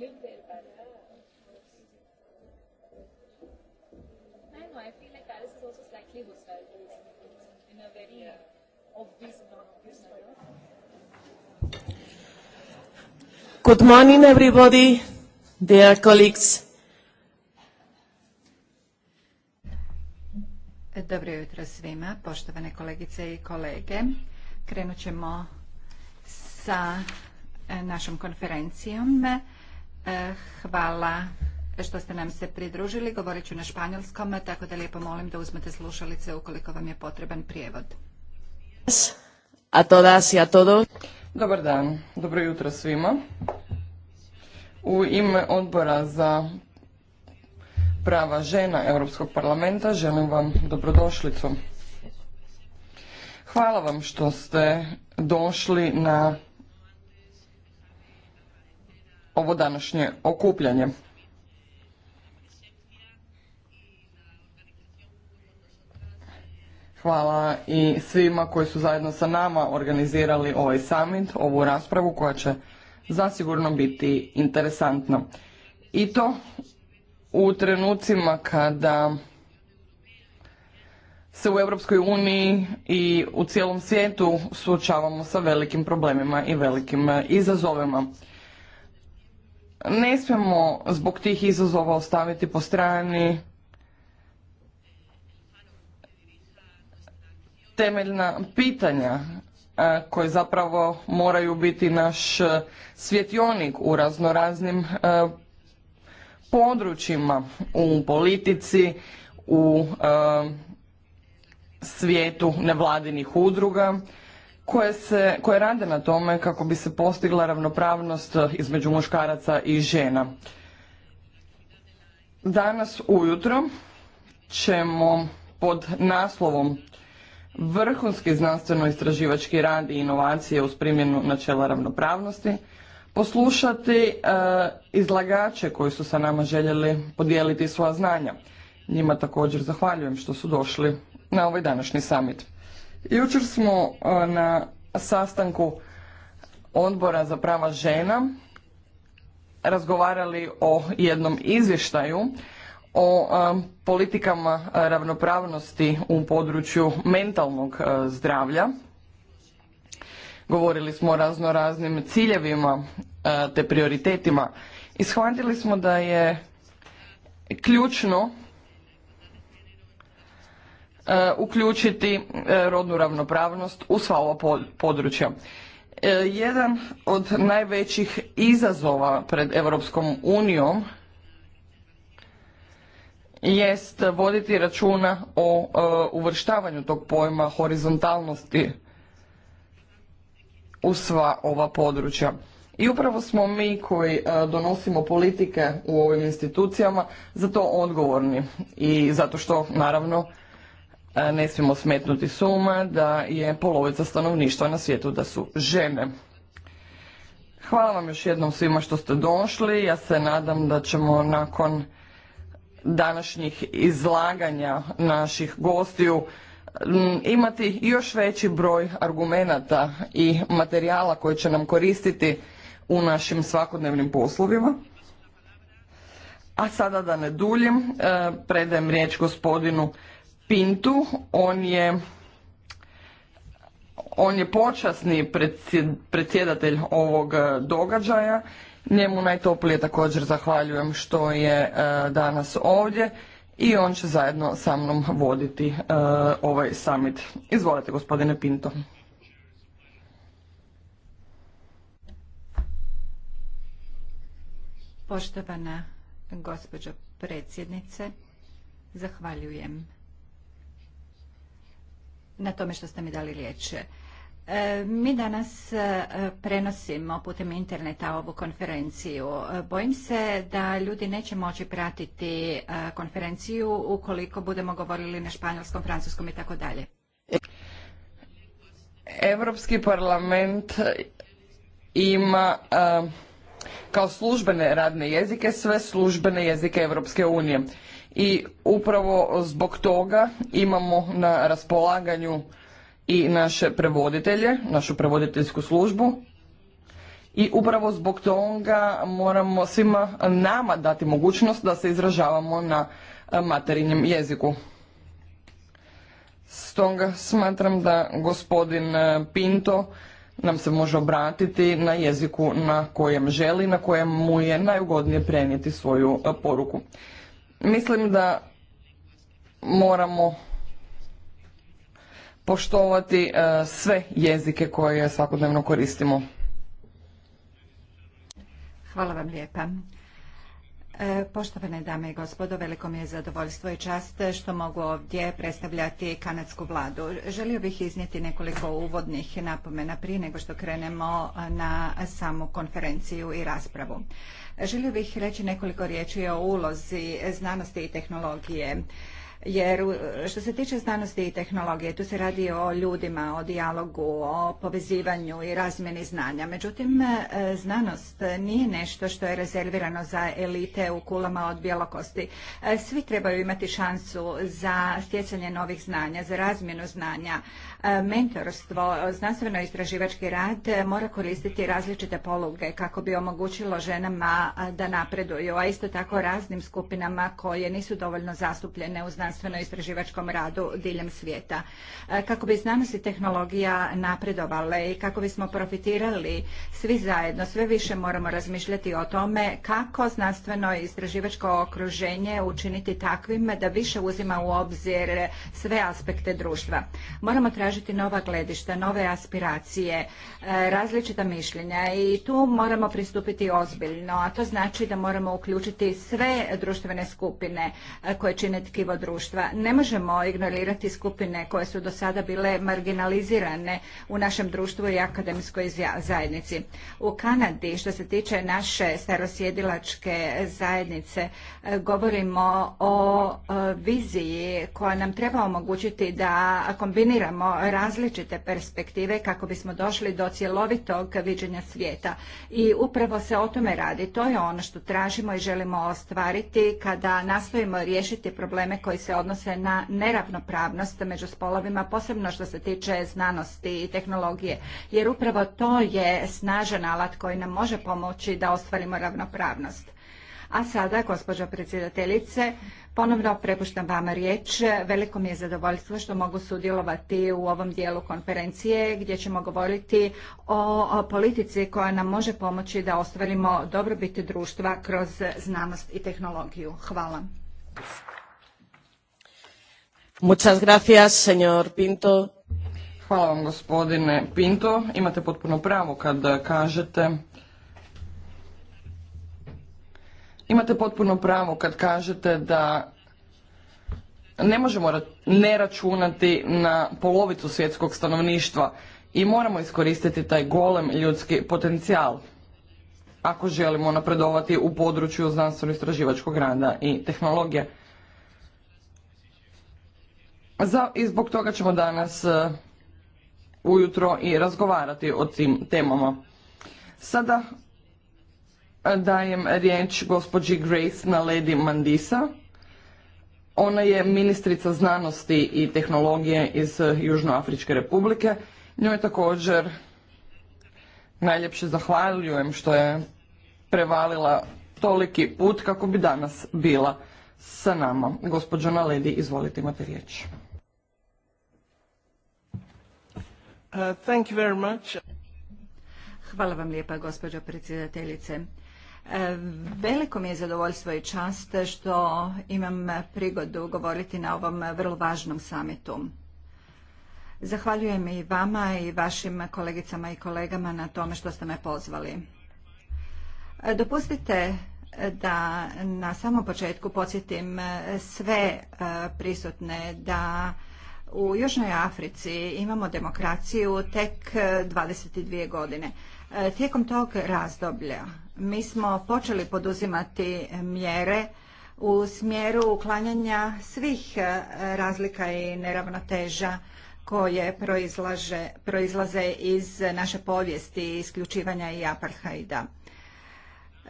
build their career. I know, I feel like Paris is also slightly hostile in a very yeah. obvious manner. Good morning, everybody, dear colleagues. Dobro jutro svima, poštovane kolegice i kolege. Krenut ćemo sa e, našom konferencijom. E, hvala što ste nam se pridružili. Govorit ću na španjolskom, tako da lijepo molim da uzmete slušalice ukoliko vam je potreban prijevod. A todas a todos. Dobar dan, dobro jutro svima. U ime odbora za prava žena Europskog parlamenta želim vam dobrodošlicu. Hvala vam što ste došli na ovo današnje okupljanje. Hvala i svima koji su zajedno sa nama organizirali ovaj summit, ovu raspravu koja će zasigurno biti interesantna. I to u trenucima kada se u Europskoj uniji i u cijelom svijetu suočavamo sa velikim problemima i velikim izazovima ne smemo zbog tih izazova ostaviti po strani temeljna pitanja e, koje zapravo moraju biti naš e, svjetionik u raznoraznim e, područjima u politici, u svijetu nevladinih udruga, koje, rade na tome kako bi se postigla ravnopravnost između muškaraca i žena. Danas ujutro ćemo pod naslovom Vrhunski znanstveno-istraživački rad i inovacije uz primjenu načela ravnopravnosti poslušati e, izlagače koji su sa nama željeli podijeliti svoja znanja. Njima također zahvaljujem što su došli na ovaj današnji summit. Jučer smo e, na sastanku odbora za prava žena razgovarali o jednom izvještaju o e, politikama ravnopravnosti u području mentalnog e, zdravlja. Govorili smo o razno raznim ciljevima te prioritetima i shvatili smo da je ključno E, uključiti e, rodnu ravnopravnost u sva ova područja. E, jedan od najvećih izazova pred Europskom unijom jest voditi računa o uvrštavanju tog pojma horizontalnosti u sva ova područja. I upravo smo mi koji donosimo politike u ovim institucijama za to odgovorni i zato što naravno E, ne smijemo smetnuti suma da je polovica stanovništva na svijetu da su žene. Hvala vam još jednom svima što ste došli. Ja se nadam da ćemo nakon današnjih izlaganja naših gostiju imati još veći broj argumenata i materijala koji će nam koristiti u našim svakodnevnim poslovima. A sada da ne duljim, e, predajem riječ gospodinu Pintu. On je, on je počasni predsjedatelj ovog e, događaja. Njemu najtoplije također zahvaljujem što je e, danas ovdje i on će zajedno sa mnom voditi e, ovaj summit. Izvolite gospodine Pinto. Poštovana gospođo predsjednice, zahvaljujem na tome što ste mi dali riječ. E, mi danas e, prenosimo putem interneta ovu konferenciju. E, bojim se da ljudi neće moći pratiti konferenciju ukoliko budemo govorili na španjolskom, francuskom i tako dalje. Europski parlament ima kao službene radne jezike sve službene jezike Europske unije i upravo zbog toga imamo na raspolaganju i naše prevoditelje, našu prevoditeljsku službu i upravo zbog toga moramo svima nama dati mogućnost da se izražavamo na e, materinjem jeziku. Stoga smatram da gospodin e, Pinto nam se može obratiti na jeziku na kojem želi, na kojem mu je najugodnije prenijeti svoju e, poruku. Mislim da moramo poštovati e, sve jezike koje svakodnevno koristimo. Hvala vam lijepa. E, poštovane dame i gospodo, veliko mi je zadovoljstvo i čast što mogu ovdje predstavljati kanadsku vladu. Želio bih iznijeti nekoliko uvodnih napomena prije nego što krenemo na samu konferenciju i raspravu. Želio bih reći nekoliko riječi o ulozi znanosti i tehnologije. Jer što se tiče znanosti i tehnologije, tu se radi o ljudima, o dijalogu, o povezivanju i razmjeni znanja. Međutim, e, znanost nije nešto što je rezervirano za elite u kulama od bjelokosti. E, svi trebaju imati šansu za stjecanje novih znanja, za razmjenu znanja. E, mentorstvo, znanstveno-istraživački rad mora koristiti različite poluge kako bi omogućilo ženama da napreduju, a isto tako raznim skupinama koje nisu dovoljno zastupljene u znanosti znanstveno-istraživačkom radu diljem svijeta. E, kako bi znanost i tehnologija napredovale i kako bismo profitirali svi zajedno, sve više moramo razmišljati o tome kako znanstveno-istraživačko okruženje učiniti takvim da više uzima u obzir sve aspekte društva. Moramo tražiti nova gledišta, nove aspiracije, e, različita mišljenja i tu moramo pristupiti ozbiljno, a to znači da moramo uključiti sve društvene skupine e, koje čine tkivo društva društva. Ne možemo ignorirati skupine koje su do sada bile marginalizirane u našem društvu i akademskoj zajednici. U Kanadi, što se tiče naše starosjedilačke zajednice, e, govorimo o e, viziji koja nam treba omogućiti da kombiniramo različite perspektive kako bismo došli do cjelovitog viđenja svijeta. I upravo se o tome radi. To je ono što tražimo i želimo ostvariti kada nastojimo riješiti probleme koji se se odnose na neravnopravnost među spolovima, posebno što se tiče znanosti i tehnologije, jer upravo to je snažan alat koji nam može pomoći da ostvarimo ravnopravnost. A sada, gospođo predsjedateljice, ponovno prepuštam vama riječ. Veliko mi je zadovoljstvo što mogu sudjelovati u ovom dijelu konferencije gdje ćemo govoriti o politici koja nam može pomoći da ostvarimo dobrobit društva kroz znanost i tehnologiju. Hvala gracias, Pinto. Hvala vam, gospodine Pinto. Imate potpuno pravo kad kažete... Imate potpuno pravo kad kažete da ne možemo ne računati na polovicu svjetskog stanovništva i moramo iskoristiti taj golem ljudski potencijal ako želimo napredovati u području znanstveno-istraživačkog rada i tehnologije. I zbog toga ćemo danas e, ujutro i razgovarati o tim temama. Sada e, dajem riječ gospođi Grace Naledi Mandisa. Ona je ministrica znanosti i tehnologije iz e, Južnoafričke republike. Njoj također najljepše zahvaljujem što je prevalila toliki put kako bi danas bila sa nama. Gospođo Naledi, izvolite imate riječ. Hvala vam lijepa, gospođo predsjedateljice. E, veliko mi je zadovoljstvo i čast što imam prigodu govoriti na ovom vrlo važnom samitu. Zahvaljujem i vama i vašim kolegicama i kolegama na tome što ste me pozvali. E, dopustite da na samom početku podsjetim sve e, prisutne da u Južnoj Africi imamo demokraciju tek 22 e, godine. E, tijekom tog razdoblja mi smo počeli poduzimati mjere u smjeru uklanjanja svih e, razlika i neravnoteža koje proizlaze iz naše povijesti isključivanja i apartheida.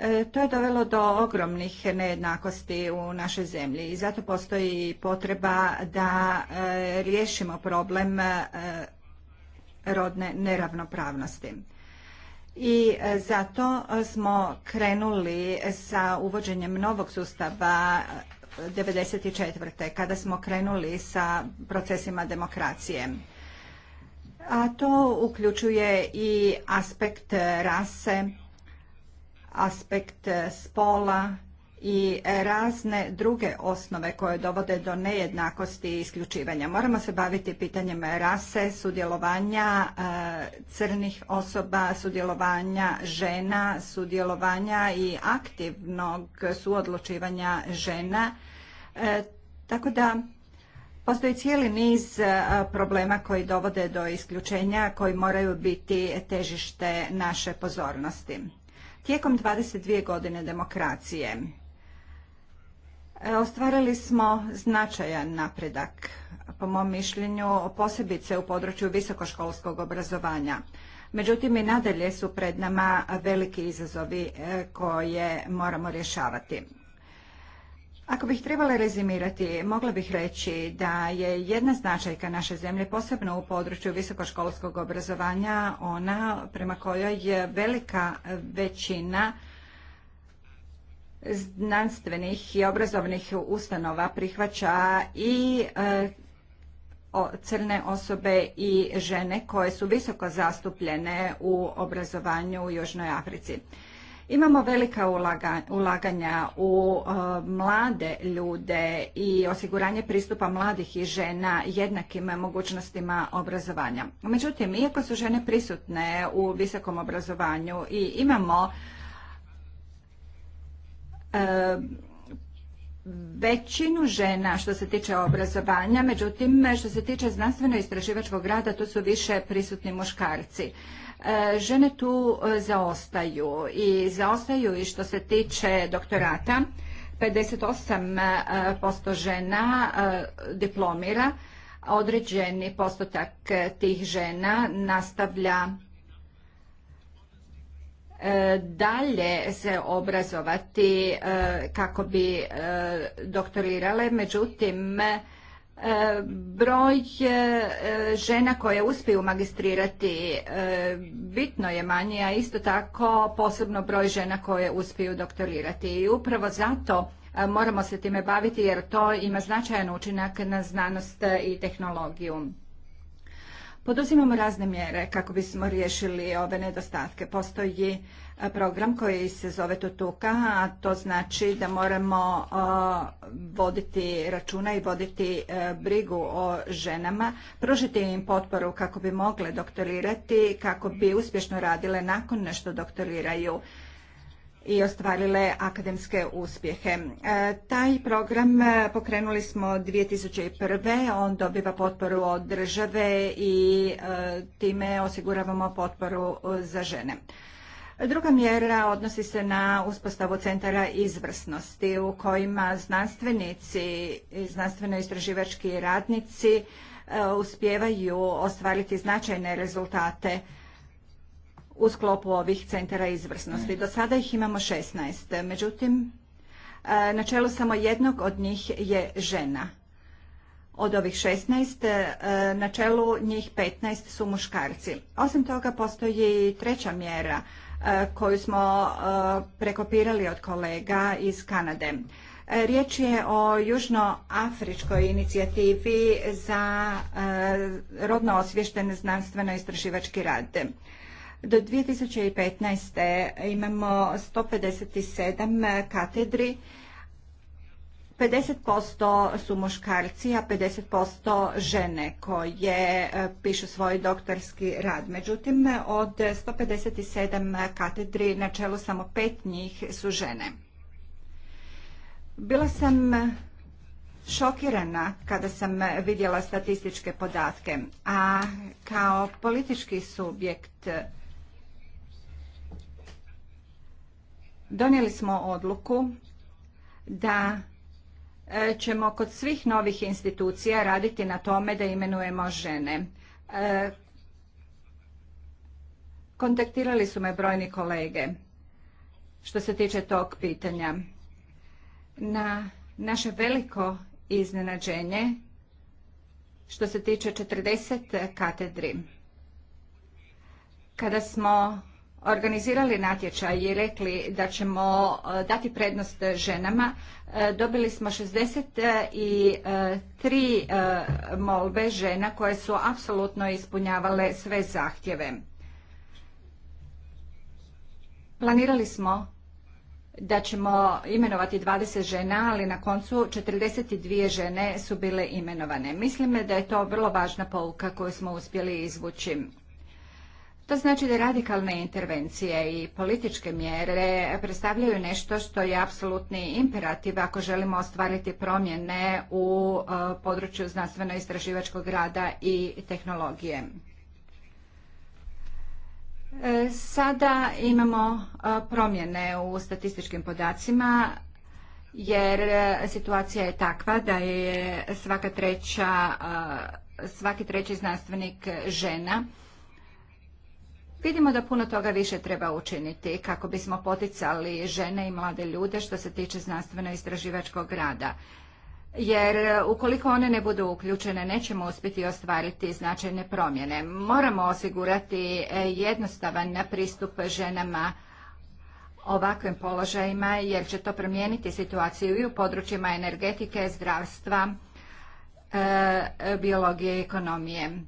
E, to je dovelo do ogromnih nejednakosti u našoj zemlji i zato postoji potreba da e, riješimo problem e, rodne neravnopravnosti. I zato smo krenuli sa uvođenjem novog sustava 1994. kada smo krenuli sa procesima demokracije. A to uključuje i aspekt rase, aspekt e, spola i razne druge osnove koje dovode do nejednakosti i isključivanja. Moramo se baviti pitanjem rase, sudjelovanja e, crnih osoba, sudjelovanja žena, sudjelovanja i aktivnog suodlučivanja žena. E, tako da Postoji cijeli niz problema koji dovode do isključenja, koji moraju biti težište naše pozornosti. Tijekom 22 godine demokracije e, ostvarili smo značajan napredak, po mom mišljenju, posebice u području visokoškolskog obrazovanja. Međutim, i nadalje su pred nama veliki izazovi e, koje moramo rješavati. Ako bih trebala rezimirati, mogla bih reći da je jedna značajka naše zemlje, posebno u području visokoškolskog obrazovanja, ona prema kojoj je velika većina znanstvenih i obrazovnih ustanova prihvaća i e, crne osobe i žene koje su visoko zastupljene u obrazovanju u Južnoj Africi. Imamo velika ulaganja u e, mlade ljude i osiguranje pristupa mladih i žena jednakim mogućnostima obrazovanja. Međutim, iako su žene prisutne u visokom obrazovanju i imamo e, većinu žena što se tiče obrazovanja, međutim što se tiče znanstveno istraživačkog rada tu su više prisutni muškarci. E, žene tu e, zaostaju i zaostaju i što se tiče doktorata. 58% e, žena diplomira, određeni postotak tih žena nastavlja E, dalje se obrazovati e, kako bi e, doktorirale, međutim broj žena koje uspiju magistrirati bitno je manji, a isto tako posebno broj žena koje uspiju doktorirati. I upravo zato moramo se time baviti jer to ima značajan učinak na znanost i tehnologiju. Poduzimamo razne mjere kako bismo riješili ove nedostatke. Postoji e, program koji se zove Tutuka, a to znači da moramo e, voditi računa i voditi e, brigu o ženama, pružiti im potporu kako bi mogle doktorirati, kako bi uspješno radile nakon što doktoriraju i ostvarile akademske uspjehe. E, taj program e, pokrenuli smo 2001. On dobiva potporu od države i e, time osiguravamo potporu za žene. Druga mjera odnosi se na uspostavu centara izvrsnosti u kojima znanstvenici i znanstveno-istraživački radnici uspjevaju uspijevaju ostvariti značajne rezultate u sklopu ovih centara izvrsnosti. Do sada ih imamo 16. Međutim, e, na čelu samo jednog od njih je žena. Od ovih 16, e, na čelu njih 15 su muškarci. Osim toga, postoji i treća mjera e, koju smo prekopirali od kolega iz Kanade. Riječ je o južnoafričkoj inicijativi za rodno osvješten znanstveno istraživački rad. Do 2015. imamo 157 katedri, 50% su muškarci, a 50% žene koje e, pišu svoj doktorski rad. Međutim, od 157 katedri na čelu samo pet njih su žene. Bila sam šokirana kada sam vidjela statističke podatke, a kao politički subjekt Donijeli smo odluku da e, ćemo kod svih novih institucija raditi na tome da imenujemo žene. E, kontaktirali su me brojni kolege što se tiče tog pitanja. Na naše veliko iznenađenje što se tiče 40 katedri. Kada smo organizirali natječaj i rekli da ćemo e, dati prednost ženama, e, dobili smo 63 e, molbe žena koje su apsolutno ispunjavale sve zahtjeve. Planirali smo da ćemo imenovati 20 žena, ali na koncu 42 žene su bile imenovane. Mislim da je to vrlo važna pouka koju smo uspjeli izvući. To znači da radikalne intervencije i političke mjere predstavljaju nešto što je apsolutni imperativ ako želimo ostvariti promjene u e, području znanstveno-istraživačkog rada i tehnologije. E, sada imamo e, promjene u statističkim podacima jer situacija je takva da je svaka treća, svaki treći znanstvenik žena Vidimo da puno toga više treba učiniti kako bismo poticali žene i mlade ljude što se tiče znanstveno-istraživačkog rada. Jer e, ukoliko one ne budu uključene, nećemo uspjeti ostvariti značajne promjene. Moramo osigurati e, jednostavan pristup ženama ovakvim položajima, jer će to promijeniti situaciju i u područjima energetike, zdravstva, e, biologije i ekonomije.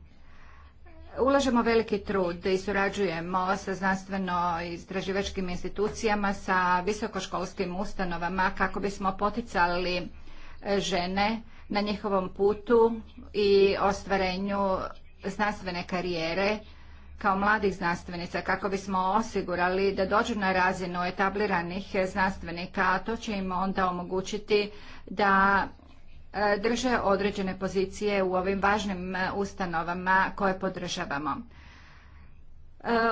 Ulažemo veliki trud i surađujemo sa znanstveno-istraživačkim institucijama, sa visokoškolskim ustanovama kako bismo poticali e, žene na njihovom putu i ostvarenju znanstvene karijere kao mladih znanstvenica kako bismo osigurali da dođu na razinu etabliranih znanstvenika, a to će im onda omogućiti da drže određene pozicije u ovim važnim e, ustanovama koje podržavamo. E,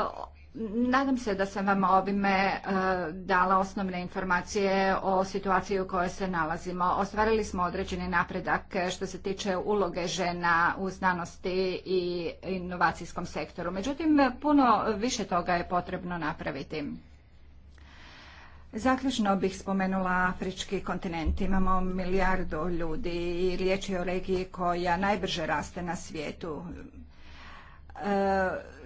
nadam se da sam vam ovime e, dala osnovne informacije o situaciji u kojoj se nalazimo. Ostvarili smo određeni napredak što se tiče uloge žena u znanosti i inovacijskom sektoru. Međutim, puno više toga je potrebno napraviti. Zaključno bih spomenula afrički kontinent. Imamo milijardu ljudi i riječ je o regiji koja najbrže raste na svijetu.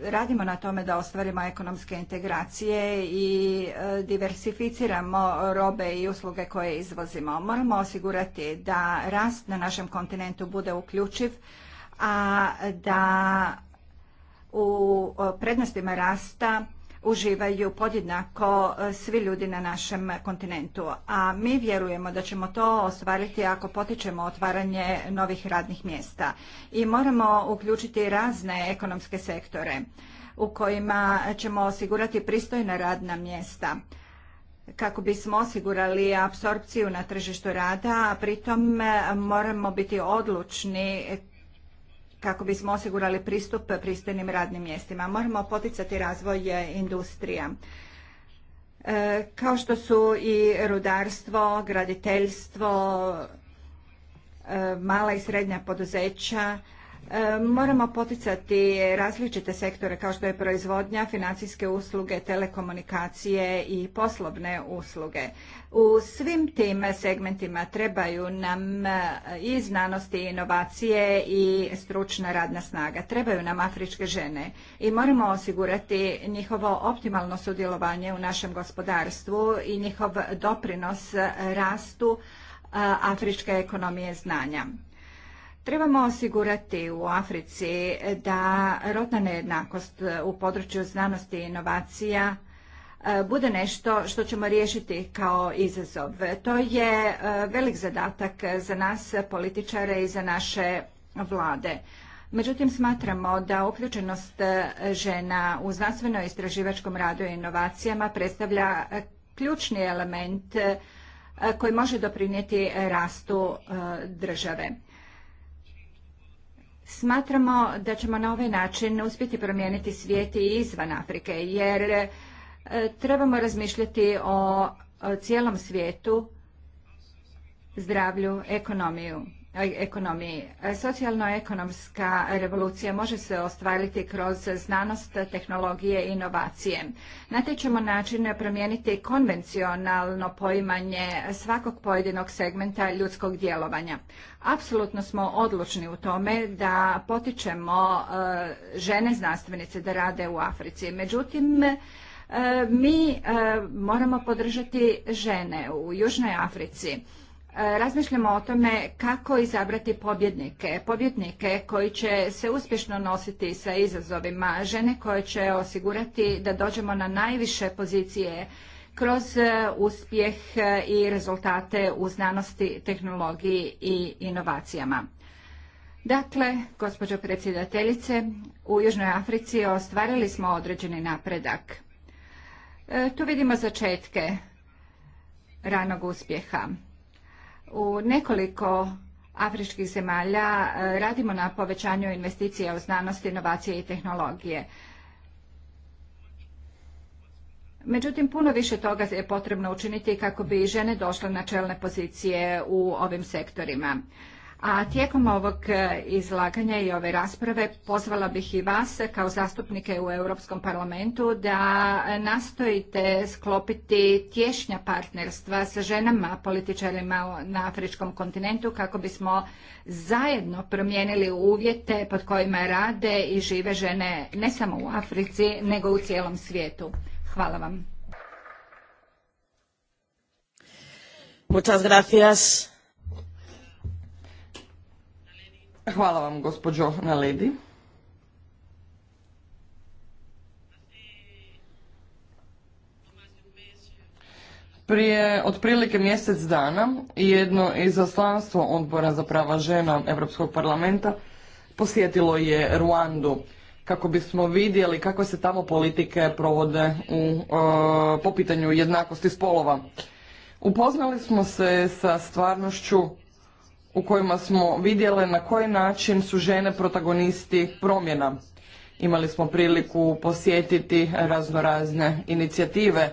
E, radimo na tome da ostvarimo ekonomske integracije i e, diversificiramo robe i usluge koje izvozimo. Moramo osigurati da rast na našem kontinentu bude uključiv, a da u prednostima rasta uživaju podjednako e, svi ljudi na našem kontinentu. A mi vjerujemo da ćemo to ostvariti ako potičemo otvaranje novih radnih mjesta. I moramo uključiti razne ekonomske sektore u kojima ćemo osigurati pristojna radna mjesta kako bismo osigurali apsorpciju na tržištu rada, a pritom moramo biti odlučni kako bismo osigurali pristup pristojnim radnim mjestima. Moramo poticati razvoj e, industrija e, kao što su i rudarstvo, graditeljstvo, e, mala i srednja poduzeća, E, moramo poticati različite sektore kao što je proizvodnja, financijske usluge, telekomunikacije i poslovne usluge. U svim tim segmentima trebaju nam e, i znanosti i inovacije i stručna radna snaga. Trebaju nam afričke žene i moramo osigurati njihovo optimalno sudjelovanje u našem gospodarstvu i njihov doprinos rastu e, afričke ekonomije znanja. Trebamo osigurati u Africi da rodna nejednakost u području znanosti i inovacija e, bude nešto što ćemo riješiti kao izazov. To je e, velik zadatak za nas političare i za naše vlade. Međutim, smatramo da uključenost žena u znanstveno-istraživačkom radu i inovacijama predstavlja ključni element e, koji može doprinijeti rastu države. Smatramo da ćemo na ovaj način uspjeti promijeniti svijet i izvan Afrike, jer e, trebamo razmišljati o cijelom svijetu, zdravlju, ekonomiju ekonomiji. Socijalno-ekonomska revolucija može se ostvariti kroz znanost, tehnologije i inovacije. Na te ćemo način promijeniti konvencionalno poimanje svakog pojedinog segmenta ljudskog djelovanja. Apsolutno smo odlučni u tome da potičemo e, žene znanstvenice da rade u Africi. Međutim, e, mi e, moramo podržati žene u Južnoj Africi razmišljamo o tome kako izabrati pobjednike. Pobjednike koji će se uspješno nositi sa izazovima, žene koje će osigurati da dođemo na najviše pozicije kroz e, uspjeh e, i rezultate u znanosti, tehnologiji i inovacijama. Dakle, gospođo predsjedateljice, u Južnoj Africi ostvarili smo određeni napredak. E, tu vidimo začetke ranog uspjeha. U nekoliko afričkih zemalja e, radimo na povećanju investicija u znanosti, inovacije i tehnologije. Međutim, puno više toga je potrebno učiniti kako bi žene došle na čelne pozicije u ovim sektorima. A tijekom ovog e, izlaganja i ove rasprave pozvala bih i vas kao zastupnike u Europskom parlamentu da nastojite sklopiti tješnja partnerstva sa ženama političarima na afričkom kontinentu kako bismo zajedno promijenili uvjete pod kojima rade i žive žene ne samo u Africi nego u cijelom svijetu. Hvala vam. Muchas gracias. Hvala vam, gospođo Naledi. Prije otprilike mjesec dana jedno izaslanstvo odbora za prava žena Europskog parlamenta posjetilo je Ruandu kako bismo vidjeli kakve se tamo politike provode u, e, po pitanju jednakosti spolova. Upoznali smo se sa stvarnošću u kojima smo vidjele na koji način su žene protagonisti promjena. Imali smo priliku posjetiti raznorazne inicijative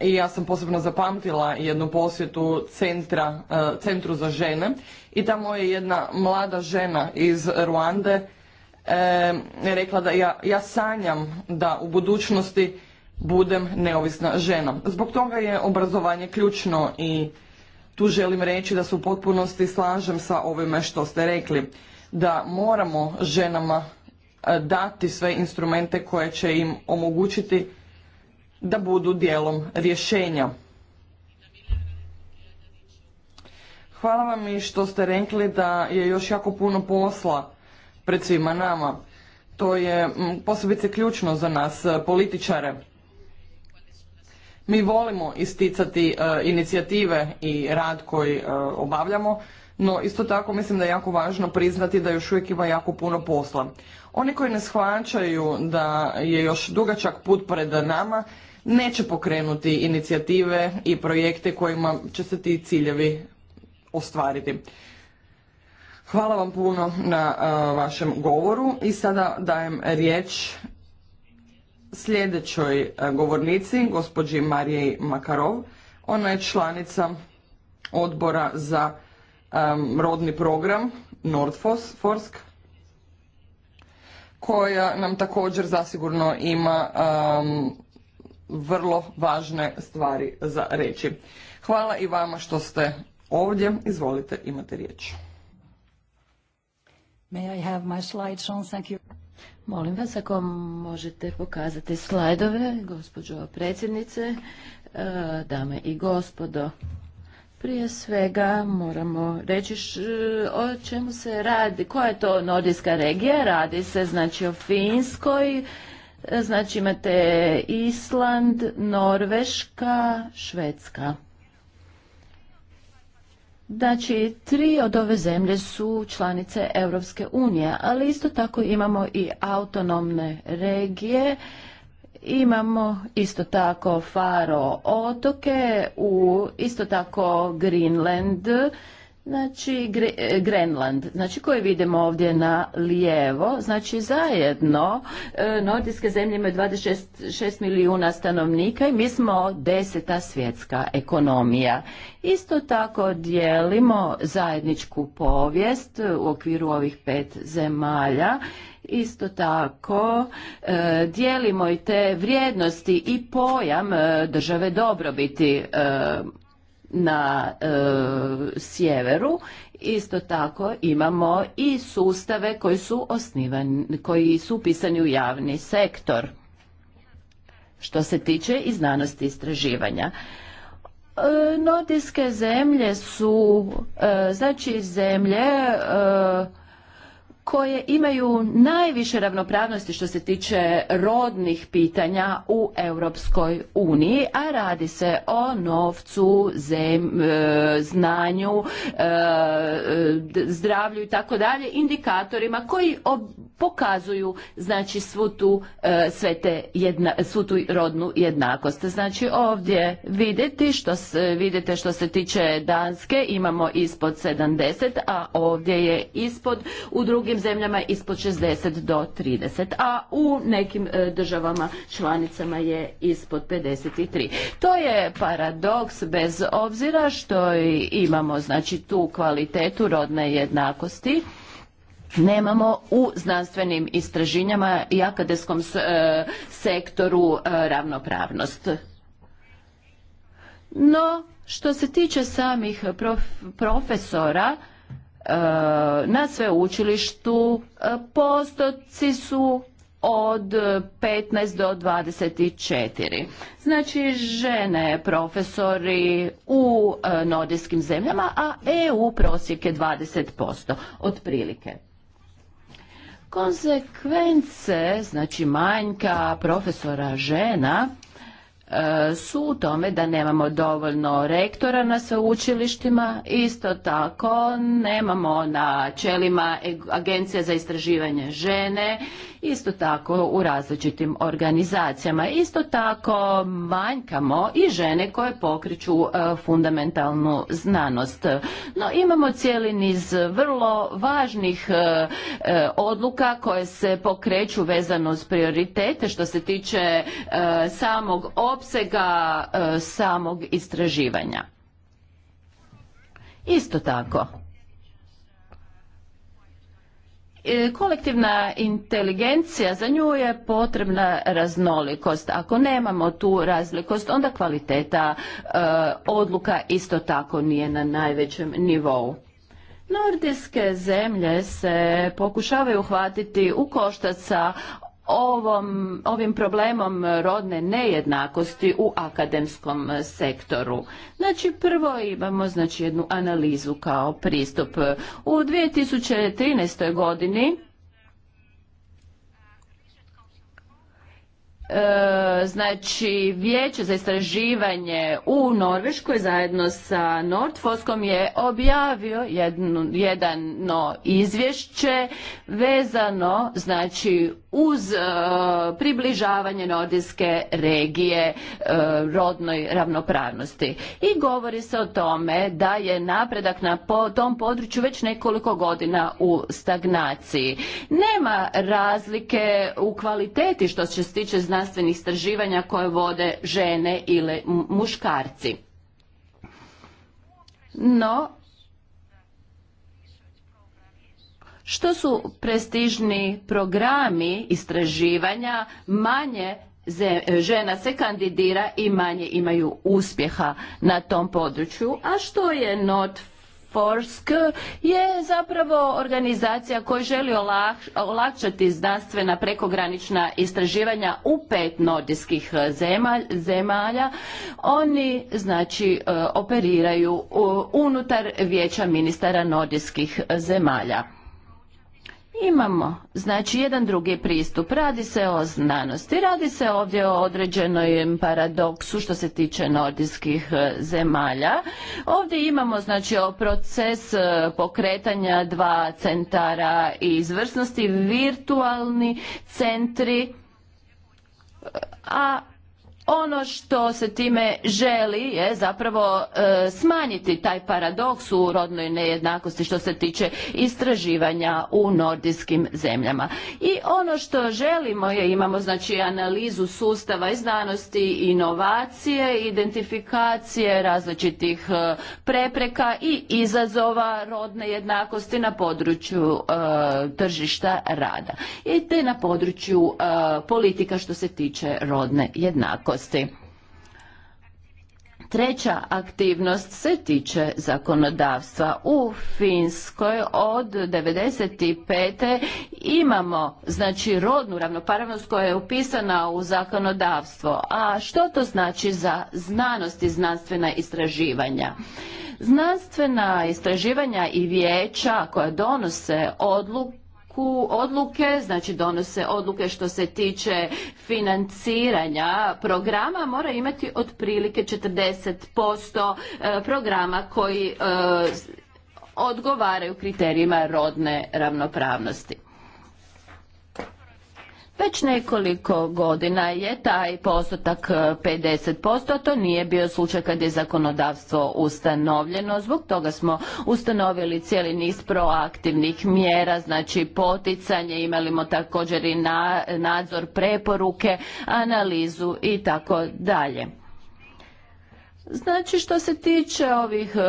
i ja sam posebno zapamtila jednu posjetu centra, e, centru za žene i tamo je jedna mlada žena iz Ruande e, rekla da ja, ja sanjam da u budućnosti budem neovisna žena. Zbog toga je obrazovanje ključno i tu želim reći da se u potpunosti slažem sa ovime što ste rekli, da moramo ženama e, dati sve instrumente koje će im omogućiti da budu dijelom rješenja. Hvala vam i što ste rekli da je još jako puno posla pred svima nama. To je posebice ključno za nas e, političare mi volimo isticati e, inicijative i rad koji e, obavljamo, no isto tako mislim da je jako važno priznati da još uvijek ima jako puno posla. Oni koji ne shvaćaju da je još dugačak put pred nama, neće pokrenuti inicijative i projekte kojima će se ti ciljevi ostvariti. Hvala vam puno na e, vašem govoru i sada dajem riječ sljedećoj e, govornici, gospođi Mariji Makarov. Ona je članica odbora za e, rodni program Nordforsk, koja nam također zasigurno ima e, vrlo važne stvari za reći. Hvala i vama što ste ovdje. Izvolite, imate riječ. May I have my Thank you. Molim vas ako možete pokazati slajdove, gospođo predsjednice, e, dame i gospodo. Prije svega moramo reći o čemu se radi, koja je to nordijska regija, radi se znači o Finskoj, e, znači imate Island, Norveška, Švedska. Znači, tri od ove zemlje su članice Europske unije, ali isto tako imamo i autonomne regije, imamo isto tako Faro otoke, u isto tako Greenland, Znači, e, Grenland, znači koje vidimo ovdje na lijevo, znači zajedno e, nordijske zemlje imaju 26 milijuna stanovnika i mi smo deseta svjetska ekonomija. Isto tako dijelimo zajedničku povijest u okviru ovih pet zemalja. Isto tako e, dijelimo i te vrijednosti i pojam države dobrobiti na e, sjeveru isto tako imamo i sustave koji su osnivani koji su upisani u javni sektor što se tiče i znanosti istraživanja e, nordijske zemlje su e, znači zemlje e, koje imaju najviše ravnopravnosti što se tiče rodnih pitanja u Europskoj uniji, a radi se o novcu, zem, e, znanju, e, zdravlju i tako dalje, indikatorima koji pokazuju znači svu tu e, sve te svu tu rodnu jednakost. Znači ovdje vidite što se, vidite što se tiče Danske imamo ispod 70, a ovdje je ispod u drugim zemljama ispod 60 do 30, a u nekim e, državama članicama je ispod 53. To je paradoks bez obzira što imamo znači tu kvalitetu rodne jednakosti nemamo u znanstvenim istraživanjima i akademskom e, sektoru e, ravnopravnost. No, što se tiče samih profesora, Eh, na sveučilištu eh, postoci su od 15 do 24. Znači žene profesori u eh, nordijskim zemljama, a EU prosjek je 20% otprilike. Konsekvence, znači manjka profesora žena, su u tome da nemamo dovoljno rektora na sveučilištima, isto tako nemamo na čelima Agencija za istraživanje žene, isto tako u različitim organizacijama. Isto tako manjkamo i žene koje pokriču e, fundamentalnu znanost. No imamo cijeli niz vrlo važnih e, e, odluka koje se pokreću vezano uz prioritete što se tiče samog opsega e, samog istraživanja. Isto tako, e, kolektivna inteligencija, za nju je potrebna raznolikost. Ako nemamo tu razlikost, onda kvaliteta e, odluka isto tako nije na najvećem nivou. Nordijske zemlje se pokušavaju hvatiti u koštac sa ovom, ovim problemom rodne nejednakosti u akademskom sektoru. Znači prvo imamo znači jednu analizu kao pristup. U 2013. godini e, znači vijeće za istraživanje u Norveškoj zajedno sa Nordfoskom je objavio jedno, jedano izvješće vezano znači uz e, približavanje nordijske regije e, rodnoj ravnopravnosti. I govori se o tome da je napredak na tom području već nekoliko godina u stagnaciji. Nema razlike u kvaliteti što se tiče znanstvenih istraživanja koje vode žene ili muškarci. No, što su prestižni programi istraživanja manje žena se kandidira i manje imaju uspjeha na tom području a što je not je zapravo organizacija koja želi olakšati znanstvena prekogranična istraživanja u pet nordijskih zemalja. Oni znači e, operiraju unutar vijeća ministara nordijskih zemalja. Imamo, znači jedan drugi pristup. Radi se o znanosti, radi se ovdje o određenom paradoksu što se tiče nordijskih e, zemalja. Ovdje imamo znači o proces e, pokretanja dva centara izvrsnosti, virtualni centri, a ono što se time želi je zapravo e, smanjiti taj paradoks u rodnoj nejednakosti što se tiče istraživanja u nordijskim zemljama. I ono što želimo je imamo znači analizu sustava i znanosti, inovacije, identifikacije različitih e, prepreka i izazova rodne jednakosti na području e, tržišta rada i te na području politika što se tiče rodne jednakosti. Treća aktivnost se tiče zakonodavstva. U Finskoj od 1995. imamo znači rodnu ravnopravnost koja je upisana u zakonodavstvo. A što to znači za znanost i znanstvena istraživanja? Znanstvena istraživanja i vijeća koja donose odluku ku odluke, znači donose odluke što se tiče financiranja programa, mora imati otprilike 40% e, programa koji e, odgovaraju kriterijima rodne ravnopravnosti. Već nekoliko godina je taj postotak 50%, e, a to nije bio slučaj kad je zakonodavstvo ustanovljeno. Zbog toga smo ustanovili cijeli niz proaktivnih mjera, znači poticanje, imali smo također i nadzor preporuke, analizu i tako dalje. Znači što se tiče ovih e,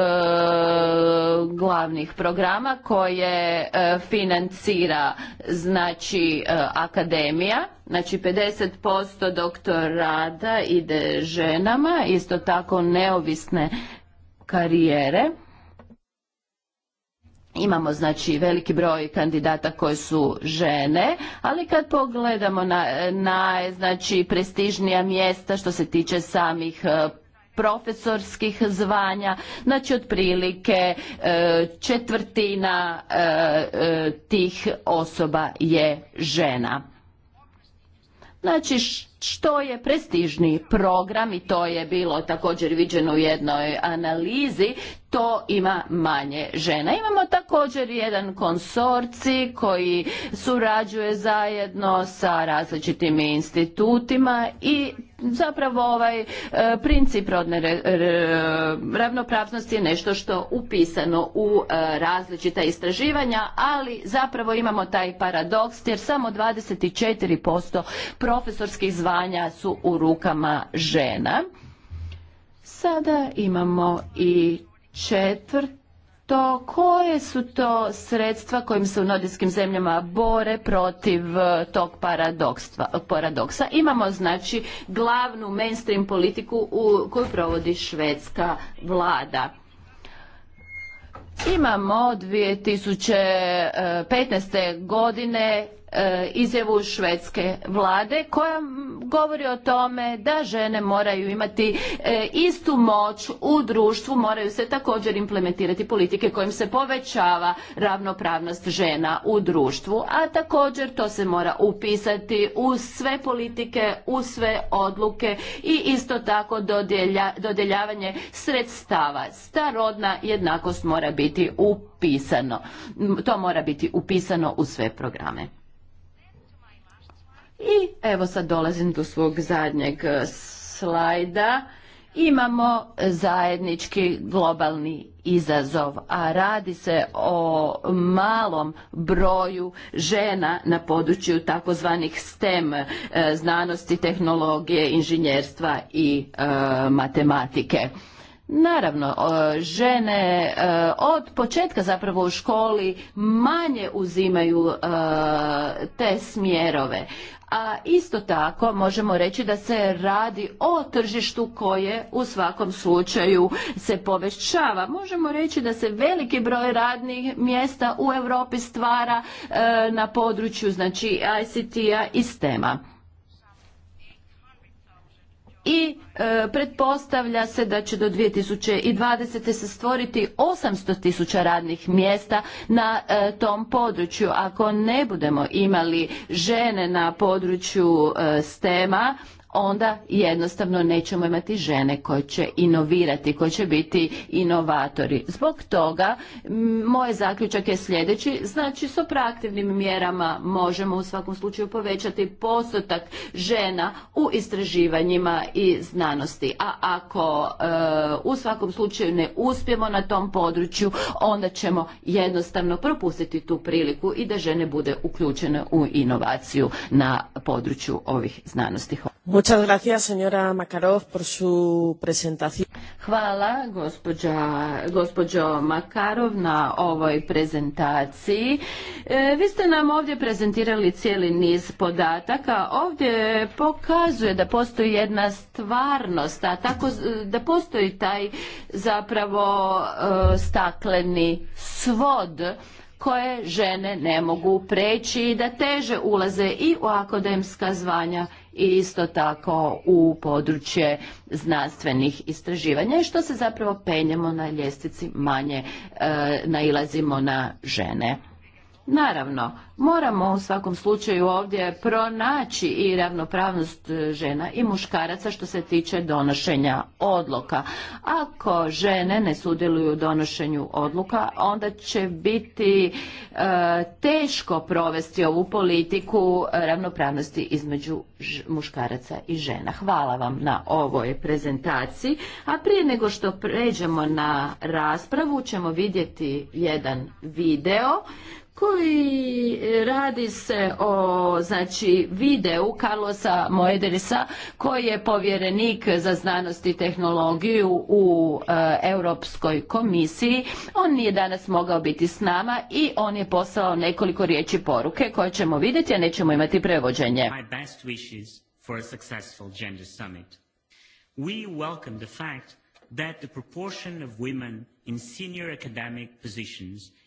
glavnih programa koje e, financira znači e, akademija, znači 50% rada ide ženama, isto tako neovisne karijere. Imamo znači veliki broj kandidata koji su žene, ali kad pogledamo na, na znači prestižnija mjesta što se tiče samih profesorskih zvanja, znači otprilike e, četvrtina e, e, tih osoba je žena. Znači što je prestižni program i to je bilo također viđeno u jednoj analizi, to ima manje žena. Imamo također jedan konsorci koji surađuje zajedno sa različitim institutima i zapravo ovaj e, princip rodne ravnopravnosti je nešto što upisano u e, različita istraživanja, ali zapravo imamo taj paradoks jer samo 24% profesorskih zvanja su u rukama žena. Sada imamo i Četvrto, koje su to sredstva kojim se u nordijskim zemljama bore protiv e, tog paradoksa? Imamo znači glavnu mainstream politiku u koju provodi švedska vlada. Imamo 2015. E, godine E, izjavu švedske vlade koja govori o tome da žene moraju imati e, istu moć u društvu, moraju se također implementirati politike kojim se povećava ravnopravnost žena u društvu, a također to se mora upisati u sve politike, u sve odluke i isto tako dodjeljavanje sredstava. Starodna jednakost mora biti upisano. To mora biti upisano u sve programe. I evo sad dolazim do svog zadnjeg e, slajda. Imamo zajednički globalni izazov, a radi se o malom broju žena na području takozvanih STEM e, znanosti, tehnologije, inženjerstva i e, matematike. Naravno, e, žene e, od početka zapravo u školi manje uzimaju e, te smjerove. A isto tako možemo reći da se radi o tržištu koje u svakom slučaju se povećava. Možemo reći da se veliki broj radnih mjesta u Europi stvara na području znači ICT-a i STEM-a i e, pretpostavlja se da će do 2020. se stvoriti 800 tisuća radnih mjesta na e, tom području. Ako ne budemo imali žene na području stem STEMA, onda jednostavno nećemo imati žene koje će inovirati, koje će biti inovatori. Zbog toga moj zaključak je sljedeći, znači s proaktivnim mjerama možemo u svakom slučaju povećati postotak žena u istraživanjima i znanosti. A ako e, u svakom slučaju ne uspijemo na tom području, onda ćemo jednostavno propustiti tu priliku i da žene bude uključene u inovaciju na području ovih znanosti. Hvala, gospođa, gospođo Makarov, na ovoj prezentaciji. E, vi ste nam ovdje prezentirali cijeli niz podataka. Ovdje pokazuje da postoji jedna stvarnost, a tako da postoji taj zapravo e, stakleni svod koje žene ne mogu preći i da teže ulaze i u akademska zvanja i isto tako u područje znanstvenih istraživanja i što se zapravo penjemo na ljestvici manje e, nailazimo na žene. Naravno, moramo u svakom slučaju ovdje pronaći i ravnopravnost e, žena i muškaraca što se tiče donošenja odluka. Ako žene ne sudjeluju u donošenju odluka, onda će biti e, teško provesti ovu politiku ravnopravnosti između muškaraca i žena. Hvala vam na ovoj prezentaciji. A prije nego što pređemo na raspravu ćemo vidjeti jedan video koji e, radi se o znači videu Carlosa Moederisa koji je povjerenik za znanost i tehnologiju u e, Europskoj komisiji. On nije danas mogao biti s nama i on je poslao nekoliko riječi poruke koje ćemo vidjeti, a nećemo imati prevođenje. We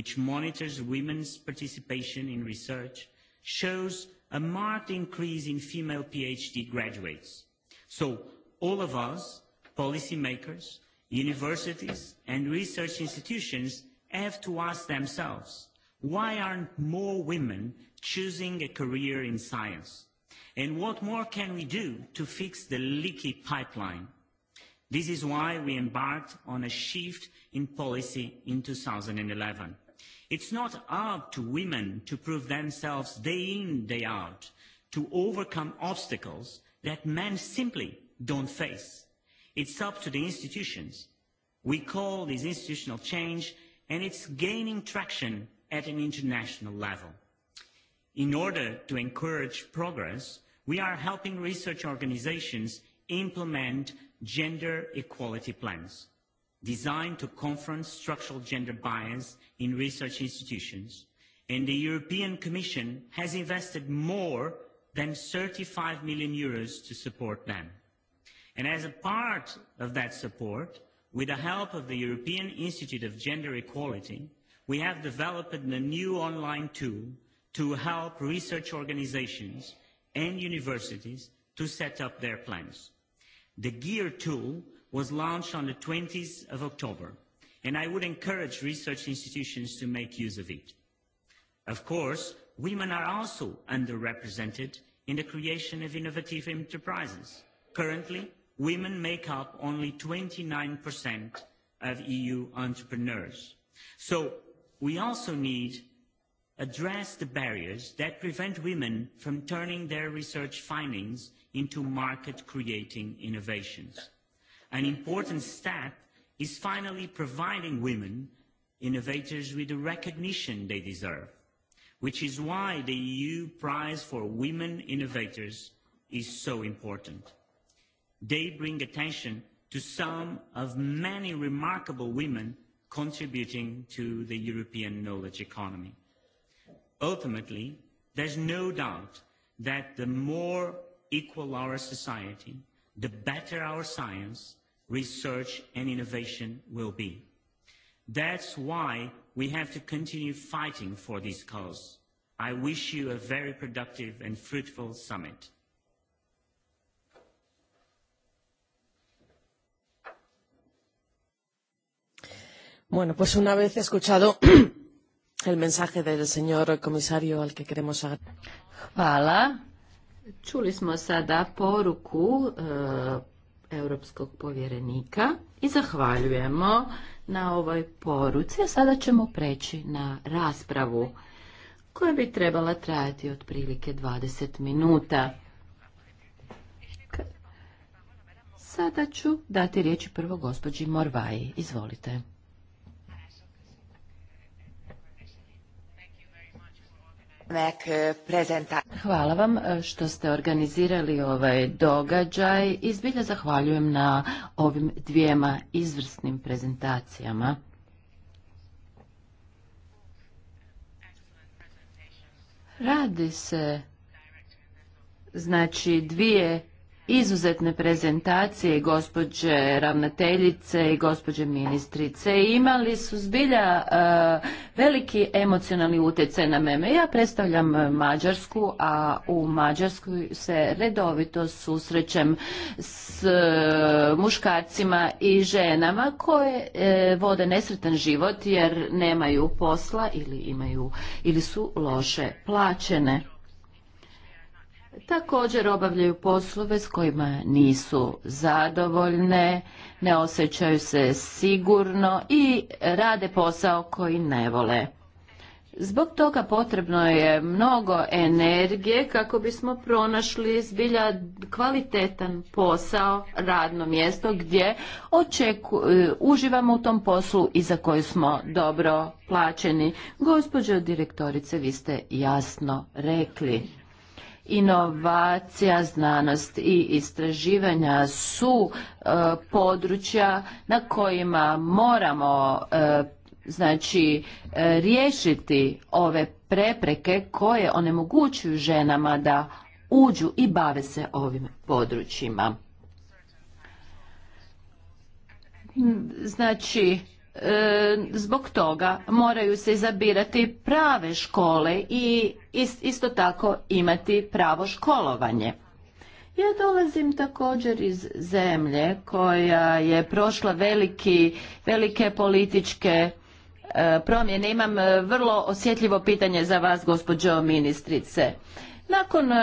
which monitors women's participation in research, shows a marked increase in female PhD graduates. So all of us, policymakers, universities and research institutions have to ask themselves, why aren't more women choosing a career in science? And what more can we do to fix the leaky pipeline? This is why we embarked on a shift in policy in 2011. It's not up to women to prove themselves day in, day out, to overcome obstacles that men simply don't face. It's up to the institutions. We call this institutional change and it's gaining traction at an international level. In order to encourage progress, we are helping research organizations implement gender equality plans designed to confront structural gender bias in research institutions, and the European Commission has invested more than 35 million euros to support them. And as a part of that support, with the help of the European Institute of Gender Equality, we have developed a new online tool to help research organizations and universities to set up their plans. The GEAR tool was launched on the 20th of October, and I would encourage research institutions to make use of it. Of course, women are also underrepresented in the creation of innovative enterprises. Currently, women make up only 29% of EU entrepreneurs. So we also need address the barriers that prevent women from turning their research findings into market creating innovations An important step is finally providing women innovators with the recognition they deserve, which is why the EU Prize for Women Innovators is so important. They bring attention to some of many remarkable women contributing to the European knowledge economy. Ultimately, there's no doubt that the more equal our society, the better our science, research and innovation will be. That's why we have to continue fighting for this cause. I wish you a very productive and fruitful summit. Bueno, pues una vez escuchado el mensaje del señor comisario al que queremos Hvala. Čuli smo sada poruku e europskog povjerenika i zahvaljujemo na ovoj poruci, a sada ćemo preći na raspravu koja bi trebala trajati otprilike 20 minuta. Sada ću dati riječ prvo gospođi Morvaji. Izvolite. E, Hvala vam e, što ste organizirali ovaj događaj i zbilja zahvaljujem na ovim dvijema izvrsnim prezentacijama. Radi se znači dvije izuzetne prezentacije gospođe ravnateljice i gospođe ministrice. Imali su zbilja eh, veliki emocionalni utjecaj na mene. Ja predstavljam Mađarsku, a u Mađarskoj se redovito susrećem s eh, muškarcima i ženama koje eh, vode nesretan život jer nemaju posla ili imaju ili su loše plaćene također obavljaju poslove s kojima nisu zadovoljne, ne osjećaju se sigurno i rade posao koji ne vole. Zbog toga potrebno je mnogo energije kako bismo pronašli zbilja kvalitetan posao, radno mjesto gdje očeku, e, uživamo u tom poslu i za koji smo dobro plaćeni. Gospođo direktorice, vi ste jasno rekli inovacija, znanost i istraživanja su e, područja na kojima moramo e, znači e, riješiti ove prepreke koje onemogućuju ženama da uđu i bave se ovim područjima. Znači E, zbog toga moraju se izabirati prave škole i isto tako imati pravo školovanje. Ja dolazim također iz zemlje koja je prošla veliki, velike političke e, promjene. Imam e, vrlo osjetljivo pitanje za vas, gospođo ministrice. Nakon e,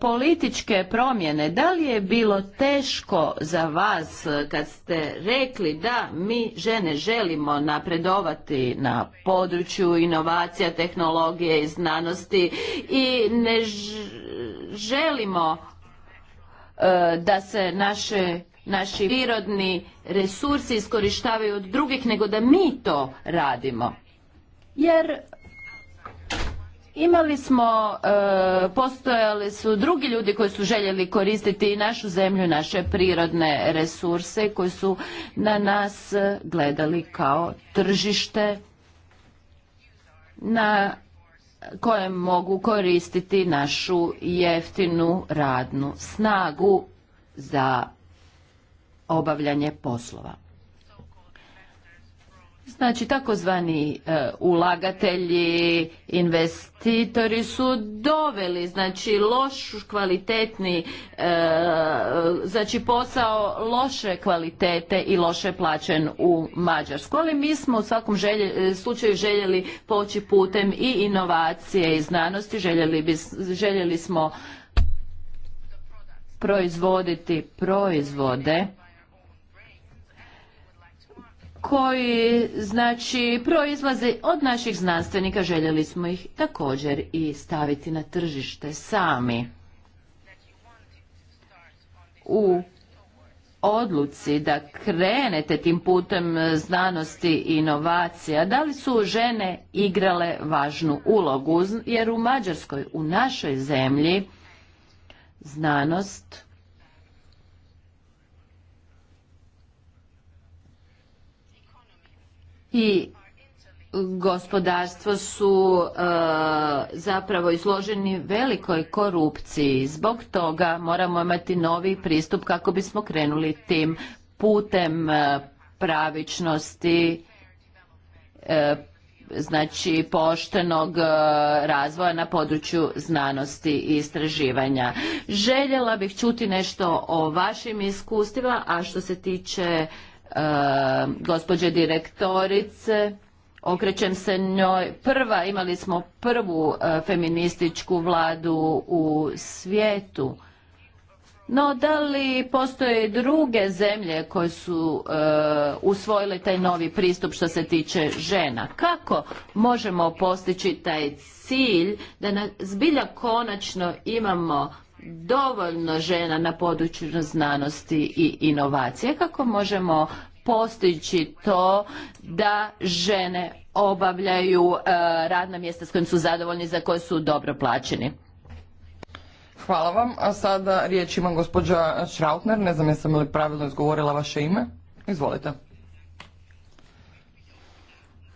političke promjene, da li je bilo teško za vas e, kad ste rekli da mi žene želimo napredovati na području inovacija, tehnologije i znanosti i ne želimo e, da se naše naši prirodni resursi iskorištavaju od drugih nego da mi to radimo jer Imali smo, e, postojali su drugi ljudi koji su željeli koristiti i našu zemlju, naše prirodne resurse koji su na nas gledali kao tržište na kojem mogu koristiti našu jeftinu radnu snagu za obavljanje poslova. Znači, takozvani e, ulagatelji, investitori su doveli, znači, loš kvalitetni, e, znači, posao loše kvalitete i loše plaćen u Mađarsku. Ali mi smo u svakom e, slučaju željeli poći putem i inovacije i znanosti, željeli smo proizvoditi proizvode koji znači proizlaze od naših znanstvenika, željeli smo ih također i staviti na tržište sami. U odluci da krenete tim putem znanosti i inovacija, da li su žene igrale važnu ulogu? Jer u Mađarskoj, u našoj zemlji, znanost i gospodarstvo su e, zapravo izloženi velikoj korupciji. Zbog toga moramo imati novi pristup kako bismo krenuli tim putem e, pravičnosti, e, znači poštenog razvoja na području znanosti i istraživanja. Željela bih čuti nešto o vašim iskustvima, a što se tiče Eh, gospođe direktorice okrećem se njoj prva imali smo prvu eh, feminističku vladu u svijetu no da li postoje druge zemlje koje su eh, usvojile taj novi pristup što se tiče žena kako možemo postići taj cilj da zbilja konačno imamo dovoljno žena na području znanosti i inovacije, kako možemo postići to da žene obavljaju e, radna mjesta s kojim su zadovoljni, za koje su dobro plaćeni. Hvala vam. A sada riječ ima gospođa Šrautner. Ne znam jesam li pravilno izgovorila vaše ime. Izvolite.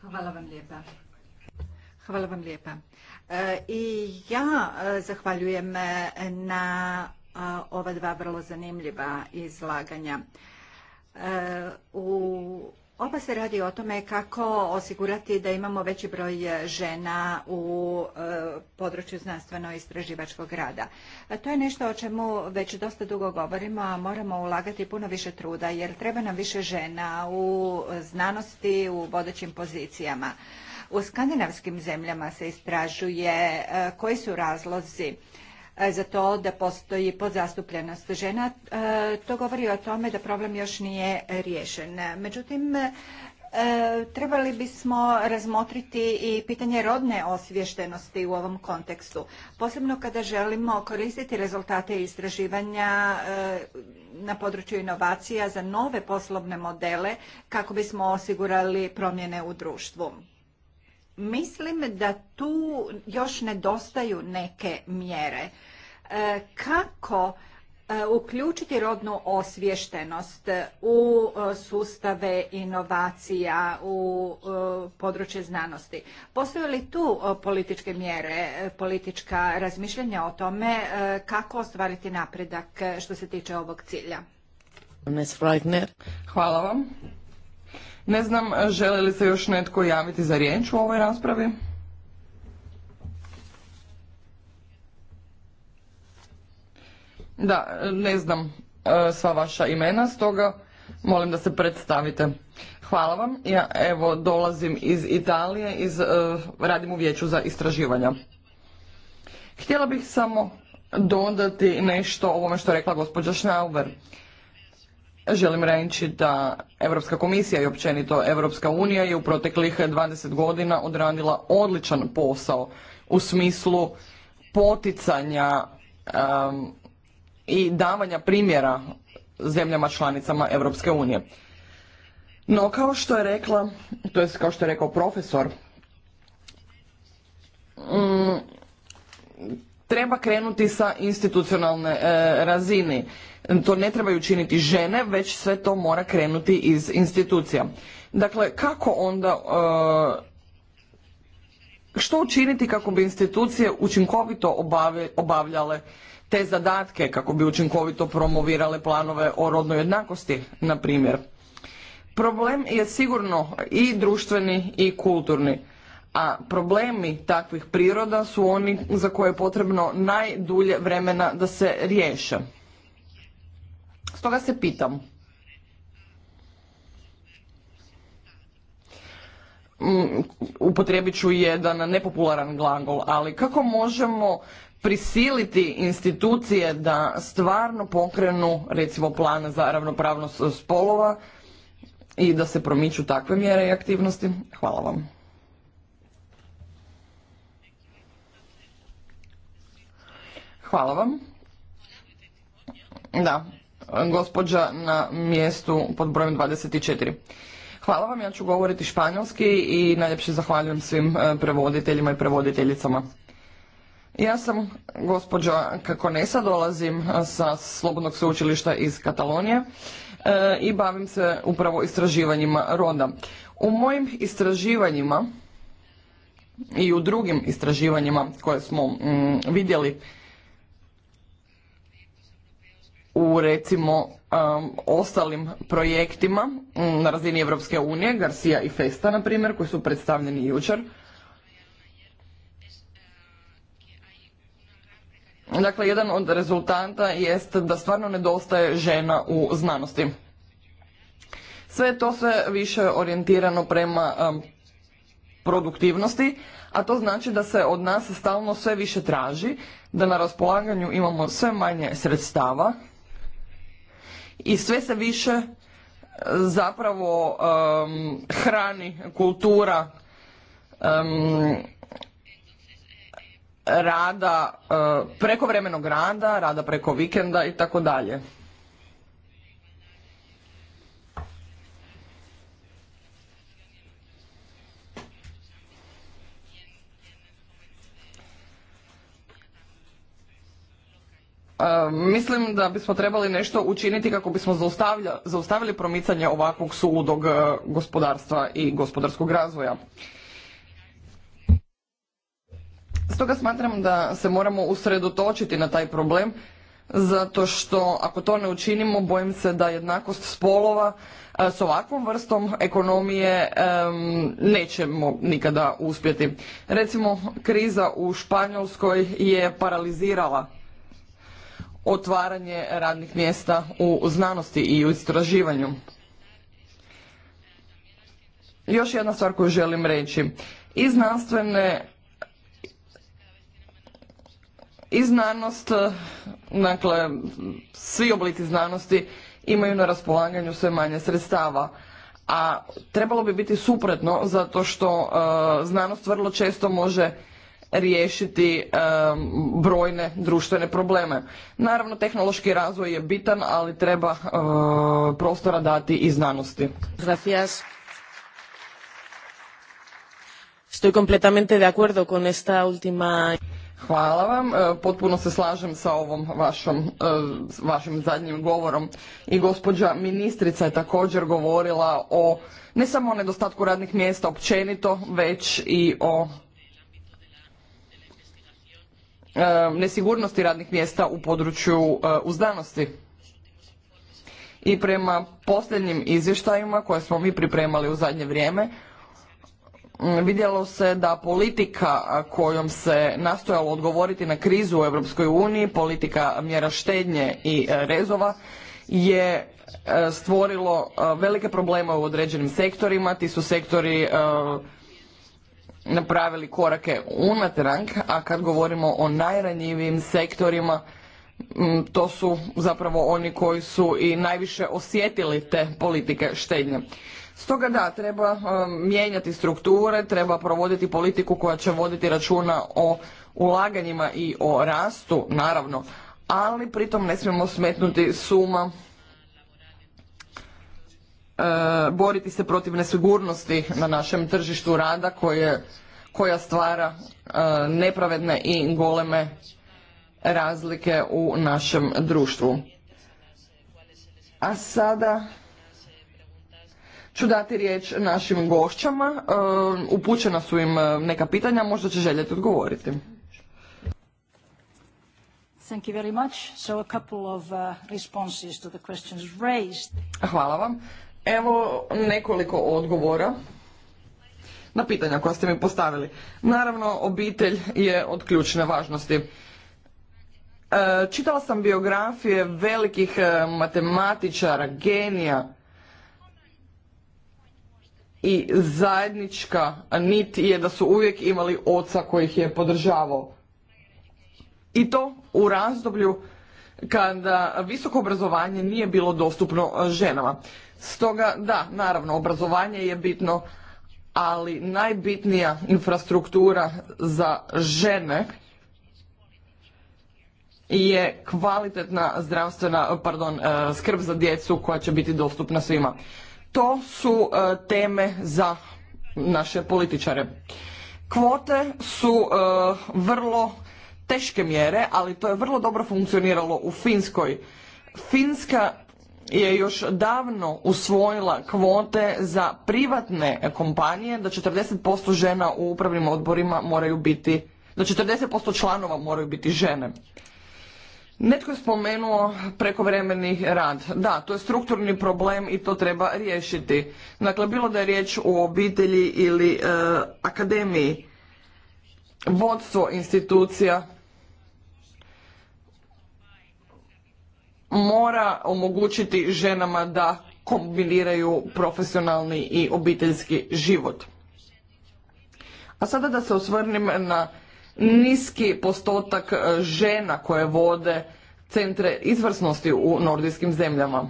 Hvala vam lijepa. Hvala vam lijepa. E, I ja e, zahvaljujem e, na ova dva vrlo zanimljiva izlaganja. U oba se radi o tome kako osigurati da imamo veći broj žena u području znanstveno-istraživačkog rada. To je nešto o čemu već dosta dugo govorimo, a moramo ulagati puno više truda jer treba nam više žena u znanosti, u vodećim pozicijama. U skandinavskim zemljama se istražuje e, koji su razlozi e, za to da postoji podzastupljenost žena. E, to govori o tome da problem još nije riješen. Međutim, trebali bismo razmotriti i pitanje rodne osviještenosti u ovom kontekstu. Posebno kada želimo koristiti rezultate istraživanja na području inovacija za nove poslovne modele kako bismo osigurali promjene u društvu. Mislim da tu još nedostaju neke mjere. E, kako e, uključiti rodnu osviještenost u e, sustave inovacija, u područje znanosti. Postoje li tu političke mjere, politička razmišljanja o tome kako ostvariti napredak što se tiče ovog cilja? Hvala vam. Ne znam, želi li se još netko javiti za riječ u ovoj raspravi? Da, ne znam e, sva vaša imena, stoga molim da se predstavite. Hvala vam. Ja evo dolazim iz Italije, iz, e, radim u vijeću za istraživanja. Htjela bih samo dodati nešto o ovome što rekla gospođa Schnauber. Želim reći da Europska komisija i općenito Europska unija je u proteklih 20 godina odradila odličan posao u smislu poticanja i davanja primjera zemljama članicama Europske unije. No kao što je rekla, to jest kao što je rekao profesor treba krenuti sa institucionalne razine. razini. To ne trebaju činiti žene, već sve to mora krenuti iz institucija. Dakle, kako onda e, što učiniti kako bi institucije učinkovito obavljale te zadatke, kako bi učinkovito promovirale planove o rodnoj jednakosti, na primjer. Problem je sigurno i društveni i kulturni a problemi takvih priroda su oni za koje je potrebno najdulje vremena da se riješe. Stoga se pitam, mm, upotrijebit ću jedan nepopularan glagol, ali kako možemo prisiliti institucije da stvarno pokrenu recimo plan za ravnopravnost spolova i da se promiču takve mjere i aktivnosti? Hvala vam. Hvala vam. Da, gospođa na mjestu pod brojem 24. Hvala vam, ja ću govoriti španjolski i najljepše zahvaljujem svim e, prevoditeljima i prevoditeljicama. Ja sam gospođa Kakonesa, dolazim e, sa Slobodnog sveučilišta iz Katalonije e, i bavim se upravo istraživanjima roda. U mojim istraživanjima i u drugim istraživanjima koje smo mm, vidjeli u recimo um, ostalim projektima mm, na razini Europske unije, Garcia i Festa na primjer, koji su predstavljeni jučer. Dakle, jedan od rezultanta jest da stvarno nedostaje žena u znanosti. Sve to sve više orijentirano prema um, produktivnosti, a to znači da se od nas stalno sve više traži, da na raspolaganju imamo sve manje sredstava i sve se više e, zapravo hrani kultura rada, uh, prekovremenog rada, rada preko vikenda i tako dalje. E, mislim da bismo trebali nešto učiniti kako bismo zaustavili promicanje ovakvog suludog e, gospodarstva i gospodarskog razvoja. Stoga smatram da se moramo usredotočiti na taj problem zato što ako to ne učinimo bojim se da jednakost spolova e, s ovakvom vrstom ekonomije nećemo nikada uspjeti. Recimo kriza u Španjolskoj je paralizirala otvaranje radnih mjesta u znanosti i u istraživanju. Još jedna stvar koju želim reći. I znanstvene i znanost, dakle, svi oblici znanosti imaju na raspolaganju sve manje sredstava. A trebalo bi biti suprotno zato što e, znanost vrlo često može riješiti brojne društvene probleme. Naravno, tehnološki razvoj je bitan, ali treba eh, prostora dati i znanosti. Gracias. Estoy completamente de acuerdo con esta última... Hvala vam, eh, potpuno se slažem sa ovom vašom, eh, vašim zadnjim govorom i gospođa ministrica je također govorila o ne samo o nedostatku radnih mjesta općenito, već i o E, nesigurnosti radnih mjesta u području e, uzdanosti. I prema posljednjim izvještajima koje smo mi pripremali u zadnje vrijeme, vidjelo se da politika kojom se nastojalo odgovoriti na krizu u Europskoj uniji, politika mjera štednje i e, rezova, je stvorilo velike probleme u određenim sektorima. Ti su sektori napravili korake unatrag, a kad govorimo o najranjivijim sektorima, mm, to su zapravo oni koji su i najviše osjetili te politike štednje. Stoga da, treba um, mijenjati strukture, treba provoditi politiku koja će voditi računa o ulaganjima i o rastu, naravno, ali pritom ne smijemo smetnuti suma E, boriti se protiv nesigurnosti na našem tržištu rada koje, koja stvara e, nepravedne i goleme razlike u našem društvu. A sada ću dati riječ našim gošćama. E, upućena su im neka pitanja, možda će željeti odgovoriti. Thank Hvala vam. Evo nekoliko odgovora na pitanja koja ste mi postavili. Naravno, obitelj je od ključne važnosti. E, čitala sam biografije velikih e, matematičara, genija i zajednička nit je da su uvijek imali oca koji ih je podržavao. I to u razdoblju kada visoko obrazovanje nije bilo dostupno e, ženama. Stoga, da, naravno, obrazovanje je bitno, ali najbitnija infrastruktura za žene je kvalitetna zdravstvena, pardon, e, skrb za djecu koja će biti dostupna svima. To su e, teme za naše političare. Kvote su e, vrlo teške mjere, ali to je vrlo dobro funkcioniralo u Finskoj. Finska je još davno usvojila kvote za privatne kompanije da 40% žena u upravnim odborima moraju biti, da 40% članova moraju biti žene. Netko je spomenuo prekovremeni rad. Da, to je strukturni problem i to treba riješiti. Dakle, bilo da je riječ o obitelji ili e, akademiji, vodstvo institucija mora omogućiti ženama da kombiniraju profesionalni i obiteljski život. A sada da se osvrnem na niski postotak e, žena koje vode centre izvrsnosti u nordijskim zemljama.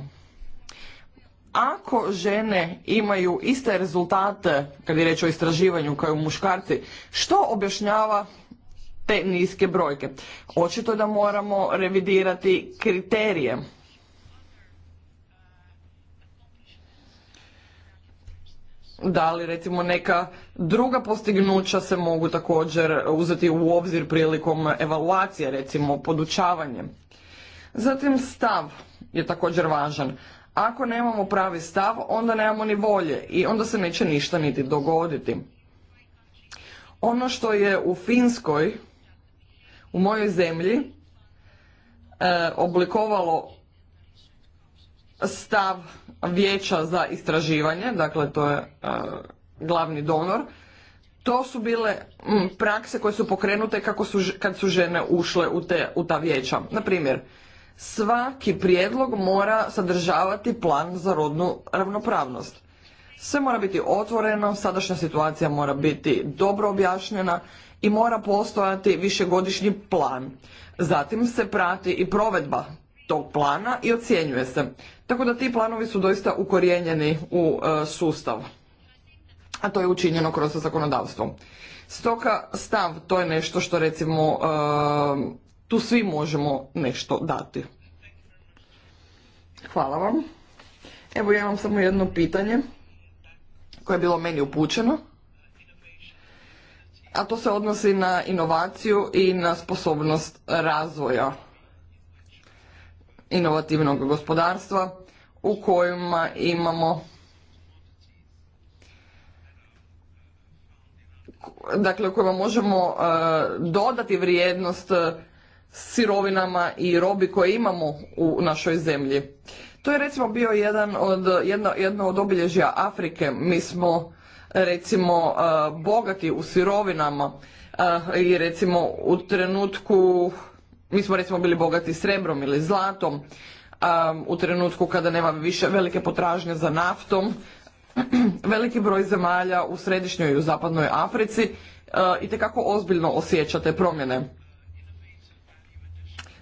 Ako žene imaju iste rezultate, kad je reč o istraživanju, kao i muškarci, što objašnjava te niske brojke. Očito da moramo revidirati kriterije. Da li recimo neka druga postignuća se mogu također uzeti u obzir prilikom evaluacije, recimo podučavanje. Zatim stav je također važan. Ako nemamo pravi stav, onda nemamo ni volje i onda se neće ništa niti dogoditi. Ono što je u Finskoj u mojoj zemlji e, oblikovalo stav vijeća za istraživanje, dakle to je e, glavni donor, to su bile prakse koje su pokrenute kako su, kad su žene ušle u, te, u ta vijeća. Na primjer, svaki prijedlog mora sadržavati plan za rodnu ravnopravnost. Sve mora biti otvoreno, sadašnja situacija mora biti dobro objašnjena i mora postojati višegodišnji plan. Zatim se prati i provedba tog plana i ocjenjuje se. Tako da ti planovi su doista ukorijenjeni u e, sustav. A to je učinjeno kroz zakonodavstvo. Stoka stav, to je nešto što recimo e, tu svi možemo nešto dati. Hvala vam. Evo ja imam samo jedno pitanje koje je bilo meni upućeno a to se odnosi na inovaciju i na sposobnost razvoja inovativnog gospodarstva u kojima imamo dakle u kojima možemo e, dodati vrijednost sirovinama i robi koje imamo u našoj zemlji. To je recimo bio jedan od, jedno, jedno od obilježja Afrike. Mi smo recimo e, bogati u sirovinama e, i recimo u trenutku, mi smo recimo bili bogati srebrom ili zlatom, e, u trenutku kada nema više velike potražnje za naftom, veliki broj zemalja u središnjoj i u zapadnoj Africi i tekako ozbiljno osjeća te promjene.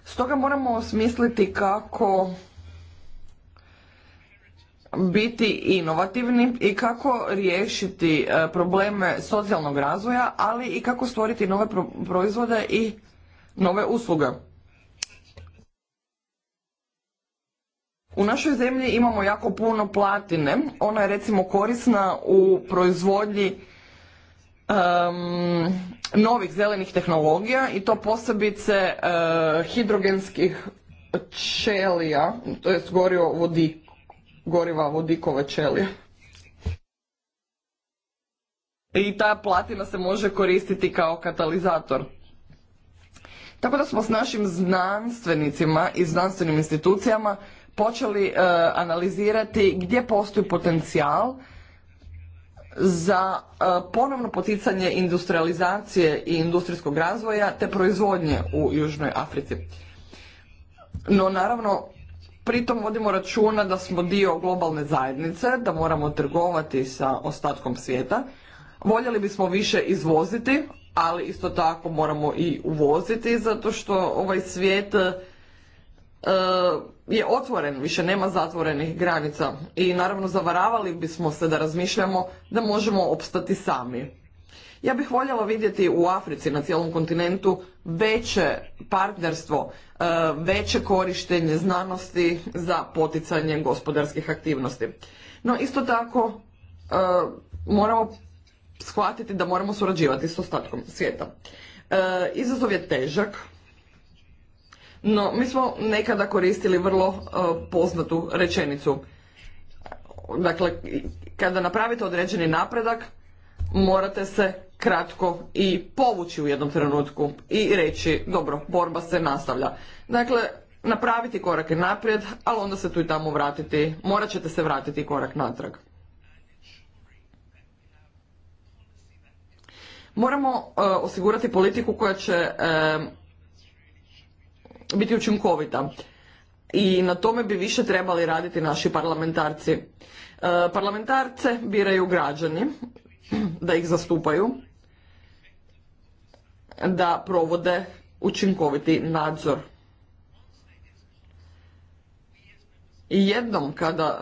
Stoga moramo osmisliti kako biti inovativni i kako riješiti e, probleme socijalnog razvoja, ali i kako stvoriti nove proizvode i nove usluge. U našoj zemlji imamo jako puno platine. Ona je recimo korisna u proizvodnji novih zelenih tehnologija i to posebice e, hidrogenskih čelija, to je gorio vodi goriva vodikove čelije. I ta platina se može koristiti kao katalizator. Tako da smo s našim znanstvenicima i znanstvenim institucijama počeli e, analizirati gdje postoji potencijal za e, ponovno poticanje industrializacije i industrijskog razvoja te proizvodnje u Južnoj Africi. No naravno Pritom vodimo računa da smo dio globalne zajednice, da moramo trgovati sa ostatkom svijeta. Voljeli bismo više izvoziti, ali isto tako moramo i uvoziti zato što ovaj svijet e, je otvoren, više nema zatvorenih granica i naravno zavaravali bismo se da razmišljamo da možemo opstati sami. Ja bih voljela vidjeti u Africi, na cijelom kontinentu, veće partnerstvo, e, veće korištenje znanosti za poticanje gospodarskih aktivnosti. No isto tako e, moramo shvatiti da moramo surađivati s ostatkom svijeta. E, izazov je težak, no mi smo nekada koristili vrlo poznatu rečenicu. Dakle, kada napravite određeni napredak, morate se kratko i povući u jednom trenutku i reći dobro, borba se nastavlja. Dakle, napraviti korake naprijed, ali onda se tu i tamo vratiti, morat ćete se vratiti korak natrag. Moramo e, osigurati politiku koja će e, biti učinkovita i na tome bi više trebali raditi naši parlamentarci. E, parlamentarce biraju građani da ih zastupaju da provode učinkoviti nadzor. I jednom kada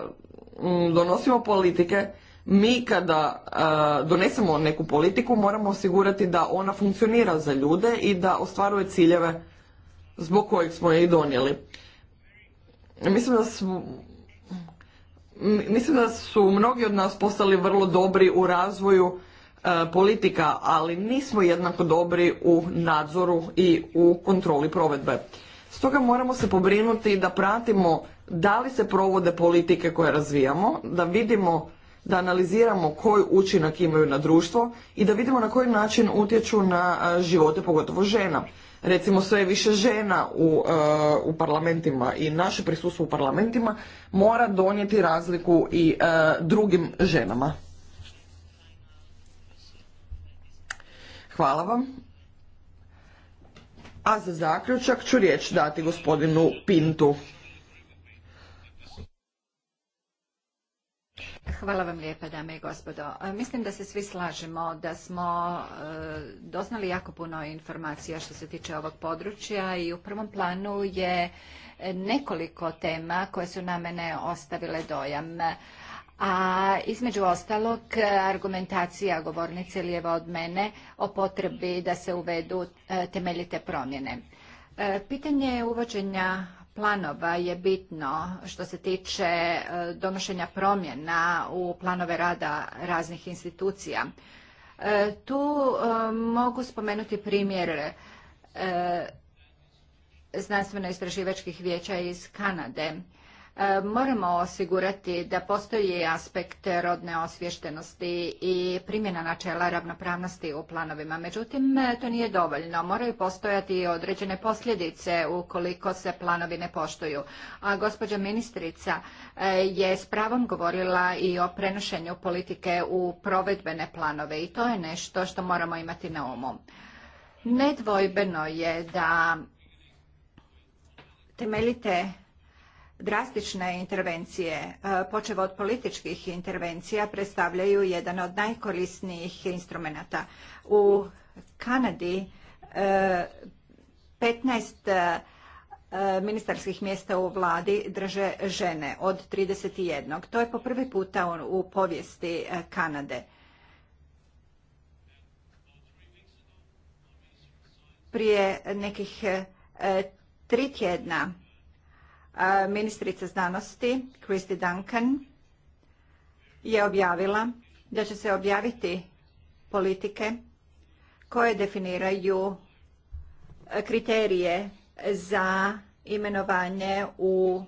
mm, donosimo politike, mi kada e, donesemo neku politiku moramo osigurati da ona funkcionira za ljude i da ostvaruje ciljeve zbog kojeg smo je i donijeli. Mislim da mislim da su mnogi od nas postali vrlo dobri u razvoju E, politika, ali nismo jednako dobri u nadzoru i u kontroli provedbe. Stoga moramo se pobrinuti da pratimo da li se provode politike koje razvijamo, da vidimo, da analiziramo koji učinak imaju na društvo i da vidimo na koji način utječu na e, živote pogotovo žena. Recimo sve više žena u, e, u parlamentima i naše prisustvo u parlamentima mora donijeti razliku i drugim ženama. Hvala vam. A za zaključak ću riječ dati gospodinu Pintu. Hvala vam lijepa, dame i gospodo. E, mislim da se svi slažemo da smo e, doznali jako puno informacija što se tiče ovog područja i u prvom planu je nekoliko tema koje su na mene ostavile dojam a između ostalog argumentacija govornice lijeva od mene o potrebi da se uvedu e, temeljite promjene. E, pitanje uvođenja planova je bitno što se tiče e, donošenja promjena u planove rada raznih institucija. Tu mogu spomenuti primjer znanstveno-istraživačkih vijeća iz Kanade E, moramo osigurati da postoji aspekt rodne osviještenosti i primjena načela ravnopravnosti u planovima. Međutim, e, to nije dovoljno. Moraju postojati i određene posljedice ukoliko se planovi ne poštuju. A gospođa ministrica e, je s pravom govorila i o prenošenju politike u provedbene planove i to je nešto što moramo imati na umu. Nedvojbeno je da temeljite drastične intervencije, e, počev od političkih intervencija, predstavljaju jedan od najkorisnijih instrumenata. U Kanadi 15 e, e, ministarskih mjesta u vladi drže žene od 31. To je po prvi puta u povijesti Kanade. Prije nekih tri tjedna ministrica znanosti Kristi Duncan je objavila da će se objaviti politike koje definiraju e, kriterije za imenovanje u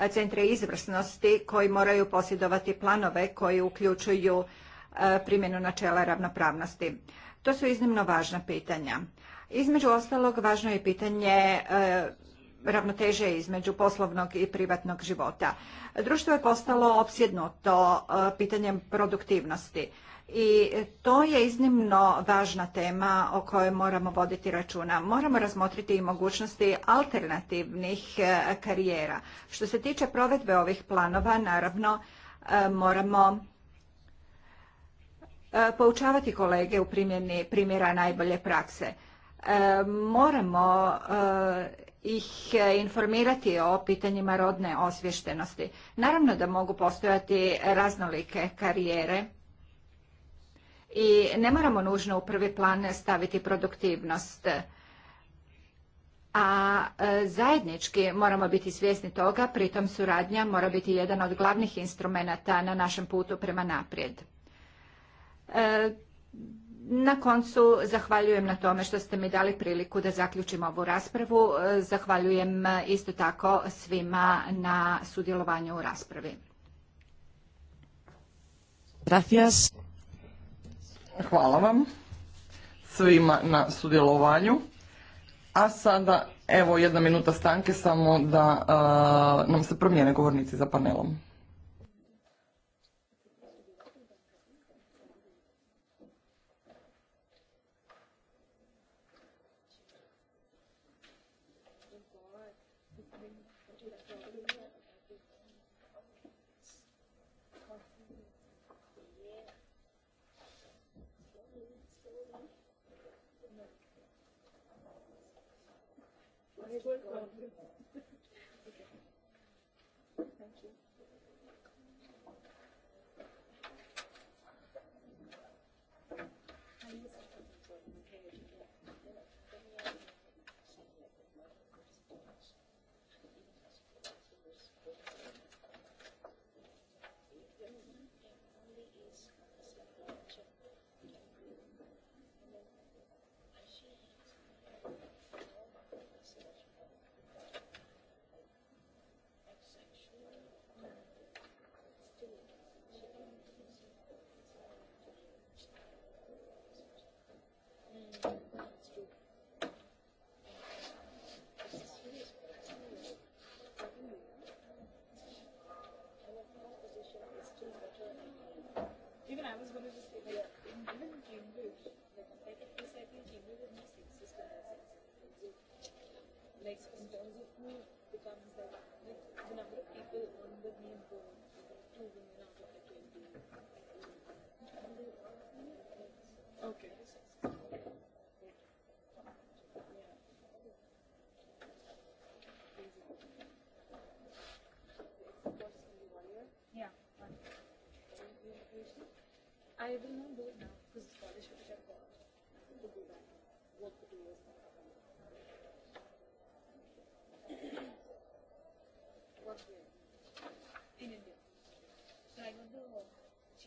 e, centre izvrsnosti koji moraju posjedovati planove koji uključuju e, primjenu načela ravnopravnosti. To su iznimno važna pitanja. Između ostalog, važno je pitanje ravnoteže između poslovnog i privatnog života. Društvo je postalo opsjednuto e, pitanjem produktivnosti i to je iznimno važna tema o kojoj moramo voditi računa. Moramo razmotriti i mogućnosti alternativnih e, karijera. Što se tiče provedbe ovih planova, naravno e, moramo poučavati kolege u primjeni primjera najbolje prakse. Moramo ih e, informirati o pitanjima rodne osvještenosti. Naravno da mogu postojati raznolike karijere i ne moramo nužno u prvi plan staviti produktivnost. A e, zajednički moramo biti svjesni toga, pritom suradnja mora biti jedan od glavnih instrumenata na našem putu prema naprijed. E, na koncu zahvaljujem na tome što ste mi dali priliku da zaključim ovu raspravu. E, zahvaljujem e, isto tako svima na sudjelovanju u raspravi. Gracias. Hvala vam svima na sudjelovanju. A sada evo jedna minuta stanke samo da e, nam se promijene govornici za panelom.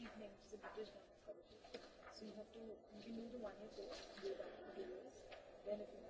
achievement is the British government So you have to renew the one year course, go back to the years, then if you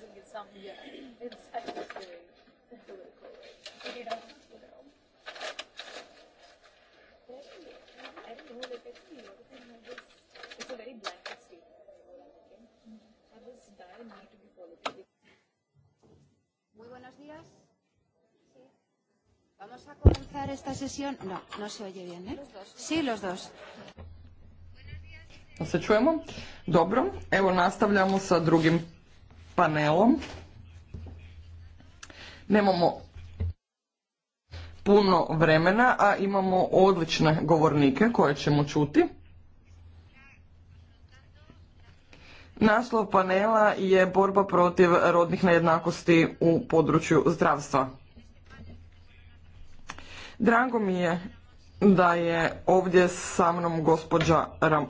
doesn't get some yeah. it's actually Muy buenos días. Vamos a comenzar esta sesión. No, no se oye bien, ¿eh? Sí, los Se čujemo? Dobro, evo nastavljamo sa drugim panelom. Nemamo puno vremena, a imamo odlične govornike koje ćemo čuti. Naslov panela je borba protiv rodnih nejednakosti u području zdravstva. Drago mi je da je ovdje sa mnom gospođa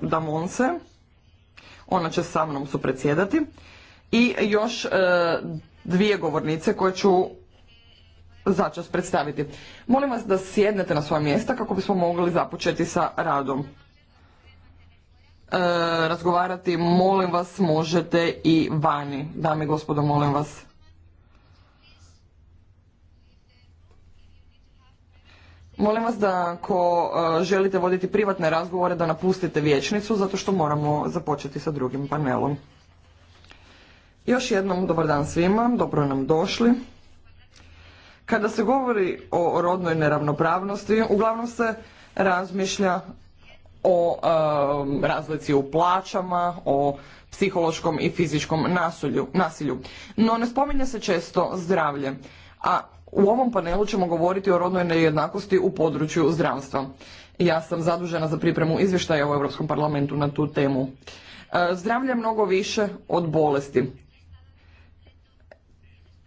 Damonse. Ona će sa mnom supredsjedati i još e, dvije govornice koje ću začas predstaviti. Molim vas da sjednete na svoja mjesta kako bismo mogli započeti sa radom. E, razgovarati, molim vas, možete i vani. Dame i gospodo, molim vas. Molim vas da ako e, želite voditi privatne razgovore da napustite vječnicu zato što moramo započeti sa drugim panelom. Još jednom dobar dan svima, dobro nam došli. Kada se govori o rodnoj neravnopravnosti, uglavnom se razmišlja o um, razlici u plaćama, o psihološkom i fizičkom nasilju, nasilju. No ne spominje se često zdravlje, a u ovom panelu ćemo govoriti o rodnoj nejednakosti u području zdravstva. Ja sam zadužena za pripremu izvještaja u Europskom parlamentu na tu temu. E, zdravlje je mnogo više od bolesti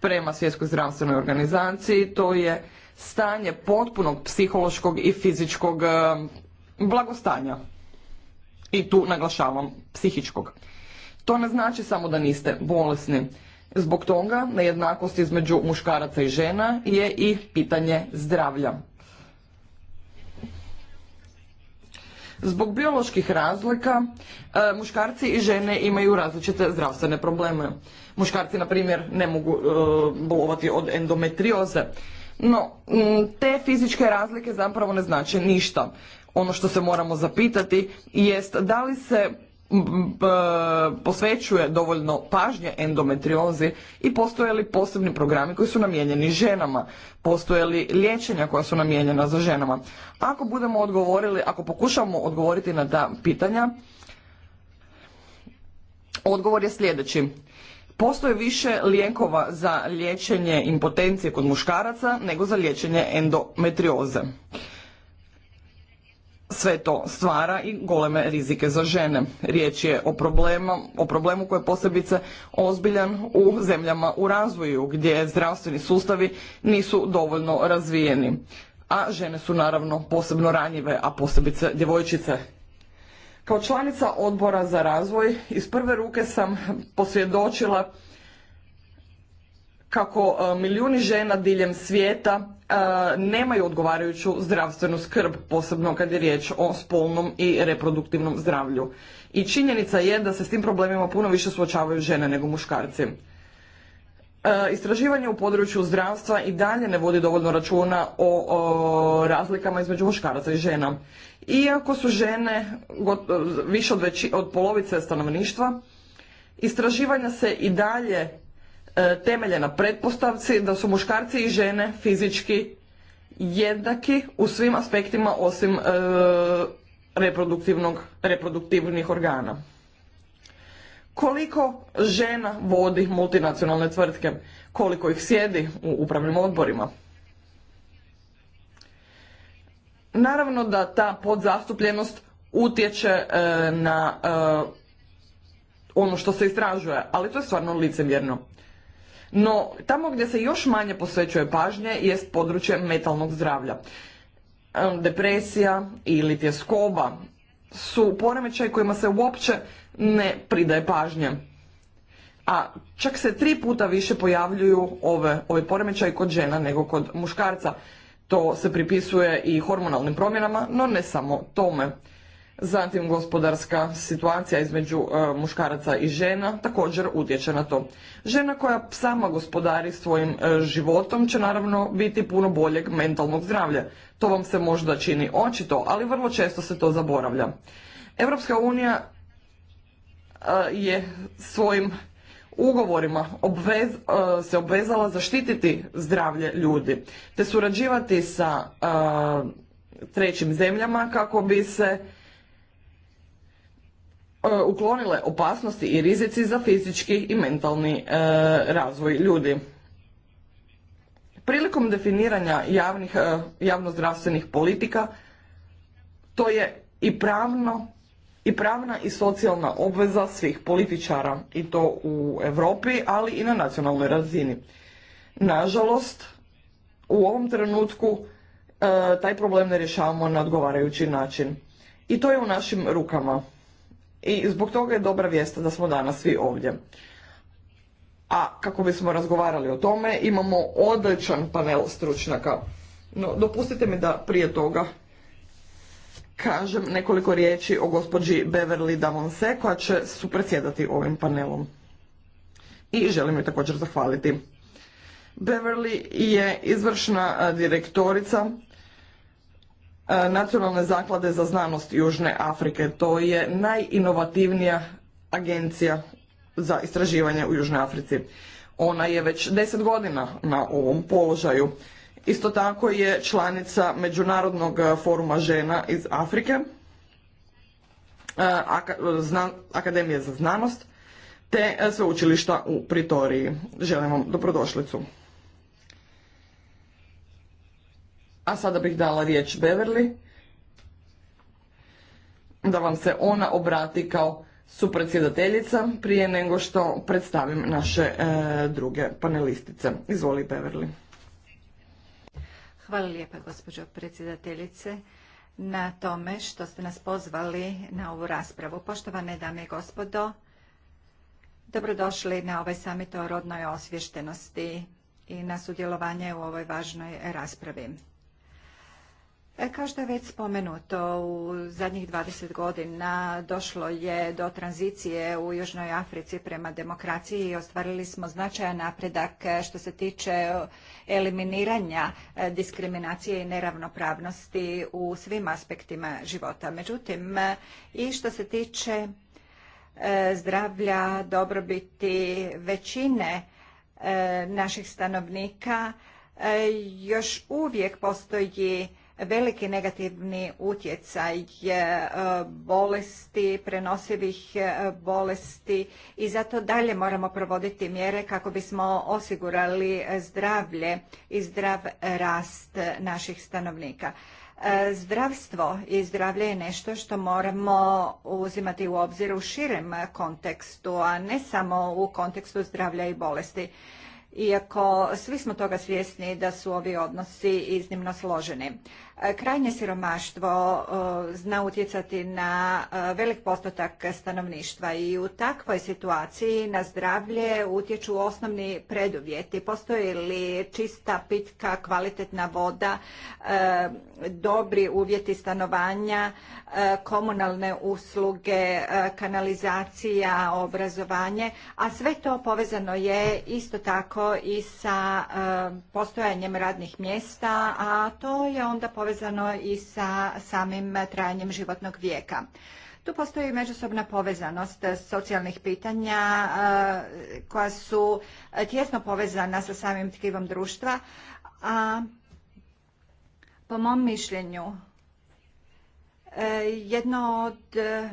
prema Svjetskoj zdravstvenoj organizaciji, to je stanje potpunog psihološkog i fizičkog e, blagostanja. I tu naglašavam psihičkog. To ne znači samo da niste bolesni. Zbog toga nejednakost između muškaraca i žena je i pitanje zdravlja. Zbog bioloških razlika e, muškarci i žene imaju različite zdravstvene probleme. Muškarci, na primjer, ne mogu e, bolovati od endometrioze. No, te fizičke razlike zapravo ne znače ništa. Ono što se moramo zapitati jest da li se posvećuje dovoljno pažnje endometriozi i postoje li posebni programi koji su namijenjeni ženama, postoje li liječenja koja su namijenjena za ženama. Ako budemo odgovorili, ako pokušamo odgovoriti na ta pitanja, odgovor je sljedeći. Postoje više lijekova za liječenje impotencije kod muškaraca nego za liječenje endometrioze sve to stvara i goleme rizike za žene. Riječ je o, problemu, o problemu koji je posebice ozbiljan u zemljama u razvoju gdje zdravstveni sustavi nisu dovoljno razvijeni. A žene su naravno posebno ranjive, a posebice djevojčice. Kao članica odbora za razvoj iz prve ruke sam posvjedočila kako e, milijuni žena diljem svijeta E, nemaju odgovarajuću zdravstvenu skrb, posebno kad je riječ o spolnom i reproduktivnom zdravlju. I činjenica je da se s tim problemima puno više suočavaju žene nego muškarci. E, istraživanje u području zdravstva i dalje ne vodi dovoljno računa o, razlikama između muškaraca i žena. Iako su žene više od, od polovice stanovništva, istraživanja se i dalje E, temelje na pretpostavci da su muškarci i žene fizički jednaki u svim aspektima osim e, reproduktivnog, reproduktivnih organa. Koliko žena vodi multinacionalne tvrtke? Koliko ih sjedi u upravnim odborima? Naravno da ta podzastupljenost utječe e, na ono što se istražuje, ali to je stvarno licemjerno. No, tamo gdje se još manje posvećuje pažnje jest područje metalnog zdravlja. Depresija ili tjeskoba su poremećaj kojima se uopće ne pridaje pažnje. A čak se tri puta više pojavljuju ove, ove poremećaj kod žena nego kod muškarca. To se pripisuje i hormonalnim promjenama, no ne samo tome. Zatim gospodarska situacija između e, muškaraca i žena također utječe na to. Žena koja sama gospodari svojim e, životom će naravno biti puno boljeg mentalnog zdravlja. To vam se možda čini očito, ali vrlo često se to zaboravlja. Europska unija e, je svojim ugovorima se obvezala zaštititi zdravlje ljudi te surađivati sa trećim zemljama kako bi se E, uklonile opasnosti i rizici za fizički i mentalni e, razvoj ljudi. Prilikom definiranja javnih, e, javnozdravstvenih politika to je i pravno i pravna i socijalna obveza svih političara i to u Europi, ali i na nacionalnoj razini. Nažalost, u ovom trenutku taj problem ne rješavamo na odgovarajući način. I to je u našim rukama i zbog toga je dobra vijest da smo danas svi ovdje. A kako bismo razgovarali o tome, imamo odličan panel stručnjaka. No, dopustite mi da prije toga kažem nekoliko riječi o gospođi Beverly Davonse koja će predsjedati ovim panelom. I želim joj također zahvaliti. Beverly je izvršna direktorica E, Nacionalne zaklade za znanost Južne Afrike. To je najinovativnija agencija za istraživanje u Južnoj Africi. Ona je već deset godina na ovom položaju. Isto tako je članica Međunarodnog foruma žena iz Afrike, e, Akademije za znanost, te sveučilišta u Pritoriji. Želim vam dobrodošlicu. A sada bih dala riječ Beverly da vam se ona obrati kao supredsjedateljica prije nego što predstavim naše e, druge panelistice. Izvoli Beverly. Hvala lijepa gospođo predsjedateljice na tome što ste nas pozvali na ovu raspravu. Poštovane dame i gospodo, dobrodošli na ovaj samit o rodnoj osvještenosti i na sudjelovanje u ovoj važnoj raspravi. E, kao što je već spomenuto, u zadnjih 20 godina došlo je do tranzicije u Južnoj Africi prema demokraciji i ostvarili smo značajan napredak e, što se tiče eliminiranja e, diskriminacije i neravnopravnosti u svim aspektima života. Međutim, i što se tiče zdravlja, dobrobiti većine naših stanovnika, još uvijek postoji veliki negativni utjecaj e, bolesti, prenosivih e, bolesti i zato dalje moramo provoditi mjere kako bismo osigurali zdravlje i zdrav rast naših stanovnika. E, zdravstvo i zdravlje je nešto što moramo uzimati u obzir u širem kontekstu, a ne samo u kontekstu zdravlja i bolesti iako svi smo toga svjesni da su ovi odnosi iznimno složeni. E, krajnje siromaštvo e, zna utjecati na e, velik postotak stanovništva i u takvoj situaciji na zdravlje utječu osnovni preduvjeti. Postoji li čista, pitka, kvalitetna voda, dobri uvjeti stanovanja, komunalne usluge, kanalizacija, obrazovanje, a sve to povezano je isto tako i sa postojanjem radnih mjesta, a to je onda povezano i sa samim trajanjem životnog vijeka. Tu postoji međusobna povezanost socijalnih pitanja e, koja su tjesno povezana sa samim tkivom društva, a po mom mišljenju e, jedno od e,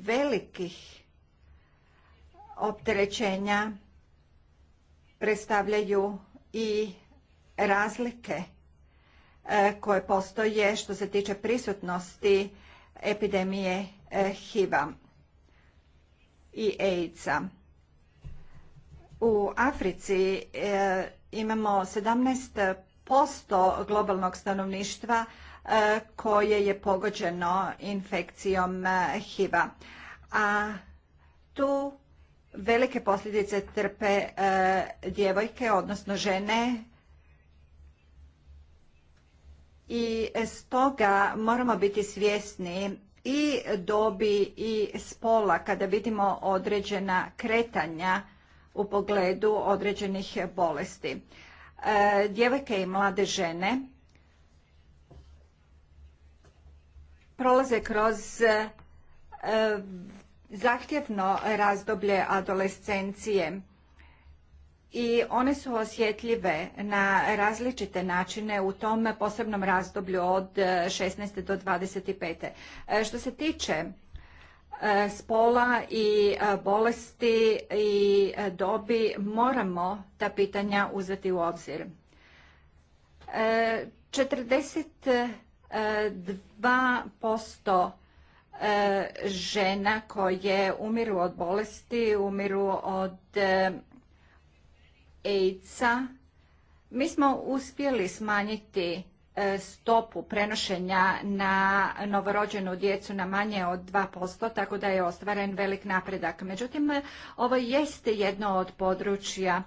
velikih opterećenja predstavljaju i razlike E, koje postoje što se tiče prisutnosti epidemije e, HIV-a i AIDS-a. U Africi e, imamo 17% globalnog stanovništva koje je pogođeno infekcijom HIV-a. A tu velike posljedice trpe djevojke, odnosno žene i stoga moramo biti svjesni i dobi i spola kada vidimo određena kretanja u pogledu određenih bolesti. E, djevojke i mlade žene prolaze kroz e, zahtjevno razdoblje adolescencije i one su osjetljive na različite načine u tom posebnom razdoblju od 16. E, do 25. E, što se tiče e, spola i bolesti i dobi, moramo ta pitanja uzeti u obzir. 42% žena koje umiru od bolesti, umiru od aids mi smo uspjeli smanjiti e, stopu prenošenja na novorođenu djecu na manje od 2%, tako da je ostvaren velik napredak. Međutim, ovo jeste jedno od područja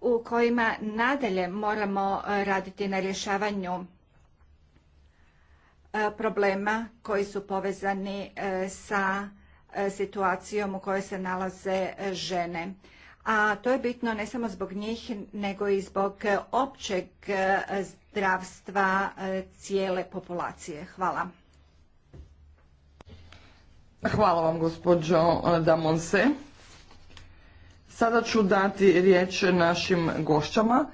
u kojima nadalje moramo raditi na rješavanju e, problema koji su povezani e, sa situacijom u kojoj se nalaze žene a to je bitno ne samo zbog njih nego i zbog e, općeg e, zdravstva e, cijele populacije. Hvala. Hvala vam gospođo Damonse. Sada ću dati riječ našim gošćama.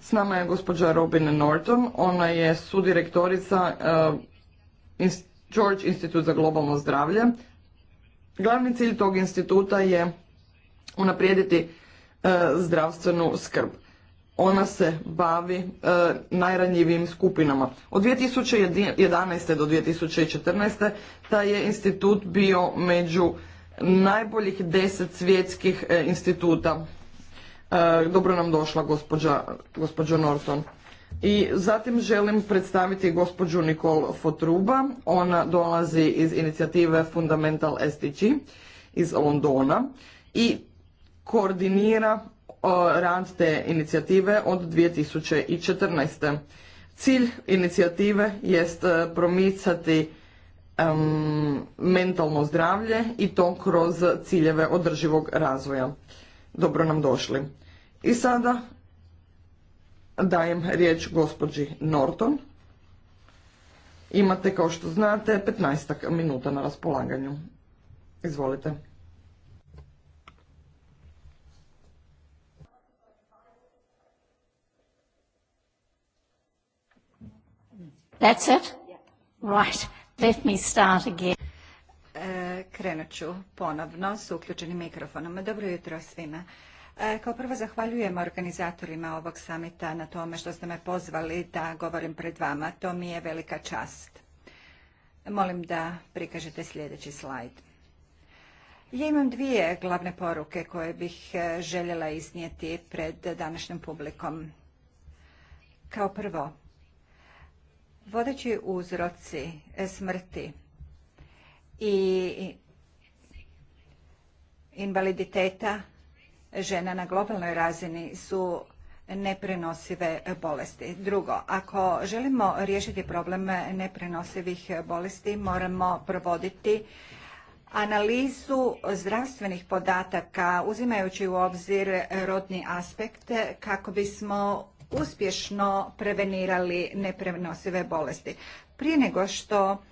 S nama je gospođa Robin Norton, ona je sudirektorica George Institute za globalno zdravlje. Glavni cilj tog instituta je unaprijediti E, zdravstvenu skrb. Ona se bavi e, najranjivijim skupinama. Od 2011. do 2014. taj je institut bio među najboljih deset svjetskih e, instituta. dobro nam došla gospođa, gospođo Norton. I zatim želim predstaviti gospođu nikol Fotruba. Ona dolazi iz inicijative Fundamental SDG iz Londona. I koordinira rad te inicijative od 2014. Cilj inicijative jest e, promicati mentalno zdravlje i to kroz ciljeve održivog razvoja. Dobro nam došli. I sada dajem riječ gospođi Norton. Imate, kao što znate, 15 minuta na raspolaganju. Izvolite. That's it? Right. Let me start again. E, krenut ću ponovno s uključenim mikrofonom. Dobro jutro svima. E, kao prvo zahvaljujem organizatorima ovog samita na tome što ste me pozvali da govorim pred vama. To mi je velika čast. Molim da prikažete sljedeći slajd. Ja imam dvije glavne poruke koje bih e, željela iznijeti pred današnjom publikom. Kao prvo, Vodeći uzroci e, smrti i invaliditeta žena na globalnoj razini su neprenosive bolesti. Drugo, ako želimo riješiti problem neprenosivih bolesti, moramo provoditi analizu zdravstvenih podataka uzimajući u obzir rodni aspekt kako bismo uspješno prevenirali neprenosive bolesti. Prije nego što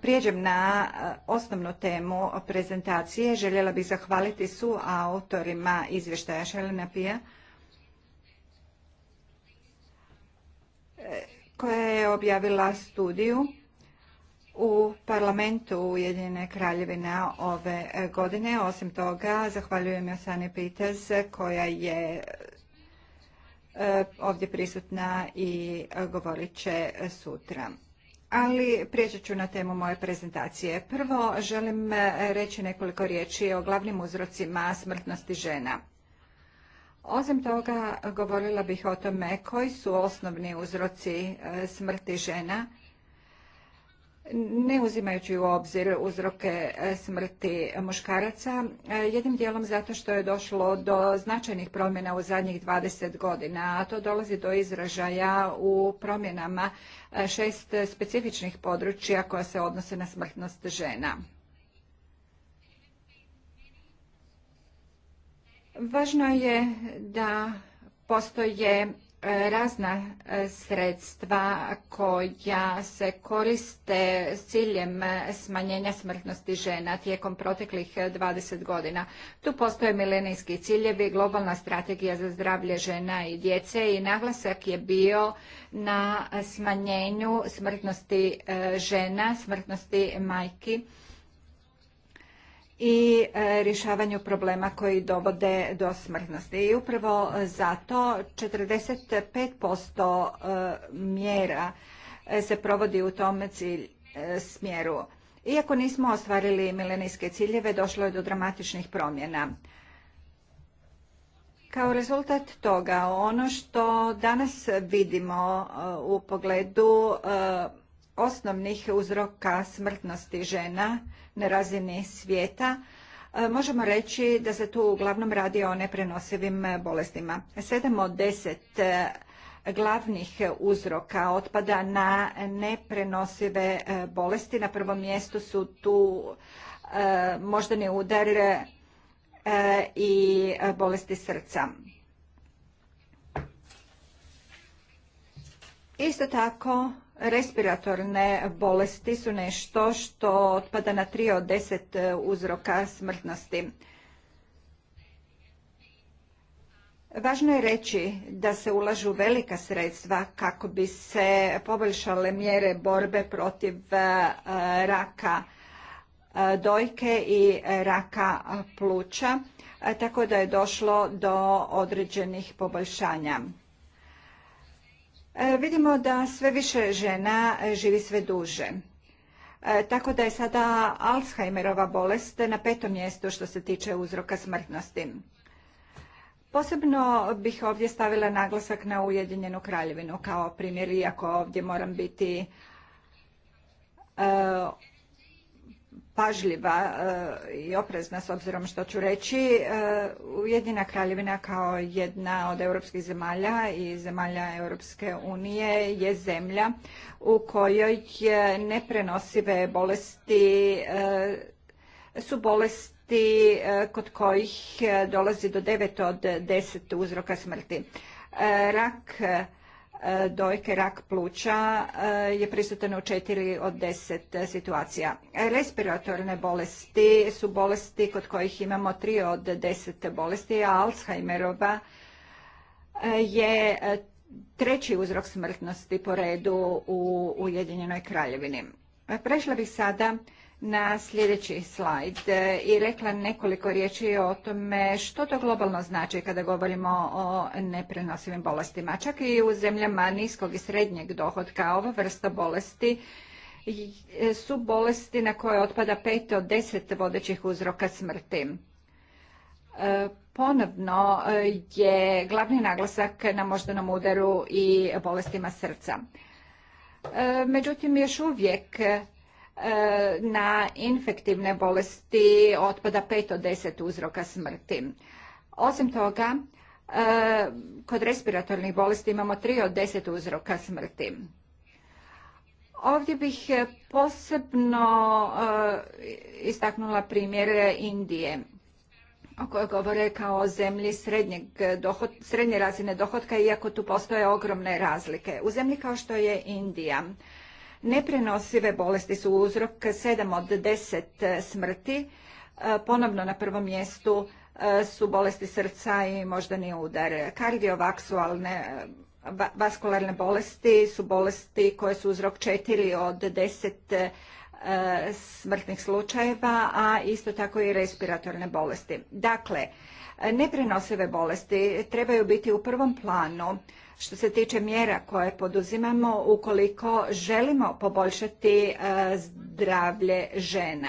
prijeđem na e, osnovnu temu prezentacije, željela bih zahvaliti su autorima izvještaja Šelena Pija, e, koja je objavila studiju u parlamentu Ujedinjene kraljevine ove godine. Osim toga, zahvaljujem Josani Peters koja je E, ovdje prisutna i e, govorit će e, sutra. Ali prijeći ću na temu moje prezentacije. Prvo želim reći nekoliko riječi o glavnim uzrocima smrtnosti žena. Osim toga govorila bih o tome koji su osnovni uzroci smrti žena ne uzimajući u obzir uzroke e, smrti muškaraca, e, jednim dijelom zato što je došlo do značajnih promjena u zadnjih 20 godina, a to dolazi do izražaja u promjenama e, šest specifičnih područja koja se odnose na smrtnost žena. Važno je da postoje razna e, sredstva koja se koriste s ciljem e, smanjenja smrtnosti žena tijekom proteklih 20 e, godina. Tu postoje milenijski ciljevi, globalna strategija za zdravlje žena i djece i naglasak je bio na smanjenju smrtnosti žena, smrtnosti majki i e, rješavanju problema koji dovode do smrtnosti. I upravo zato 45% e, mjera e, se provodi u tom cilj, smjeru. Iako nismo ostvarili milenijske ciljeve, došlo je do dramatičnih promjena. Kao rezultat toga, ono što danas vidimo u pogledu osnovnih uzroka smrtnosti žena na razini svijeta, e, možemo reći da se tu uglavnom radi o neprenosivim bolestima. Sedam od deset e, glavnih uzroka otpada na neprenosive e, bolesti. Na prvom mjestu su tu moždani udar i bolesti srca. Isto tako Respiratorne bolesti su nešto što otpada na 3 od 10 e, uzroka smrtnosti. Važno je reći da se ulažu velika sredstva kako bi se poboljšale mjere borbe protiv e, raka e, dojke i raka pluća, tako da je došlo do određenih poboljšanja. E, vidimo da sve više žena e, živi sve duže. E, tako da je sada Alzheimerova bolest na petom mjestu što se tiče uzroka smrtnosti. Posebno bih ovdje stavila naglasak na Ujedinjenu kraljevinu kao primjer, iako ovdje moram biti pažljiva eh, i oprezna s obzirom što ću reći. Eh, Ujedina kraljevina kao jedna od europskih zemalja i zemalja Europske unije je zemlja u kojoj neprenosive bolesti eh, su bolesti kod kojih dolazi do 9 od 10 uzroka smrti. Rak E, dojke, rak pluća e, je prisutan u četiri od deset e, situacija. Respiratorne bolesti su bolesti kod kojih imamo tri od deset bolesti, a Alzheimerova je treći uzrok smrtnosti po redu u Ujedinjenoj kraljevini. Prešla bih sada na sljedeći slajd e, i rekla nekoliko riječi o tome što to globalno znači kada govorimo o neprenosivim bolestima. Čak i u zemljama niskog i srednjeg dohodka ova vrsta bolesti e, su bolesti na koje otpada pet od deset vodećih uzroka smrti. E, ponovno je glavni naglasak na moždanom udaru i bolestima srca. Međutim, još uvijek E, na infektivne bolesti otpada 5 od 10 uzroka smrti. Osim toga, e, kod respiratornih bolesti imamo 3 od 10 uzroka smrti. Ovdje bih posebno e, istaknula primjer Indije o kojoj govore kao o zemlji srednje razine dohotka, iako tu postoje ogromne razlike. U zemlji kao što je Indija, Neprenosive bolesti su uzrok 7 od 10 e, smrti. E, ponovno na prvom mjestu e, su bolesti srca i moždani udar. Kardiovaksualne vaskularne bolesti su bolesti koje su uzrok 4 od 10 smrtnih slučajeva, a isto tako i respiratorne bolesti. Dakle, neprenosive bolesti trebaju biti u prvom planu što se tiče mjera koje poduzimamo, ukoliko želimo poboljšati e, zdravlje žena.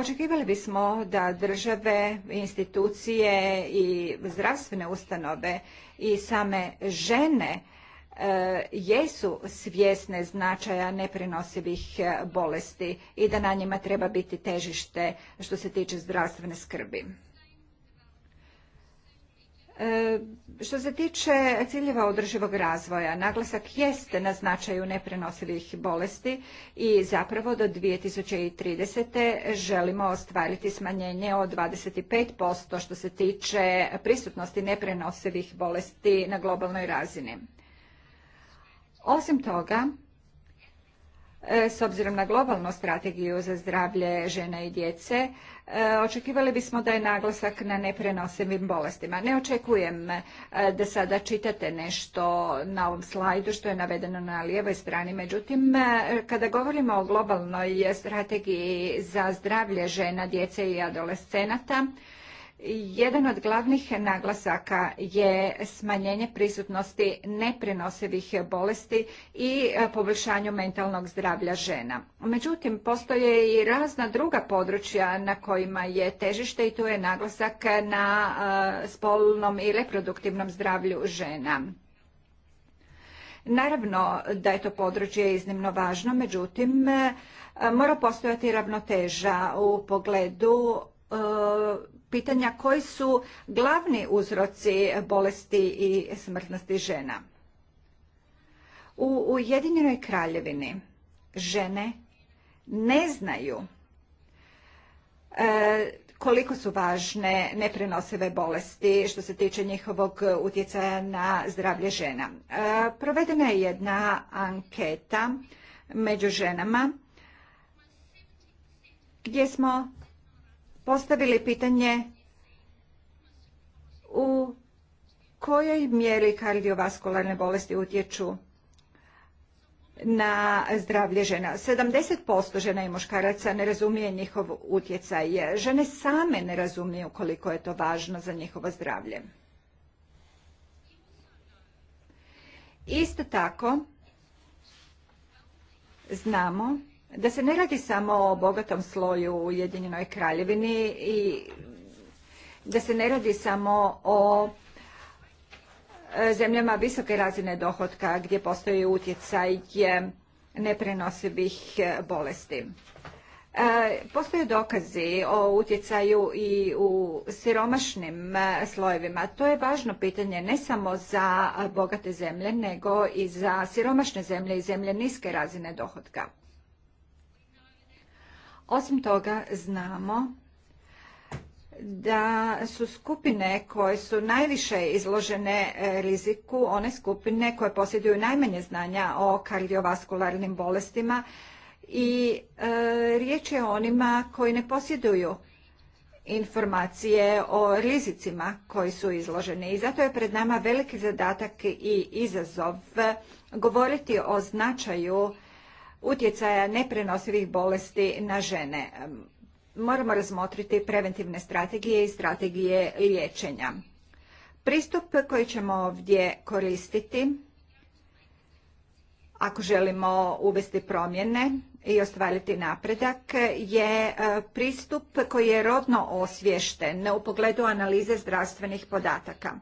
Očekivali bismo da države, institucije i zdravstvene ustanove i same žene e, jesu svjesne značaja neprenosivih e, bolesti i da na njima treba biti težište što se tiče zdravstvene skrbi. E, što se tiče ciljeva održivog razvoja, naglasak jeste na značaju neprenosivih bolesti i zapravo do 2030. želimo ostvariti smanjenje od 25% što se tiče prisutnosti neprenosivih bolesti na globalnoj razini. Osim toga, e, s obzirom na globalnu strategiju za zdravlje žena i djece, E, očekivali bismo da je naglasak na neprenosivim bolestima. Ne očekujem e, da sada čitate nešto na ovom slajdu što je navedeno na lijevoj strani. Međutim, e, kada govorimo o globalnoj strategiji za zdravlje žena, djece i adolescenata, jedan od glavnih naglasaka je smanjenje prisutnosti neprenosivih bolesti i e, poboljšanju mentalnog zdravlja žena. Međutim, postoje i razna druga područja na kojima je težište i tu je naglasak na e, spolnom i reproduktivnom zdravlju žena. Naravno da je to područje iznimno važno, međutim, e, mora postojati ravnoteža u pogledu pitanja koji su glavni uzroci bolesti i smrtnosti žena. U Ujedinjenoj kraljevini žene ne znaju e, koliko su važne neprenosive bolesti što se tiče njihovog utjecaja na zdravlje žena. E, provedena je jedna anketa među ženama gdje smo postavili pitanje u kojoj mjeri kardiovaskularne bolesti utječu na zdravlje žena. 70% žena i muškaraca ne razumije njihov utjecaj. Žene same ne razumiju koliko je to važno za njihovo zdravlje. Isto tako znamo da se ne radi samo o bogatom sloju u jedinjenoj kraljevini i da se ne radi samo o e, zemljama visoke razine dohotka gdje postoji utjecaj neprenosivih e, bolesti. E, postoje dokazi o utjecaju i u siromašnim slojevima. To je važno pitanje ne samo za bogate zemlje, nego i za siromašne zemlje i zemlje niske razine dohotka. Osim toga znamo da su skupine koje su najviše izložene e, riziku one skupine koje posjeduju najmanje znanja o kardiovaskularnim bolestima i e, riječ je o onima koji ne posjeduju informacije o rizicima koji su izloženi. I zato je pred nama veliki zadatak i izazov govoriti o značaju utjecaja neprenosivih bolesti na žene. Moramo razmotriti preventivne strategije i strategije liječenja. Pristup koji ćemo ovdje koristiti ako želimo uvesti promjene i ostvariti napredak je e, pristup koji je rodno osviješten u pogledu analize zdravstvenih podataka.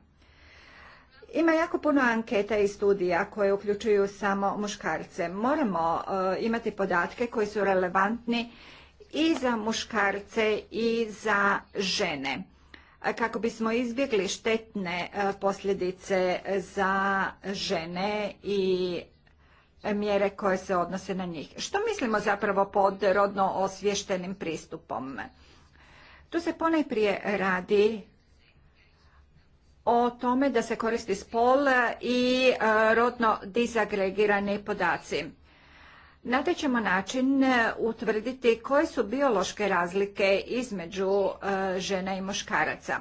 Ima jako puno anketa i studija koje uključuju samo muškarce. Moramo eh, imati podatke koji su relevantni i za muškarce i za žene eh, kako bismo izbjegli štetne eh, posljedice za žene i mjere koje se odnose na njih. Što mislimo zapravo pod rodno osvještenim pristupom? Tu se ponajprije radi o tome da se koristi spol i e, rodno dizagregirani podaci. Na taj ćemo način e, utvrditi koje su biološke razlike između e, žena i muškaraca.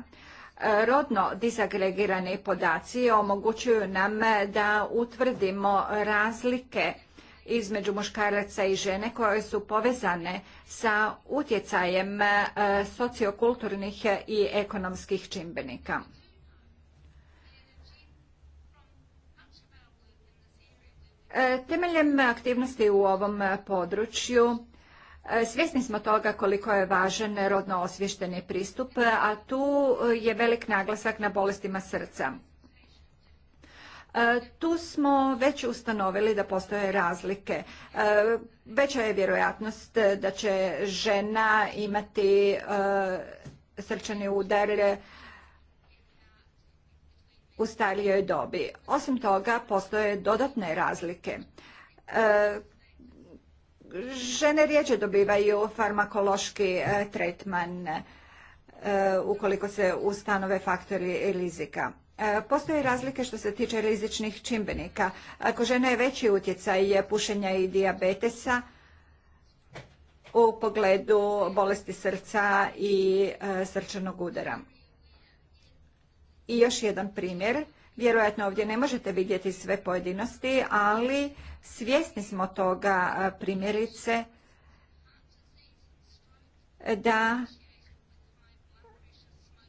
Rodno dizagregirani podaci omogućuju nam da utvrdimo razlike između muškaraca i žene koje su povezane sa utjecajem sociokulturnih i ekonomskih čimbenika. E, temeljem aktivnosti u ovom području e, Svjesni smo toga koliko je važan rodno osvješteni pristup, a tu je velik naglasak na bolestima srca. E, tu smo već ustanovili da postoje razlike. Veća je vjerojatnost da će žena imati srčani udar u starijoj dobi. Osim toga, postoje dodatne razlike. E, žene rijeđe dobivaju farmakološki e, tretman e, ukoliko se ustanove faktori rizika. Postoje razlike što se tiče rizičnih čimbenika. Ako žena je veći utjecaj pušenja i dijabetesa u pogledu bolesti srca i srčanog udara. I još jedan primjer. Vjerojatno ovdje ne možete vidjeti sve pojedinosti, ali svjesni smo toga primjerice da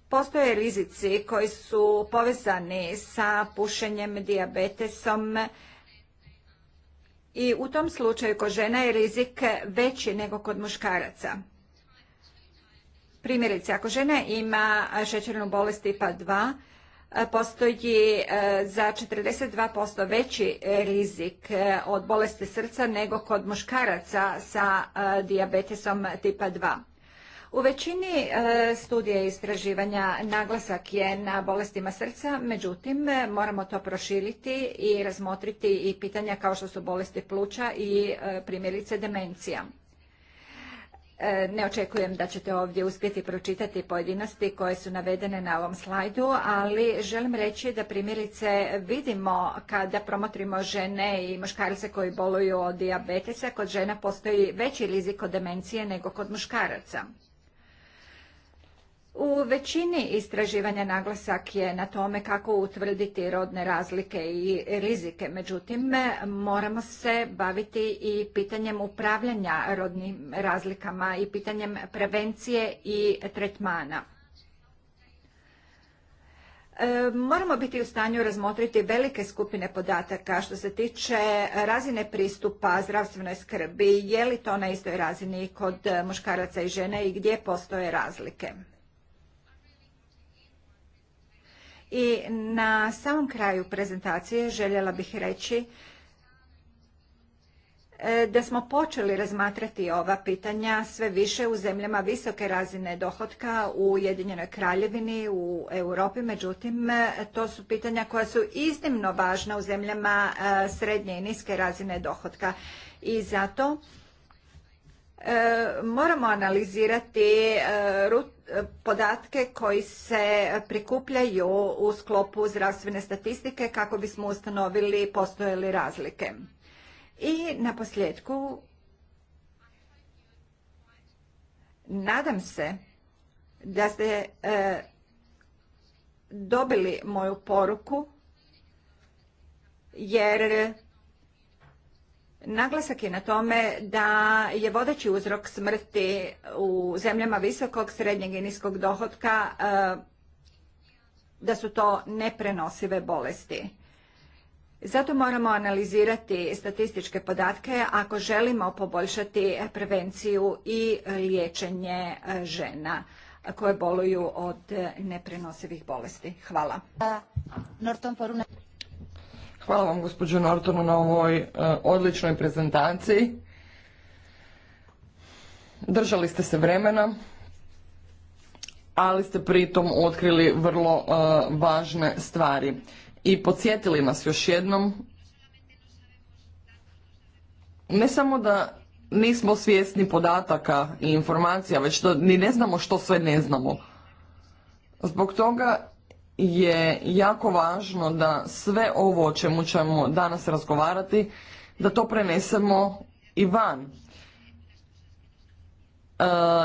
postoje rizici koji su povezani sa pušenjem, dijabetesom i u tom slučaju kod žena je rizik veći nego kod muškaraca. Primjerice, ako žena ima šećernu bolest tipa 2, E, postoji e, za 42% veći e, rizik od bolesti srca nego kod muškaraca sa dijabetesom tipa 2. U većini studije istraživanja naglasak je na bolestima srca, međutim moramo to proširiti i razmotriti i pitanja kao što su bolesti pluća i primjerice demencija. E, ne očekujem da ćete ovdje uspjeti pročitati pojedinosti koje su navedene na ovom slajdu, ali želim reći da primjerice vidimo kada promotrimo žene i muškarce koji boluju od diabetesa, kod žena postoji veći rizik od demencije nego kod muškaraca. U većini istraživanja naglasak je na tome kako utvrditi rodne razlike i rizike. Međutim, moramo se baviti i pitanjem upravljanja rodnim razlikama i pitanjem prevencije i tretmana. E, moramo biti u stanju razmotriti velike skupine podataka što se tiče razine pristupa zdravstvenoj skrbi, je li to na istoj razini kod muškaraca i žene i gdje postoje razlike. I na samom kraju prezentacije željela bih reći e, da smo počeli razmatrati ova pitanja sve više u zemljama visoke razine dohotka u Ujedinjenoj kraljevini, u Europi. Međutim, to su pitanja koja su iznimno važna u zemljama e, srednje i niske razine dohotka. I zato E, moramo analizirati e, podatke koji se prikupljaju u sklopu zdravstvene statistike kako bismo ustanovili postoje li razlike. I na posljedku, nadam se da ste e, dobili moju poruku, jer Naglasak je na tome da je vodeći uzrok smrti u zemljama visokog, srednjeg i niskog dohotka eh, da su to neprenosive bolesti. Zato moramo analizirati statističke podatke ako želimo poboljšati prevenciju i liječenje eh, žena koje boluju od neprenosivih bolesti. Hvala. Hvala vam gospođo Nortonu na ovoj e, odličnoj prezentaciji. Držali ste se vremena, ali ste pritom otkrili vrlo e, važne stvari i podsjetili nas još jednom ne samo da nismo svjesni podataka i informacija, već da ni ne znamo što sve ne znamo. Zbog toga je jako važno da sve ovo o čemu ćemo danas razgovarati, da to prenesemo i van. E,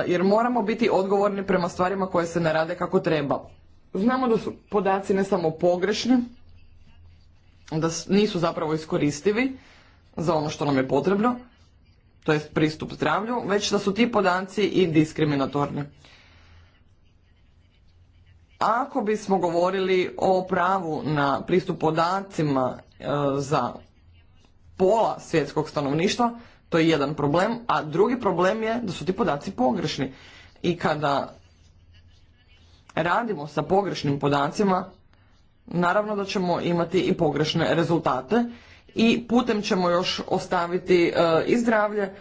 jer moramo biti odgovorni prema stvarima koje se ne rade kako treba. Znamo da su podaci ne samo pogrešni, da nisu zapravo iskoristivi za ono što nam je potrebno, to je pristup zdravlju, već da su ti podaci i diskriminatorni. Ako bismo govorili o pravu na pristup podacima e, za pola svjetskog stanovništva, to je jedan problem, a drugi problem je da su ti podaci pogrešni. I kada radimo sa pogrešnim podacima, naravno da ćemo imati i pogrešne rezultate i putem ćemo još ostaviti e, i zdravlje,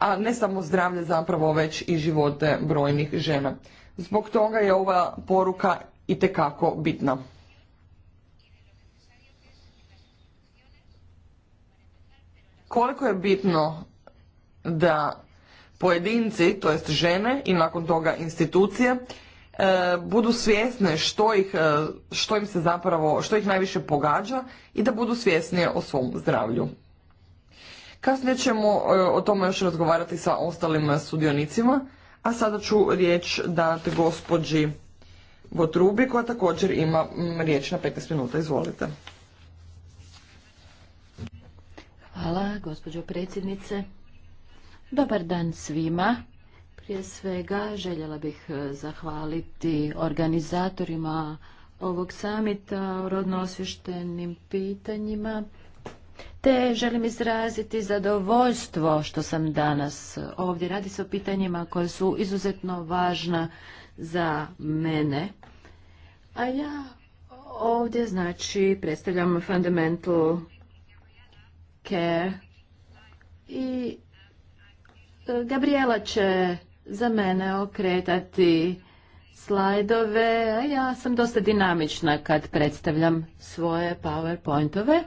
a ne samo zdravlje zapravo već i živote brojnih žena. Zbog toga je ova poruka i tekako bitna. Koliko je bitno da pojedinci, to jest žene i nakon toga institucije, e, budu svjesne što ih, e, što im se zapravo, što ih najviše pogađa i da budu svjesnije o svom zdravlju. Kasnije ćemo e, o tome još razgovarati sa ostalim sudionicima a sada ću riječ dati gospođi Votrubi koja također ima mm, riječ na 15 minuta. Izvolite. Hvala gospođo predsjednice. Dobar dan svima. Prije svega željela bih e, zahvaliti organizatorima ovog samita o rodno osvještenim pitanjima te želim izraziti zadovoljstvo što sam danas ovdje. Radi se o pitanjima koje su izuzetno važna za mene. A ja ovdje znači predstavljam fundamental care i e, Gabriela će za mene okretati slajdove, a ja sam dosta dinamična kad predstavljam svoje powerpointove.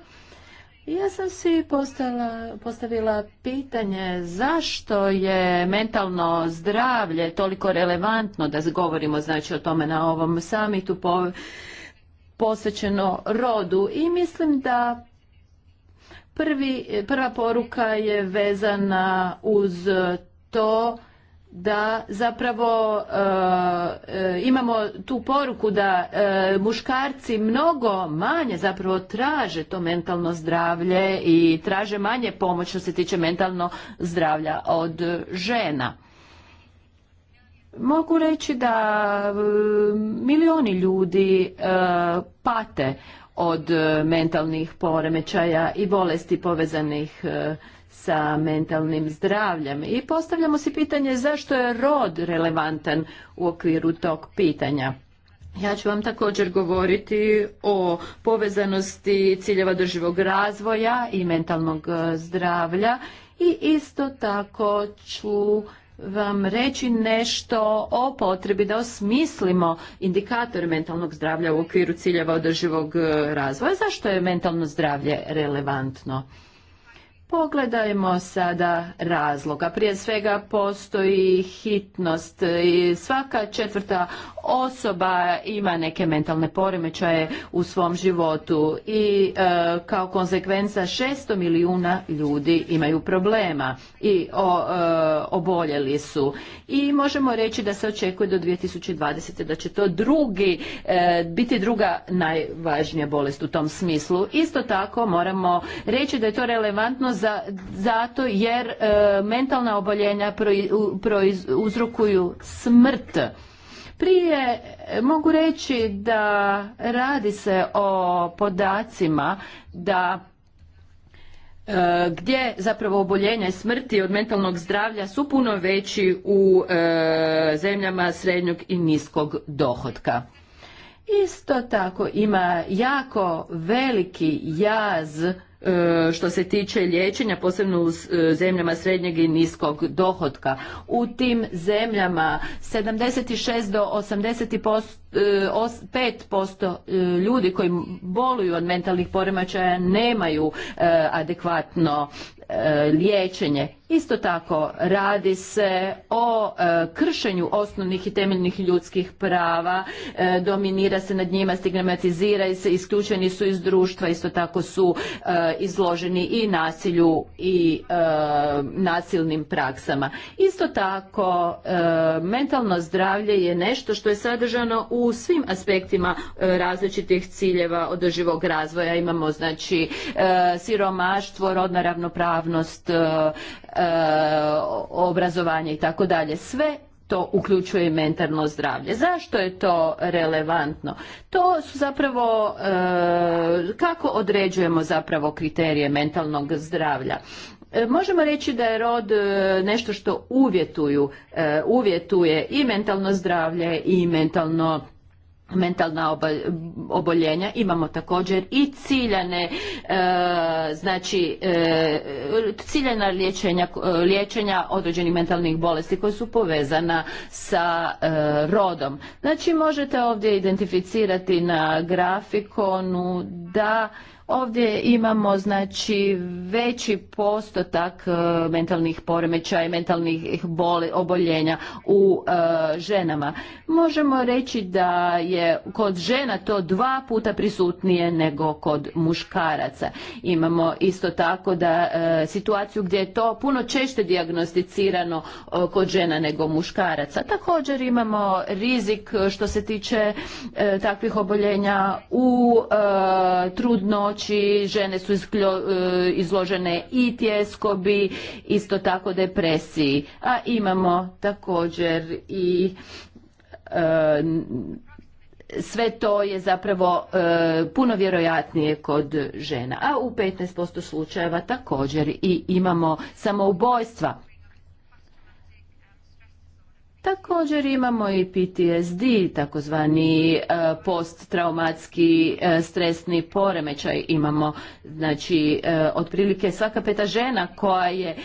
Ja sam si postala, postavila pitanje zašto je mentalno zdravlje toliko relevantno da govorimo znači o tome na ovom samitu posvećeno rodu i mislim da prvi, prva poruka je vezana uz to da zapravo e, e, imamo tu poruku da e, muškarci mnogo manje zapravo traže to mentalno zdravlje i traže manje pomoć što se tiče mentalno zdravlja od žena. Mogu reći da milioni ljudi pate od mentalnih poremećaja i bolesti povezanih sa mentalnim zdravljem. I postavljamo si pitanje zašto je rod relevantan u okviru tog pitanja. Ja ću vam također govoriti o povezanosti ciljeva drživog razvoja i mentalnog e, zdravlja i isto tako ću vam reći nešto o potrebi da osmislimo indikator mentalnog zdravlja u okviru ciljeva održivog e, razvoja. Zašto je mentalno zdravlje relevantno? Pogledajmo sada razloga. Prije svega postoji hitnost i svaka četvrta osoba ima neke mentalne poremećaje u svom životu i e, kao konsekvenca 600 milijuna ljudi imaju problema i e, oboljeli su. I možemo reći da se očekuje do 2020. da će to drugi e, biti druga najvažnija bolest u tom smislu. Isto tako moramo reći da je to relevantno za, zato jer e, mentalna oboljenja uzrokuju smrt. Prije e, mogu reći da radi se o podacima da e, gdje zapravo oboljenja i smrti od mentalnog zdravlja su puno veći u zemljama srednjog i niskog dohotka. Isto tako ima jako veliki jaz E, što se tiče liječenja, posebno u e, zemljama srednjeg i niskog dohodka. U tim zemljama 76 do 85% e, ljudi koji boluju od mentalnih poremećaja nemaju adekvatno E, liječenje. Isto tako radi se o e, kršenju osnovnih i temeljnih ljudskih prava, e, dominira se nad njima, stigmatizira se, isključeni su iz društva, isto tako su izloženi i nasilju i nasilnim praksama. Isto tako mentalno zdravlje je nešto što je sadržano u svim aspektima različitih ciljeva održivog razvoja. Imamo znači siromaštvo, rodna ravnopravnost, javnost, e, e, obrazovanje i tako dalje. Sve to uključuje i mentalno zdravlje. Zašto je to relevantno? To su zapravo e, kako određujemo zapravo kriterije mentalnog zdravlja. možemo reći da je rod nešto što uvjetuju, uvjetuje i mentalno zdravlje i mentalno mentalna oboljenja imamo također i ciljane e, znači e, ciljana liječenja, e, liječenja određenih mentalnih bolesti koje su povezana sa rodom znači možete ovdje identificirati na grafikonu da Ovdje imamo znači veći postotak e, mentalnih poremećaja i mentalnih oboljenja u e, ženama. Možemo reći da je kod žena to dva puta prisutnije nego kod muškaraca. Imamo isto tako da e, situaciju gdje je to puno češće dijagnosticirano kod žena nego muškaraca. Također imamo rizik što se tiče takvih oboljenja u trudnoći žene su e, izložene i tjeskobi, isto tako depresiji. A imamo također i e, sve to je zapravo e, puno vjerojatnije kod žena. A u 15% slučajeva također i imamo samoubojstva. Također imamo i PTSD, takozvani e, posttraumatski e, stresni poremećaj. Imamo znači e, otprilike svaka peta žena koja je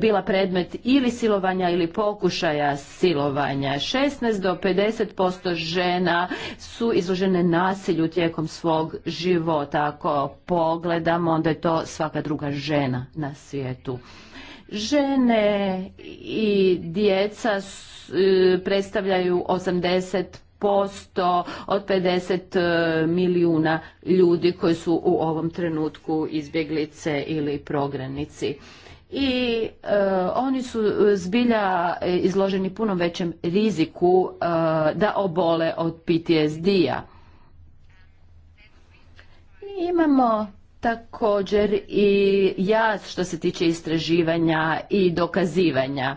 bila predmet ili silovanja ili pokušaja silovanja. 16 do 50% žena su izložene nasilju tijekom svog života. Ako pogledamo onda je to svaka druga žena na svijetu. Žene i djeca e, predstavljaju 80% od 50 e, milijuna ljudi koji su u ovom trenutku izbjeglice ili progranici i e, oni su zbilja izloženi puno većem riziku da obole od PTSD-a. Imamo također i jaz što se tiče istraživanja i dokazivanja.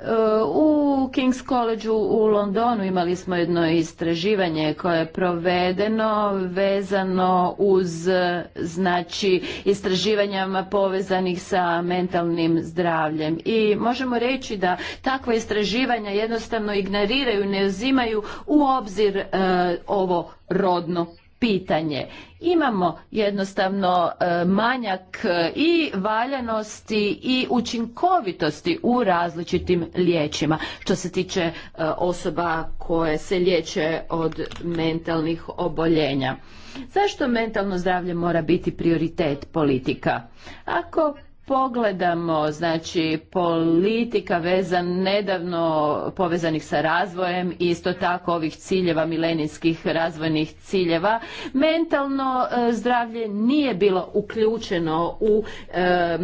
E, u King's College u Londonu imali smo jedno istraživanje koje je provedeno vezano uz znači istraživanjama povezanih sa mentalnim zdravljem i možemo reći da takva istraživanja jednostavno ignoriraju, ne uzimaju u obzir e, ovo rodno pitanje. Imamo jednostavno e, manjak e, i valjanosti i učinkovitosti u različitim liječima što se tiče e, osoba koje se liječe od mentalnih oboljenja. Zašto mentalno zdravlje mora biti prioritet politika? Ako pogledamo znači politika vezan nedavno povezanih sa razvojem isto tako ovih ciljeva milenijskih razvojnih ciljeva mentalno e, zdravlje nije bilo uključeno u e,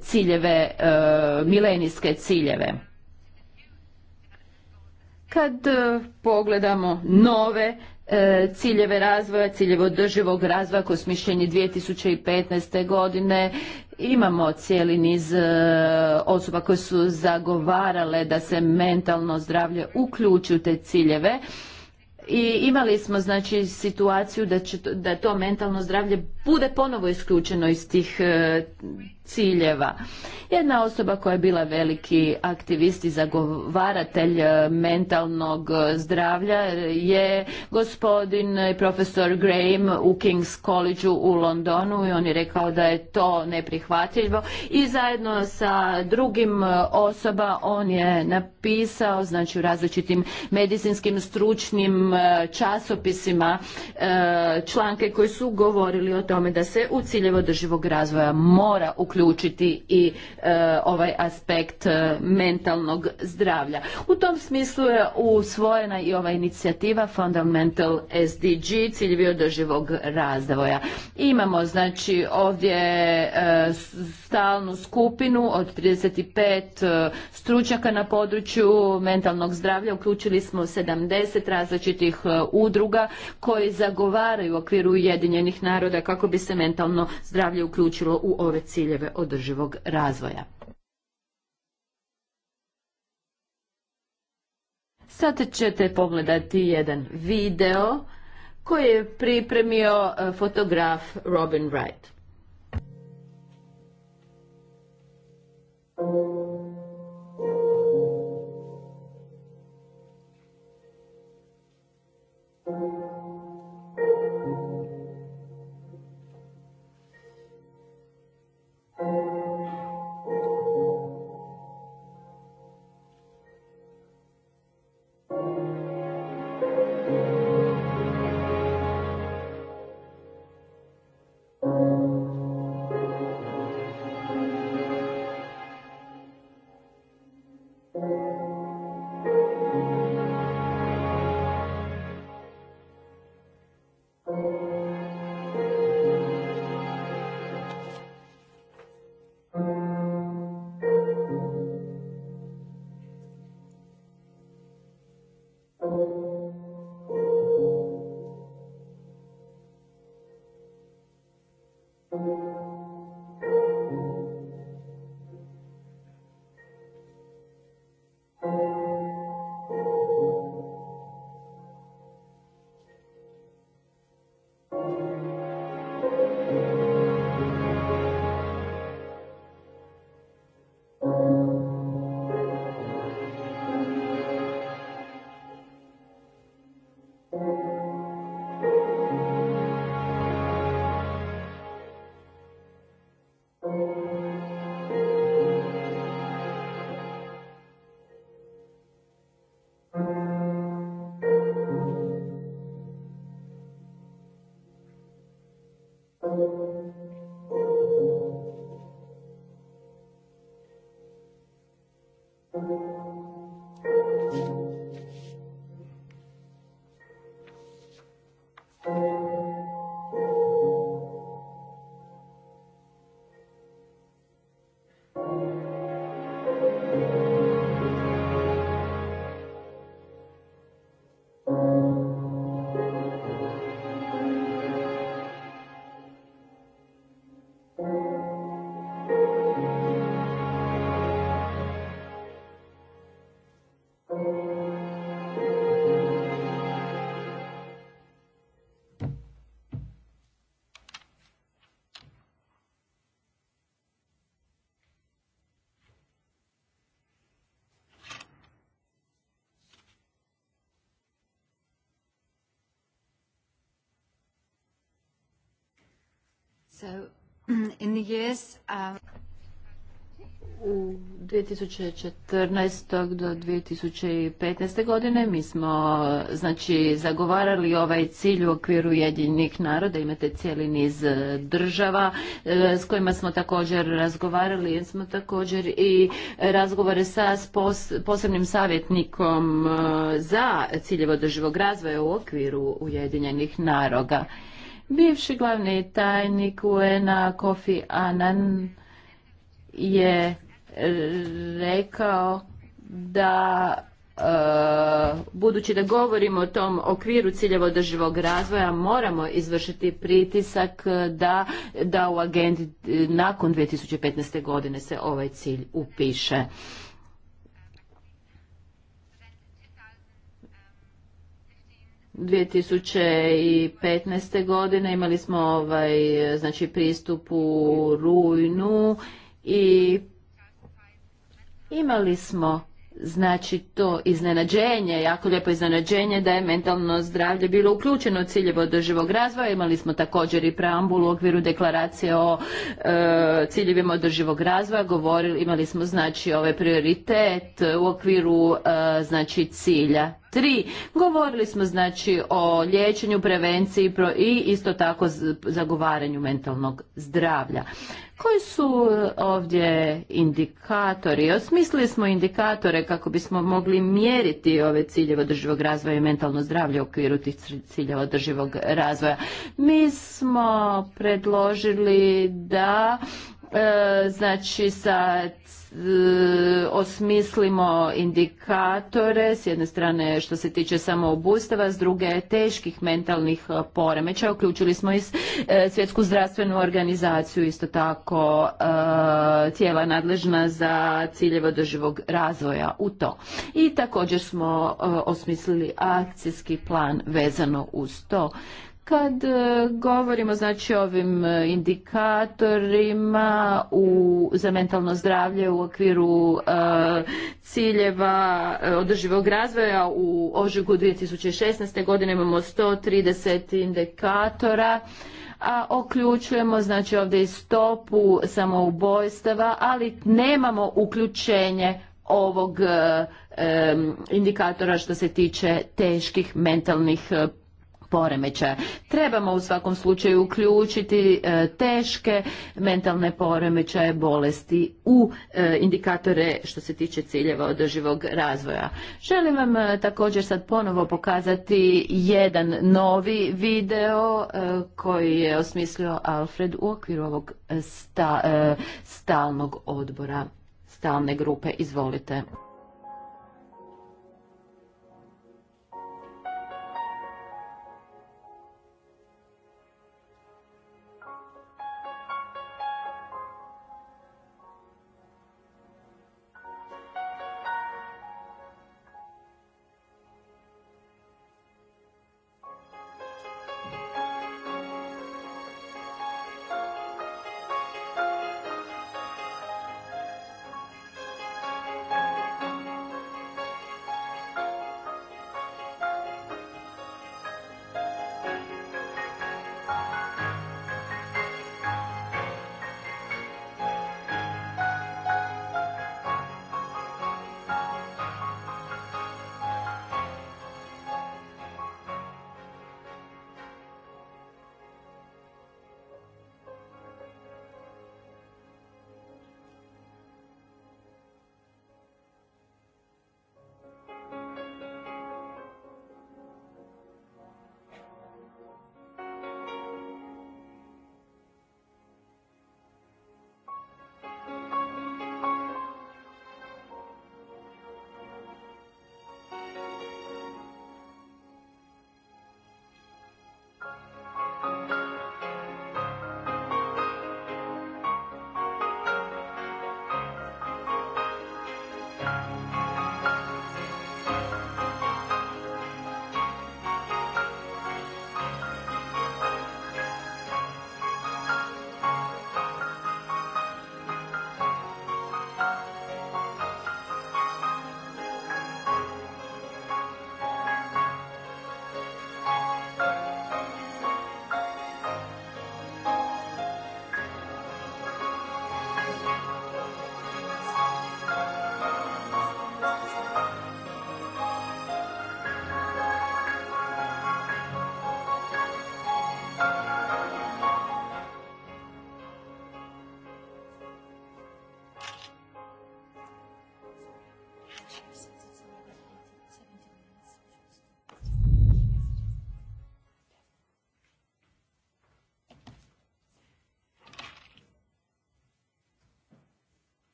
ciljeve e, milenijske ciljeve kad pogledamo nove E, ciljeve razvoja, ciljeve održivog razvoja koje su 2015. godine. Imamo cijeli niz e, osoba koje su zagovarale da se mentalno zdravlje uključi u te ciljeve i imali smo znači situaciju da, će, da to mentalno zdravlje bude ponovo isključeno iz tih e, ciljeva. Jedna osoba koja je bila veliki aktivist i zagovaratelj e, mentalnog e, zdravlja je gospodin profesor Graham u King's College u Londonu i on je rekao da je to neprihvatljivo i zajedno sa drugim osoba on je napisao znači u različitim medicinskim stručnim časopisima članke koji su govorili o tome me da se u ciljevo održivog razvoja mora uključiti i e, ovaj aspekt e, mentalnog zdravlja. U tom smislu je usvojena i ova inicijativa Fundamental SDG, ciljevi održivog razvoja. Imamo znači ovdje e, stalnu skupinu od 35 stručnjaka na području mentalnog zdravlja. Uključili smo 70 različitih udruga koji zagovaraju u okviru Ujedinjenih naroda kako bi se mentalno zdravlje uključilo u ove ciljeve održivog razvoja. Sad ćete pogledati jedan video koji je pripremio eh, fotograf Robin Wright. So, in the years, uh, do U 2014. do 2015. godine mi smo znači, zagovarali ovaj cilj u okviru jedinih naroda, imate cijeli niz e, država e, s kojima smo također razgovarali, jer smo također i razgovore sa posebnim savjetnikom e, za ciljevo održivog razvoja u okviru Ujedinjenih naroda. Bivši glavni tajnik UNA Kofi Annan je e, rekao da e, budući da govorimo o tom okviru ciljeva održivog razvoja moramo izvršiti pritisak da, da u agendi e, nakon 2015. godine se ovaj cilj upiše. 2015. godine imali smo ovaj, znači, pristup u rujnu i imali smo znači to iznenađenje, jako lijepo iznenađenje da je mentalno zdravlje bilo uključeno u ciljeve održivog razvoja. Imali smo također i preambulu u okviru deklaracije o e, ciljevima održivog razvoja. Govorili, imali smo znači ovaj prioritet u okviru e, znači cilja tri. Govorili smo znači o liječenju, prevenciji i isto tako zagovaranju mentalnog zdravlja. Koji su ovdje indikatori? Osmislili smo indikatore kako bismo mogli mjeriti ove ciljeve održivog razvoja i mentalno zdravlje u okviru tih ciljeva održivog razvoja. Mi smo predložili da e, znači sa E, osmislimo indikatore, s jedne strane što se tiče obustava, s druge teških mentalnih e, poremeća. Uključili smo i e, Svjetsku zdravstvenu organizaciju, isto tako tijela nadležna za ciljevo održivog razvoja u to. I također smo osmislili akcijski plan vezano uz to. Kad e, govorimo znači o ovim e, indikatorima u, za mentalno zdravlje u okviru e, ciljeva održivog razvoja u ožujku 2016. godine imamo 130 indikatora a oključujemo znači ovdje i stopu samoubojstava, ali nemamo uključenje ovog indikatora što se tiče teških mentalnih poremećaja. Trebamo u svakom slučaju uključiti e, teške mentalne poremećaje bolesti u e, indikatore što se tiče ciljeva održivog razvoja. Želim vam e, također sad ponovo pokazati jedan novi video koji je osmislio Alfred u okviru ovog stalnog odbora, stalne grupe. Izvolite.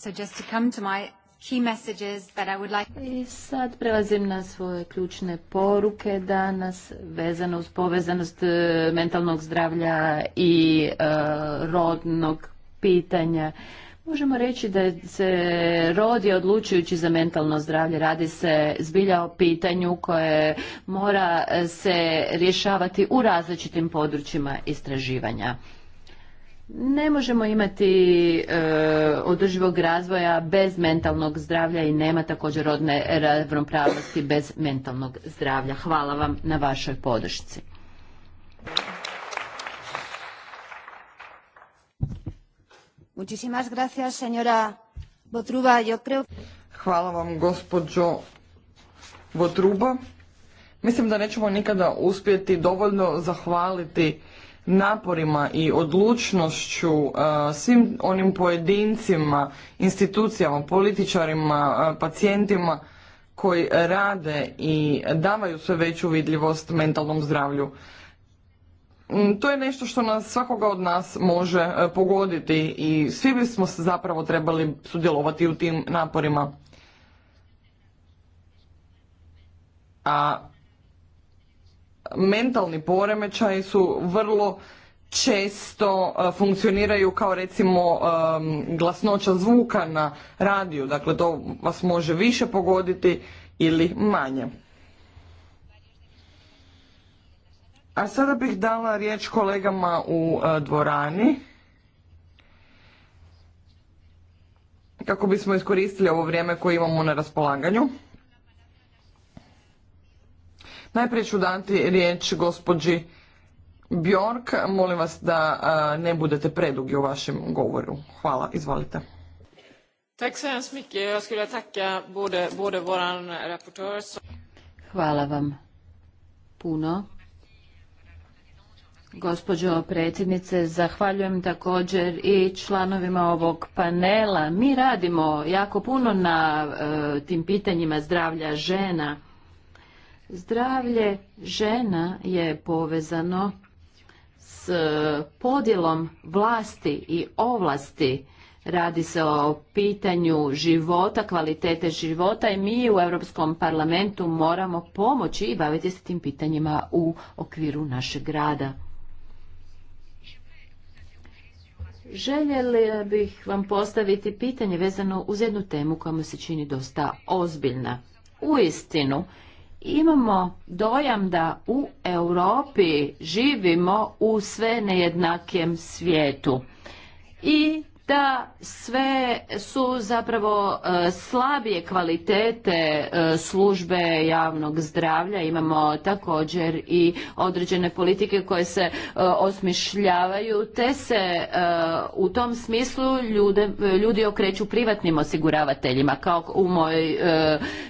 So just to come to my key messages that I would like... sad prelazim na svoje ključne poruke danas vezano uz povezanost e, mentalnog zdravlja i e, rodnog pitanja. Možemo reći da se rodi odlučujući za mentalno zdravlje. Radi se zbilja o pitanju koje mora se rješavati u različitim područjima istraživanja. Ne možemo imati e, održivog razvoja bez mentalnog zdravlja i nema također rodne ravnopravnosti bez mentalnog zdravlja. Hvala vam na vašoj podršci. Muchísimas gracias, señora Botruba. Yo creo... Hvala vam, gospođo Botruba. Mislim da nećemo nikada uspjeti dovoljno zahvaliti naporima i odlučnošću uh, svim onim pojedincima, institucijama, političarima, uh, pacijentima koji rade i davaju sve veću vidljivost mentalnom zdravlju. Mm, to je nešto što nas svakoga od nas može uh, pogoditi i svi bismo se zapravo trebali sudjelovati u tim naporima. A mentalni poremećaji su vrlo često e, funkcioniraju kao recimo glasnoća zvuka na radiju, dakle to vas može više pogoditi ili manje. A sada bih dala riječ kolegama u e, dvorani. Kako bismo iskoristili ovo vrijeme koje imamo na raspolaganju. Najprije ću dati riječ gospođi Bjork. Molim vas da ne budete predugi u vašem govoru. Hvala, izvolite. Hvala vam puno. Gospođo predsjednice, zahvaljujem također i članovima ovog panela. Mi radimo jako puno na e, tim pitanjima zdravlja žena Zdravlje žena je povezano s podjelom vlasti i ovlasti. Radi se o pitanju života, kvalitete života i mi u Europskom parlamentu moramo pomoći i baviti se tim pitanjima u okviru našeg rada. Željela bih vam postaviti pitanje vezano uz jednu temu koja mu se čini dosta ozbiljna. U istinu, imamo dojam da u Europi živimo u sve nejednakijem svijetu i da sve su zapravo e, slabije kvalitete e, službe javnog zdravlja. Imamo također i određene politike koje se e, osmišljavaju te se u tom smislu ljude, ljudi okreću privatnim osiguravateljima kao u mojoj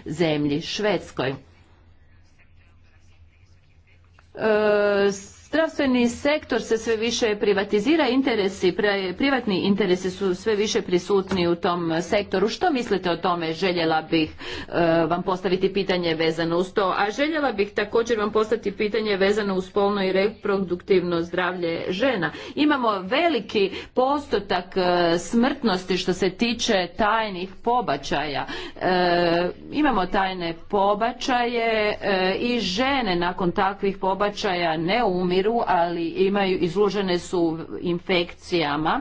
zemlji Švedskoj e, Zdravstveni sektor se sve više privatizira, interesi, privatni interesi su sve više prisutni u tom sektoru. Što mislite o tome? Željela bih e, vam postaviti pitanje vezano uz to, a željela bih također vam postaviti pitanje vezano uz spolno i reproduktivno zdravlje žena. Imamo veliki postotak e, smrtnosti što se tiče tajnih pobačaja. E, imamo tajne pobačaje i žene nakon takvih pobačaja ne umiru ali imaju izložene su infekcijama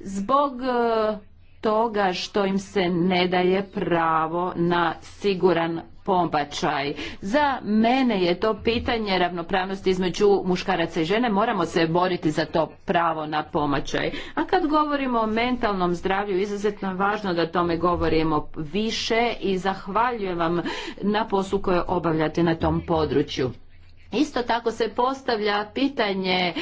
zbog e, toga što im se ne daje pravo na siguran pombačaj. Za mene je to pitanje ravnopravnosti između muškaraca i žene. Moramo se boriti za to pravo na pomačaj. A kad govorimo o mentalnom zdravlju, izuzetno je važno da tome govorimo više i zahvaljujem vam na poslu koje obavljate na tom području. Isto tako se postavlja pitanje e,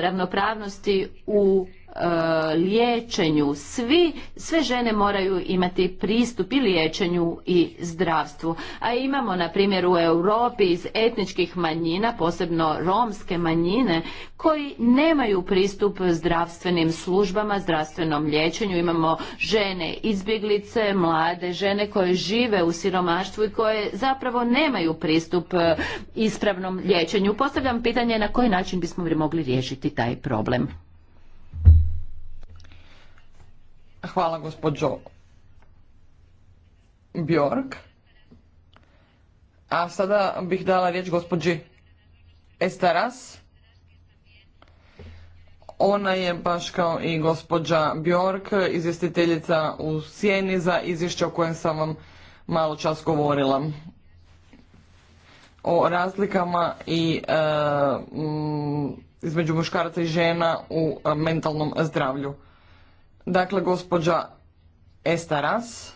ravnopravnosti u E, liječenju. Svi, sve žene moraju imati pristup i liječenju i zdravstvu. A imamo, na primjer, u Europi iz etničkih manjina, posebno romske manjine, koji nemaju pristup zdravstvenim službama, zdravstvenom liječenju. Imamo žene izbjeglice, mlade žene koje žive u siromaštvu i koje zapravo nemaju pristup e, ispravnom liječenju. Postavljam pitanje na koji način bismo mogli riješiti taj problem. Hvala gospođo Bjork. A sada bih dala riječ gospođi Estaras. Ona je baš kao i gospođa Bjork, izvjestiteljica u Sjeni za izvješće o kojem sam vam malo čas govorila. O razlikama i e, između muškaraca i žena u e, mentalnom zdravlju. Dakle, gospođa Estaras.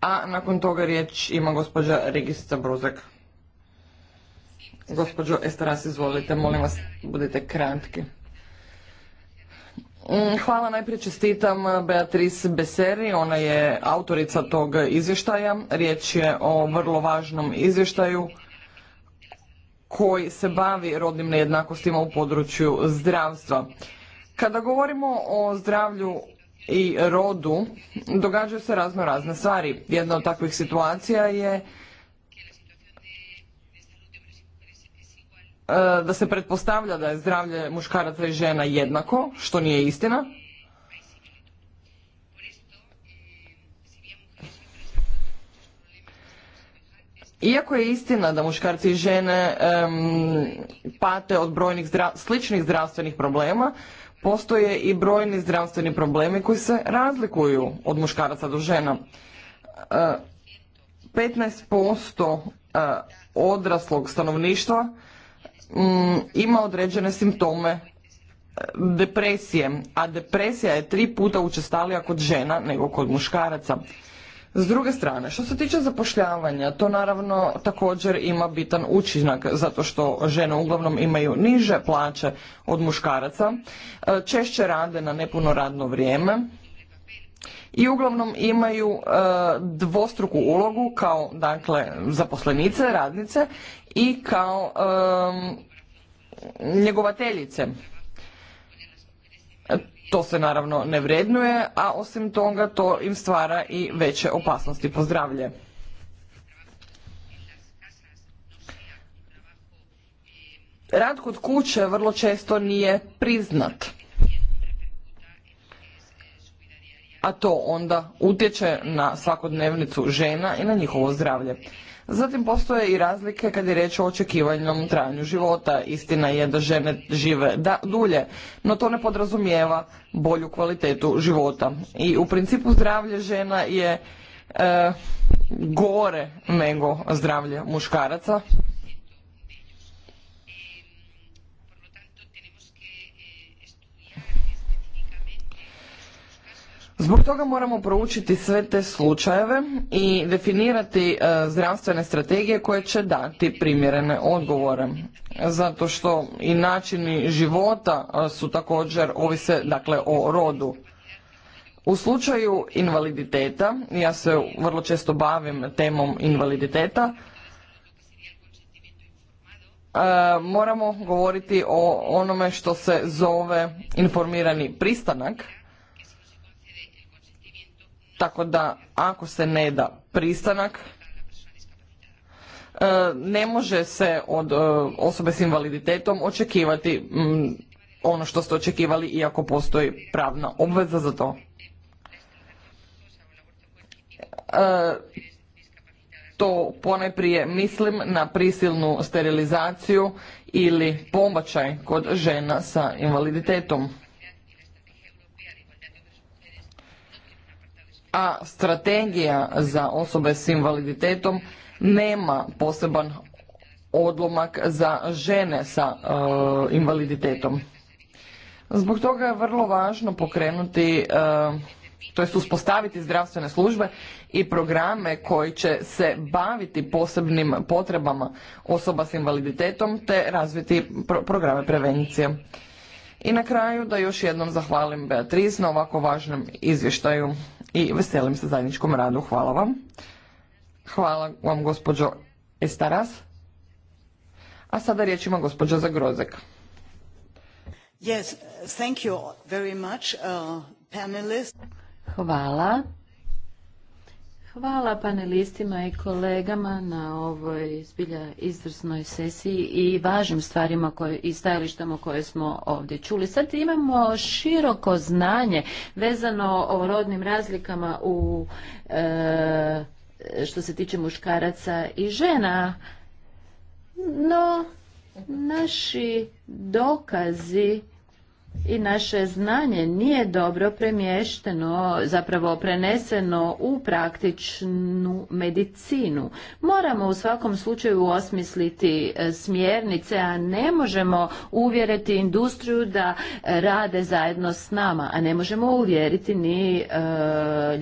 A nakon toga riječ ima gospođa Registra Bruzek. Gospođo Estaras, izvolite, molim vas, budite kratki. Mm, hvala, najprije čestitam Beatrice Beseri, ona je autorica tog izvještaja. Riječ je o vrlo važnom izvještaju koji se bavi rodnim nejednakostima u području zdravstva. Kada govorimo o zdravlju i rodu, događaju se razno razne stvari. Jedna od takvih situacija je e, da se pretpostavlja da je zdravlje muškaraca i žena jednako, što nije istina. Iako je istina da muškarci i žene pate od brojnih sličnih zdravstvenih problema, postoje i brojni zdravstveni problemi koji se razlikuju od muškaraca do žena. 15% e, e, odraslog stanovništva mm, ima određene simptome e, depresije, a depresija je tri puta učestalija kod žena nego kod muškaraca. S druge strane, što se tiče zapošljavanja, to naravno također ima bitan učinak zato što žene uglavnom imaju niže plaće od muškaraca, e, češće rade na nepuno radno vrijeme i uglavnom imaju e, dvostruku ulogu kao dakle zaposlenice, radnice i kao e, njegovateljice to se naravno ne vrednuje, a osim toga to im stvara i veće opasnosti po zdravlje. Rad kod kuće vrlo često nije priznat. A to onda utječe na svakodnevnicu žena i na njihovo zdravlje. Zatim postoje i razlike kad je reč o očekivanjem trajanju života. Istina je da žene žive da, dulje, no to ne podrazumijeva bolju kvalitetu života. I u principu zdravlje žena je e, gore nego zdravlje muškaraca Zbog toga moramo proučiti sve te slučajeve i definirati e, zdravstvene strategije koje će dati primjerene odgovore. Zato što i načini života e, su također ovise dakle o rodu. U slučaju invaliditeta, ja se vrlo često bavim temom invaliditeta, e, moramo govoriti o onome što se zove informirani pristanak tako da ako se ne da pristanak, e, ne može se od e, osobe s invaliditetom očekivati ono što ste očekivali iako postoji pravna obveza za to. E, to poneprije mislim na prisilnu sterilizaciju ili pombačaj kod žena sa invaliditetom. a strategija za osobe s invaliditetom nema poseban odlomak za žene sa e, invaliditetom. Zbog toga je vrlo važno pokrenuti, e, to jest uspostaviti zdravstvene službe i programe koji će se baviti posebnim potrebama osoba s invaliditetom te razviti programe prevencije. I na kraju da još jednom zahvalim Beatriz na ovako važnom izvještaju i veselim se zajedničkom radu. Hvala vam. Hvala vam gospođo Estaras. A sada riječ ima gospođa Zagrozek. Yes, thank you much, uh, Hvala. Hvala panelistima i kolegama na ovoj zbilja izvrsnoj sesiji i važnim stvarima koje, i stajalištama koje smo ovdje čuli. Sad imamo široko znanje vezano o rodnim razlikama u e, što se tiče muškaraca i žena. No, naši dokazi i naše znanje nije dobro premješteno, zapravo preneseno u praktičnu medicinu. Moramo u svakom slučaju osmisliti e, smjernice, a ne možemo uvjeriti industriju da rade zajedno s nama, a ne možemo uvjeriti ni e,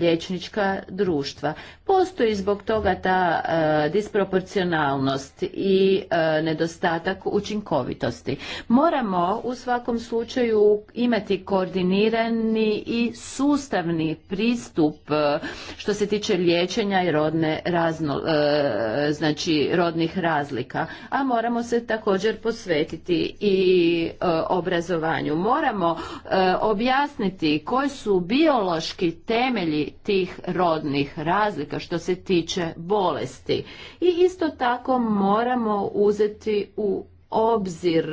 liječnička društva. Postoji zbog toga ta e, disproporcionalnost i e, nedostatak učinkovitosti. Moramo u svakom slučaju imati koordinirani i sustavni pristup e, što se tiče liječenja i rodne razno, e, znači rodnih razlika, a moramo se također posvetiti i e, obrazovanju. Moramo objasniti koji su biološki temelji tih rodnih razlika što se tiče bolesti. I isto tako moramo uzeti u obzir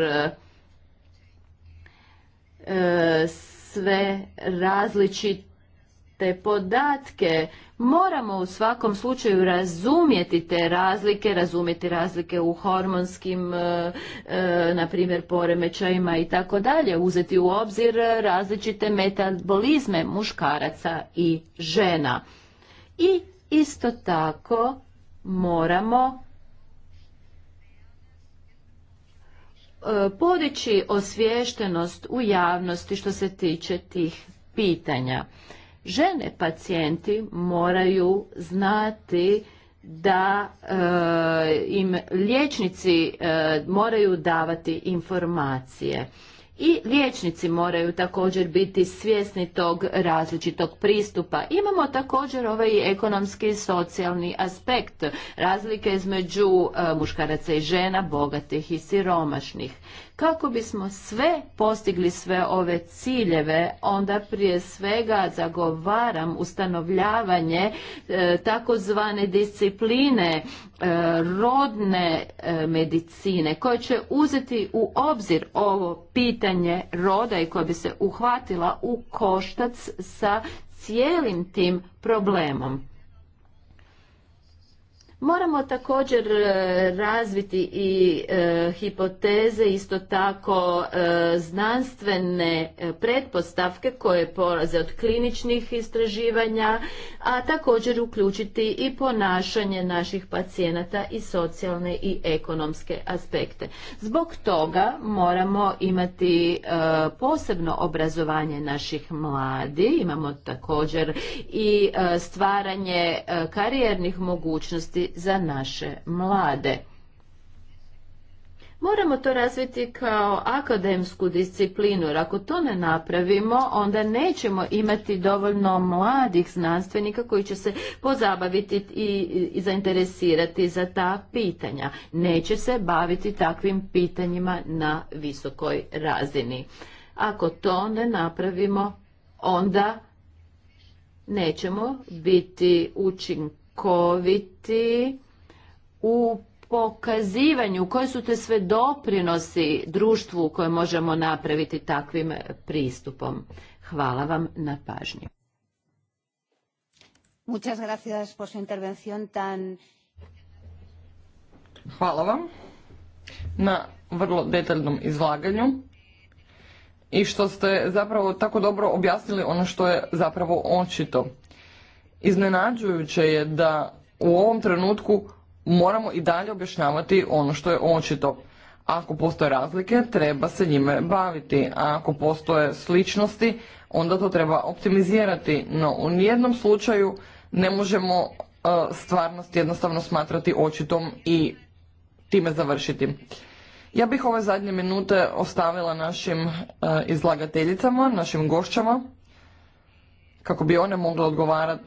E, sve različite podatke. Moramo u svakom slučaju razumjeti te razlike, razumjeti razlike u hormonskim, e, e, na primjer, poremećajima i tako dalje, uzeti u obzir različite metabolizme muškaraca i žena. I isto tako moramo E, podići osviještenost u javnosti što se tiče tih pitanja. Žene pacijenti moraju znati da e, im liječnici e, moraju davati informacije i liječnici moraju također biti svjesni tog različitog pristupa. Imamo također ovaj ekonomski i socijalni aspekt, razlike između e, muškaraca i žena, bogatih i siromašnih. Kako bismo sve postigli sve ove ciljeve, onda prije svega zagovaram ustanovljavanje e, takozvane discipline e, rodne e, medicine koje će uzeti u obzir ovo pitanje roda i koja bi se uhvatila u koštac sa cijelim tim problemom. Moramo također e, razviti i e, hipoteze, isto tako e, znanstvene pretpostavke koje polaze od kliničnih istraživanja, a također uključiti i ponašanje naših pacijenata i socijalne i ekonomske aspekte. Zbog toga moramo imati posebno obrazovanje naših mladi, imamo također i stvaranje karijernih mogućnosti za naše mlade. Moramo to razviti kao akademsku disciplinu, jer ako to ne napravimo, onda nećemo imati dovoljno mladih znanstvenika koji će se pozabaviti i, i zainteresirati za ta pitanja. Neće se baviti takvim pitanjima na visokoj razini. Ako to ne napravimo, onda nećemo biti učinkoviti učinkoviti u pokazivanju koje su te sve doprinosi društvu koje možemo napraviti takvim pristupom. Hvala vam na pažnji Muchas gracias por su intervención tan... Hvala vam na vrlo detaljnom izlaganju i što ste zapravo tako dobro objasnili ono što je zapravo očito. Iznenađujuće je da u ovom trenutku moramo i dalje objašnjavati ono što je očito. Ako postoje razlike, treba se njime baviti, a ako postoje sličnosti, onda to treba optimizirati, no u nijednom slučaju ne možemo e, stvarnost jednostavno smatrati očitom i time završiti. Ja bih ove zadnje minute ostavila našim e, izlagateljicama, našim gošćama kako bi one mogle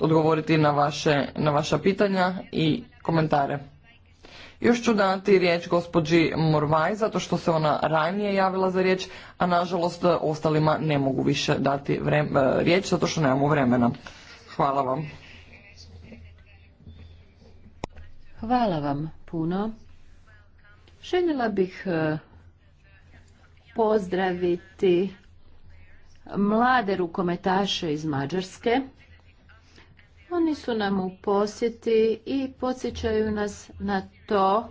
odgovoriti na, vaše, na vaša pitanja i komentare. Još ću dati riječ gospođi Morvaj, zato što se ona ranije javila za riječ, a nažalost ostalima ne mogu više dati e, riječ, zato što nemamo vremena. Hvala vam. Hvala vam puno. Željela bih e, pozdraviti mlade rukometaše iz Mađarske. Oni su nam u posjeti i podsjećaju nas na to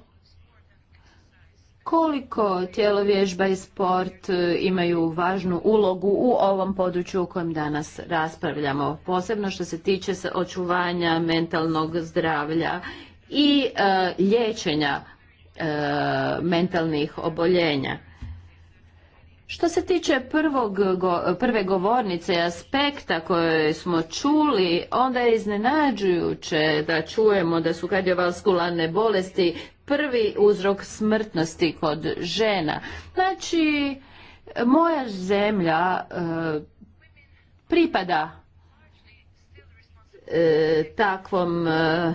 koliko vježba i sport e, imaju važnu ulogu u ovom području o kojem danas raspravljamo, posebno što se tiče očuvanja mentalnog zdravlja i e, liječenja e, mentalnih oboljenja. Što se tiče prvog, prve govornice i aspekta koje smo čuli, onda je iznenađujuće da čujemo da su kardiovaskularne bolesti prvi uzrok smrtnosti kod žena. Znači, moja zemlja e, pripada e, takvom e,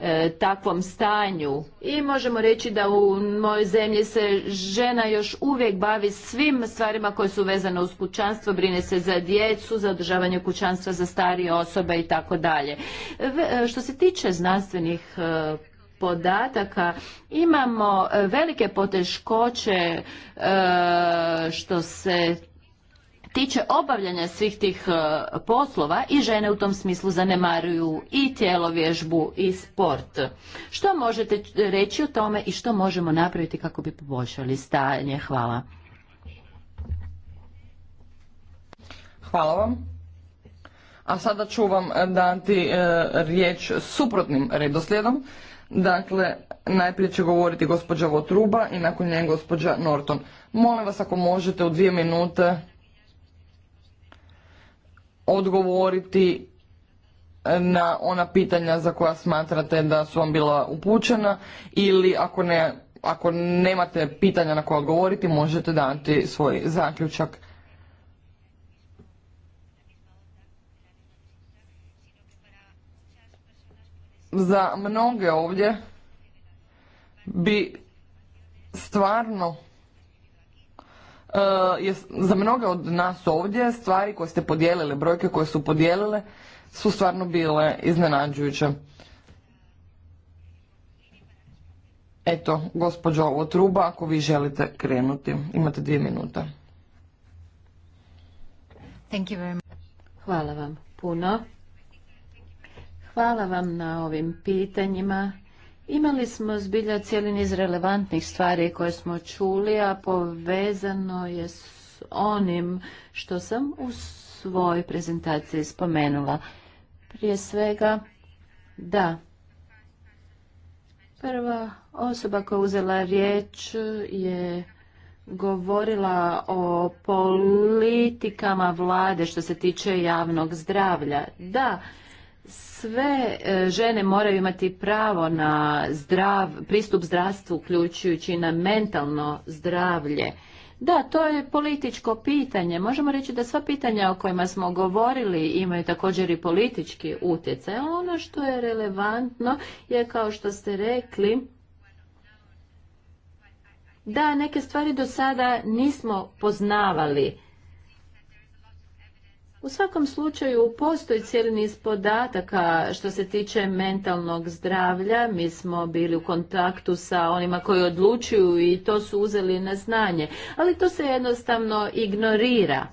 E, takvom stanju i možemo reći da u mojoj zemlji se žena još uvijek bavi svim stvarima koje su vezane uz kućanstvo, brine se za djecu, za održavanje kućanstva za starije osobe i tako dalje. E, što se tiče znanstvenih e, podataka imamo velike poteškoće što se tiče obavljanja svih tih e, poslova i žene u tom smislu zanemaruju i tjelovježbu i sport. Što možete reći o tome i što možemo napraviti kako bi poboljšali stanje? Hvala. Hvala vam. A sada ću vam dati e, riječ suprotnim redoslijedom. Dakle, najprije će govoriti gospođa Votruba i nakon nje gospođa Norton. Molim vas ako možete u dvije minute odgovoriti na ona pitanja za koja smatrate da su vam bila upućena ili ako, ne, ako nemate pitanja na koja govoriti možete dati svoj zaključak. Za mnoge ovdje bi stvarno Eh, je za mnoge od nas ovdje stvari koje ste podijelile, brojke koje su podijelile su stvarno bile iznenađujuće. Eto, gospođo ovo truba, ako vi želite krenuti, imate dvije minute. Hvala vam puno. Hvala vam na ovim pitanjima Imali smo zbilja cijeli niz relevantnih stvari koje smo čuli, a povezano je s onim što sam u svojoj prezentaciji spomenula. Prije svega, da, prva osoba koja uzela riječ je govorila o politikama vlade što se tiče javnog zdravlja. Da, sve e, žene moraju imati pravo na zdrav, pristup zdravstvu uključujući na mentalno zdravlje. Da, to je političko pitanje. Možemo reći da sva pitanja o kojima smo govorili imaju također i politički utjecaj. Ono što je relevantno je kao što ste rekli da neke stvari do sada nismo poznavali u svakom slučaju postoji cijeli niz podataka što se tiče mentalnog zdravlja. Mi smo bili u kontaktu sa onima koji odlučuju i to su uzeli na znanje. Ali to se jednostavno ignorira.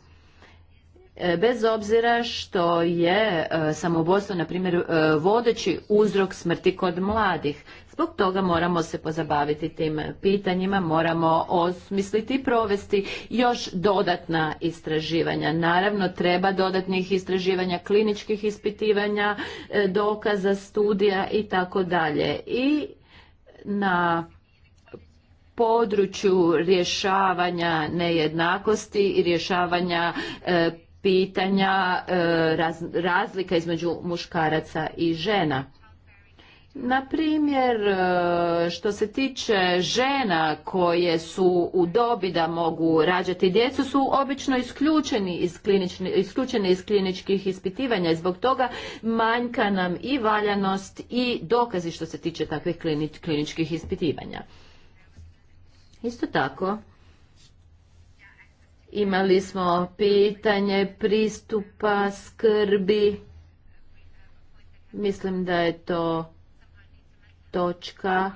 E, bez obzira što je e, samoubojstvo, na primjer, e, vodeći uzrok smrti kod mladih. Zbog toga moramo se pozabaviti tim pitanjima, moramo osmisliti i provesti još dodatna istraživanja. Naravno, treba dodatnih istraživanja, kliničkih ispitivanja, e, dokaza, studija i tako dalje. I na području rješavanja nejednakosti i rješavanja e, pitanja e, razlika između muškaraca i žena. Na primjer, e, što se tiče žena koje su u dobi da mogu rađati djecu, su obično isključeni iz iz kliničkih ispitivanja i zbog toga manjka nam i valjanost i dokazi što se tiče takvih kliničkih ispitivanja. Isto tako, imali smo pitanje pristupa skrbi. Mislim da je to točka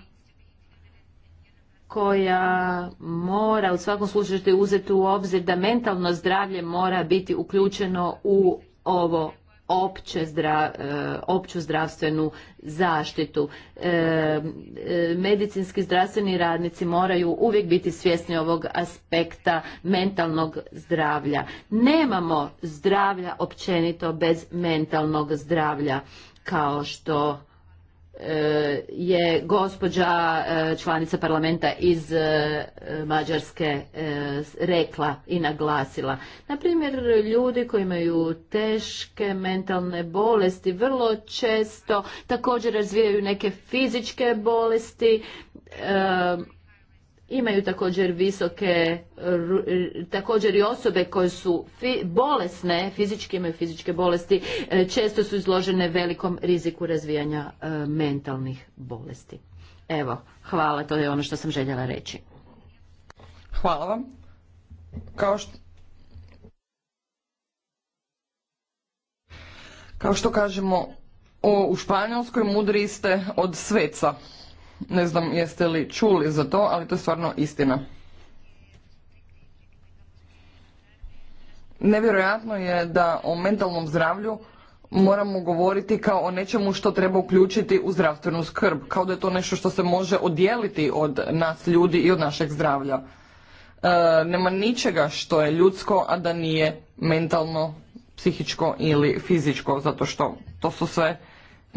koja mora u svakom slučaju uzeti u obzir da mentalno zdravlje mora biti uključeno u ovo opće e, opću zdravstvenu zaštitu. E, e, medicinski zdravstveni radnici moraju uvijek biti svjesni ovog aspekta mentalnog zdravlja. Nemamo zdravlja općenito bez mentalnog zdravlja kao što E, je gospođa e, članica parlamenta iz e, Mađarske rekla i naglasila. Naprimjer, ljudi koji imaju teške mentalne bolesti vrlo često također razvijaju neke fizičke bolesti imaju također visoke, e, također i osobe koje su bolesne, fizički imaju fizičke bolesti, e, često su izložene velikom riziku razvijanja e, mentalnih bolesti. Evo, hvala, to je ono što sam željela reći. Hvala vam. Kao što... Kao što kažemo, u Španjolskoj mudri ste od sveca. Ne znam jeste li čuli za to, ali to je stvarno istina. Nevjerojatno je da o mentalnom zdravlju moramo govoriti kao o nečemu što treba uključiti u zdravstvenu skrb, kao da je to nešto što se može odijeliti od nas ljudi i od našeg zdravlja. E, nema ničega što je ljudsko, a da nije mentalno, psihičko ili fizičko, zato što to su sve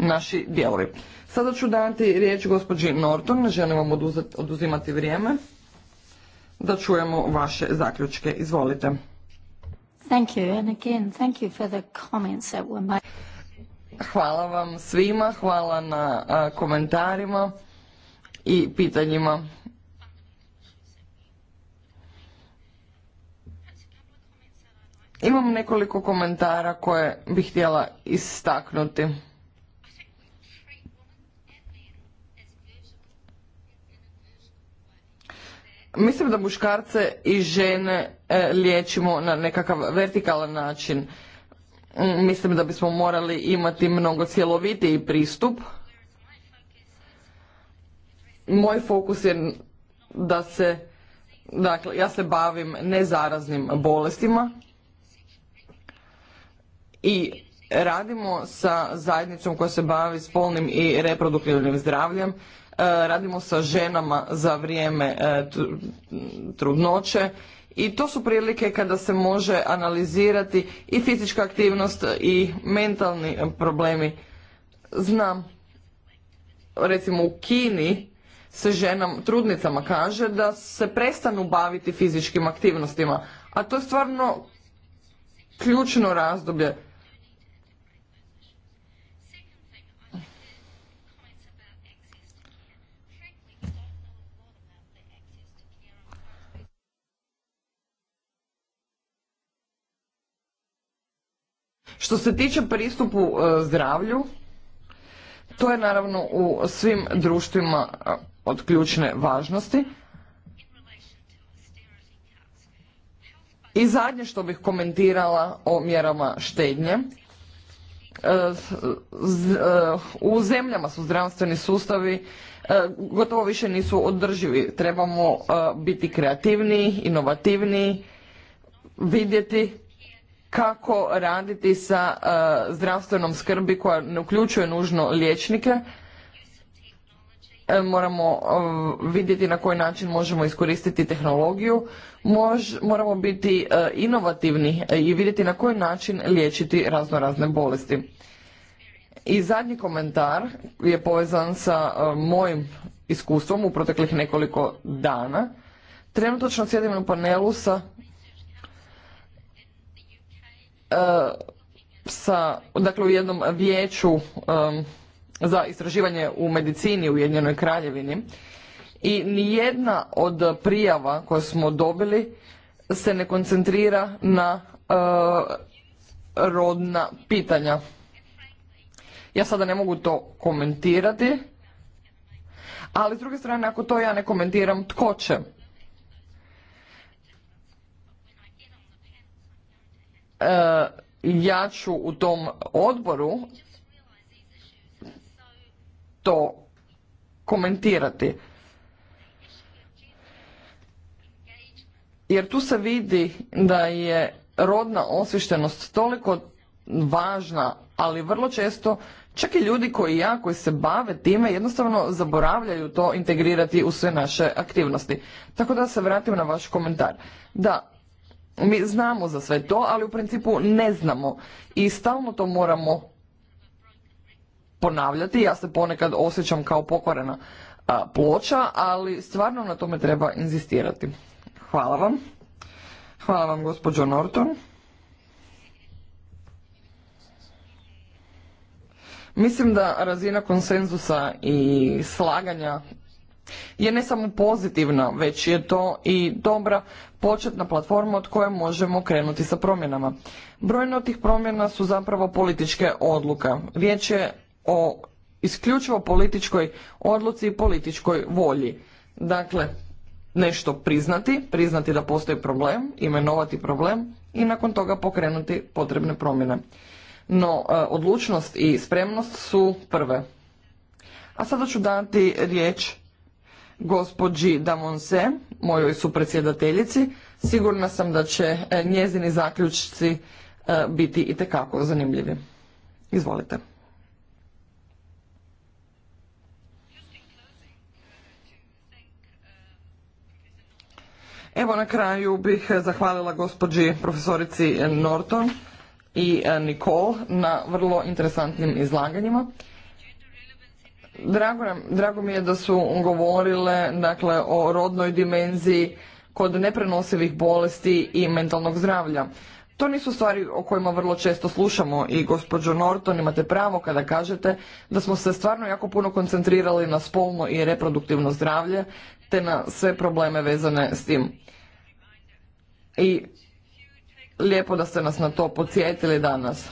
naši dijelovi. Sada ću dati riječ gospođi Norton, ne želim vam oduzimati vrijeme, da čujemo vaše zaključke. Izvolite. Thank Hvala vam svima, hvala na komentarima i pitanjima. Imam nekoliko komentara koje bih htjela istaknuti. Mislim da muškarce i žene e, liječimo na nekakav vertikalan način. Mm, mislim da bismo morali imati mnogo cjelovitiji pristup. Moj fokus je da se, dakle, ja se bavim nezaraznim bolestima i radimo sa zajednicom koja se bavi spolnim i reproduktivnim zdravljem E, radimo sa ženama za vrijeme e, trudnoće i to su prilike kada se može analizirati i fizička aktivnost i mentalni e, problemi. Znam, recimo u Kini se ženama, trudnicama kaže da se prestanu baviti fizičkim aktivnostima, a to je stvarno ključno razdoblje Što se tiče pristupu e, zdravlju, to je naravno u svim društvima e, od ključne važnosti. I zadnje što bih komentirala o mjerama štednje, e, u zemljama su zdravstveni sustavi gotovo više nisu održivi. Trebamo biti kreativniji, inovativniji, vidjeti kako raditi sa e, zdravstvenom skrbi koja ne uključuje nužno liječnike. E, moramo e, vidjeti na koji način možemo iskoristiti tehnologiju. moramo biti inovativni i vidjeti na koji način liječiti razno razne bolesti. I zadnji komentar je povezan sa mojim iskustvom u proteklih nekoliko dana. Trenutačno sjedim na panelu sa E, sa, dakle u jednom vijeću e, za istraživanje u medicini u Ujedinjenoj kraljevini i nijedna od prijava koje smo dobili se ne koncentrira na e, rodna pitanja. Ja sada ne mogu to komentirati, ali s druge strane ako to ja ne komentiram, tko će? E, ja ću u tom odboru to komentirati. Jer tu se vidi da je rodna osvištenost toliko važna, ali vrlo često čak i ljudi koji ja, koji se bave time, jednostavno zaboravljaju to integrirati u sve naše aktivnosti. Tako da se vratim na vaš komentar. Da, mi znamo za sve to, ali u principu ne znamo i stalno to moramo ponavljati. Ja se ponekad osjećam kao pokvarena ploča, ali stvarno na tome treba inzistirati. Hvala vam. Hvala vam gospođo Norton. Mislim da razina konsenzusa i slaganja je ne samo pozitivna, već je to i dobra početna platforma od koje možemo krenuti sa promjenama. Brojne od tih promjena su zapravo političke odluka. Riječ je o isključivo političkoj odluci i političkoj volji. Dakle, nešto priznati, priznati da postoji problem, imenovati problem i nakon toga pokrenuti potrebne promjene. No, e, odlučnost i spremnost su prve. A sada ću dati riječ gospođi Damonse, mojoj supredsjedateljici, predsjedateljici. Sigurna sam da će e, njezini zaključci e, biti i itekako zanimljivi. Izvolite. Evo na kraju bih zahvalila gospođi profesorici Norton i e, Nicole na vrlo interesantnim izlaganjima. Drago, drago mi je da su govorile dakle, o rodnoj dimenziji kod neprenosivih bolesti i mentalnog zdravlja. To nisu stvari o kojima vrlo često slušamo i gospođo Norton imate pravo kada kažete da smo se stvarno jako puno koncentrirali na spolno i reproduktivno zdravlje te na sve probleme vezane s tim. I lijepo da ste nas na to podsjetili danas.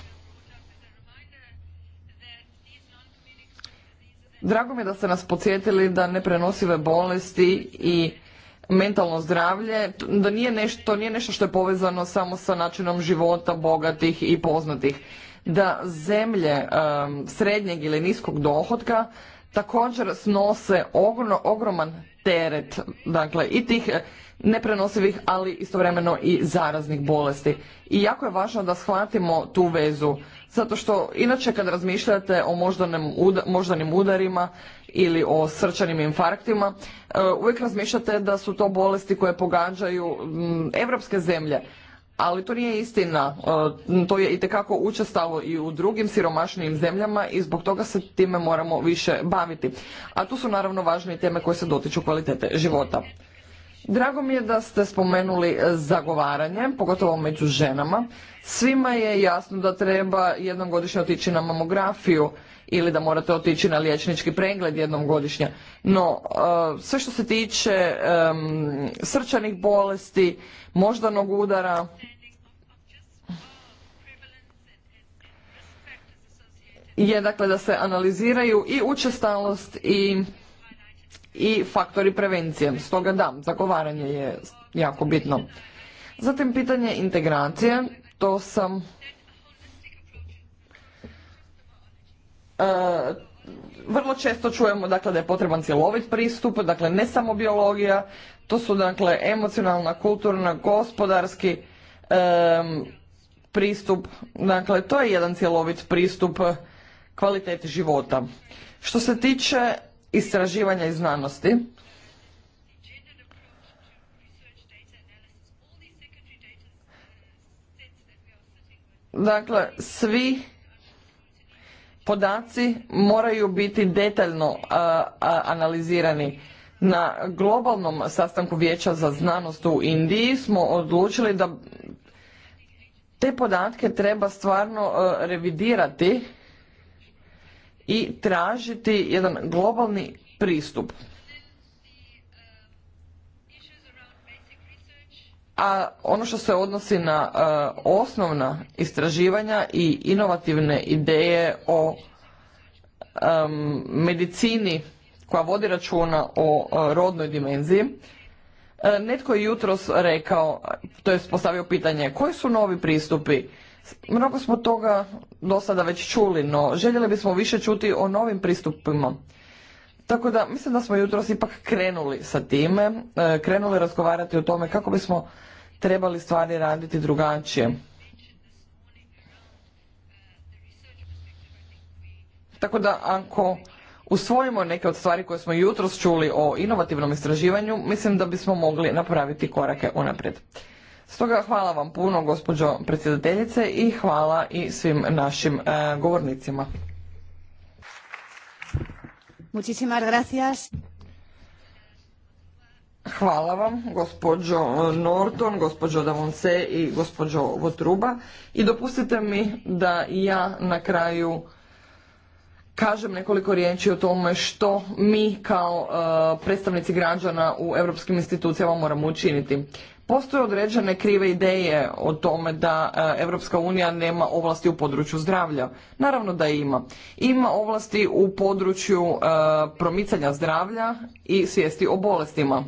Drago mi je da ste nas podsjetili da neprenosive bolesti i mentalno zdravlje, da nije nešto, to nije nešto što je povezano samo sa načinom života bogatih i poznatih. Da zemlje srednjeg ili niskog dohotka također snose ogroman teret dakle, i tih neprenosivih, ali istovremeno i zaraznih bolesti. I jako je važno da shvatimo tu vezu, zato što inače kad razmišljate o moždanim, udarima ili o srčanim infarktima, e, uvijek razmišljate da su to bolesti koje pogađaju europske zemlje. Ali to nije istina, e, to je i itekako učestalo i u drugim siromašnijim zemljama i zbog toga se time moramo više baviti. A tu su naravno važne teme koje se dotiču kvalitete života. Drago mi je da ste spomenuli e, zagovaranje, pogotovo među ženama. Svima je jasno da treba jednom godišnje otići na mamografiju ili da morate otići na liječnički pregled jednom godišnje. No, e, sve što se tiče srčanih bolesti, moždanog udara, je dakle da se analiziraju i učestalost i i faktori prevencije. Stoga da, zagovaranje je jako bitno. Zatim pitanje integracije, to sam e, vrlo često čujemo dakle, da je potreban cjelovit pristup, dakle ne samo biologija, to su dakle emocionalna, kulturna, gospodarski pristup, dakle to je jedan cjelovit pristup kvaliteti života. Što se tiče istraživanja i znanosti. Dakle, svi podaci moraju biti detaljno analizirani. Na globalnom sastanku vijeća za znanost u Indiji smo odlučili da te podatke treba stvarno e, revidirati i tražiti jedan globalni pristup. A ono što se odnosi na e, osnovna istraživanja i inovativne ideje o medicini koja vodi računa o e, rodnoj dimenziji, e, netko je jutros rekao, to je postavio pitanje, koji su novi pristupi? Mnogo smo toga do sada već čuli, no željeli bismo više čuti o novim pristupima. Tako da mislim da smo jutros ipak krenuli sa time, e, krenuli razgovarati o tome kako bismo trebali stvari raditi drugačije. Tako da ako usvojimo neke od stvari koje smo jutros čuli o inovativnom istraživanju, mislim da bismo mogli napraviti korake unaprijed. Stoga hvala vam puno gospođo predsjedateljice i hvala i svim našim e, govornicima. gracias. Hvala vam, gospođo Norton, gospođo Davonce i gospođo Votruba. I dopustite mi da ja na kraju kažem nekoliko riječi o tome što mi kao e, predstavnici građana u europskim institucijama moramo učiniti. Postoje određene krive ideje o tome da Europska unija nema ovlasti u području zdravlja. Naravno da ima. Ima ovlasti u području e, promicanja zdravlja i svijesti o bolestima.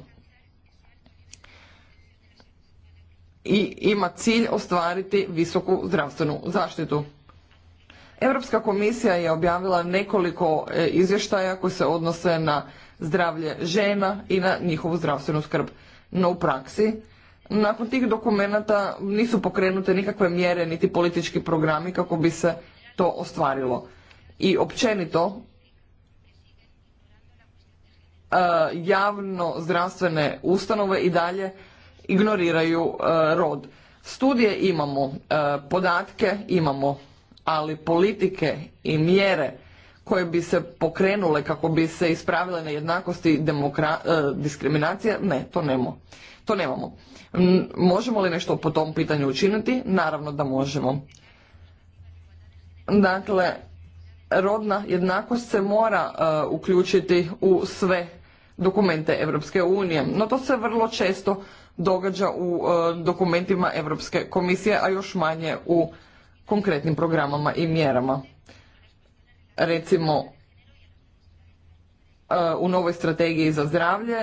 I ima cilj ostvariti visoku zdravstvenu zaštitu. Europska komisija je objavila nekoliko e, izvještaja koji se odnose na zdravlje žena i na njihovu zdravstvenu skrb. No u praksi nakon tih dokumenata nisu pokrenute nikakve mjere niti politički programi kako bi se to ostvarilo. I općenito e, javno zdravstvene ustanove i dalje ignoriraju e, rod. Studije imamo, e, podatke imamo, ali politike i mjere koje bi se pokrenule kako bi se ispravile nejednakosti i diskriminacija, ne, to nemamo. To nemamo. Možemo li nešto po tom pitanju učiniti? Naravno da možemo. Dakle, rodna jednakost se mora e, uključiti u sve dokumente Europske unije, no to se vrlo često događa u e, dokumentima Europske komisije, a još manje u konkretnim programama i mjerama. Recimo, e, u novoj strategiji za zdravlje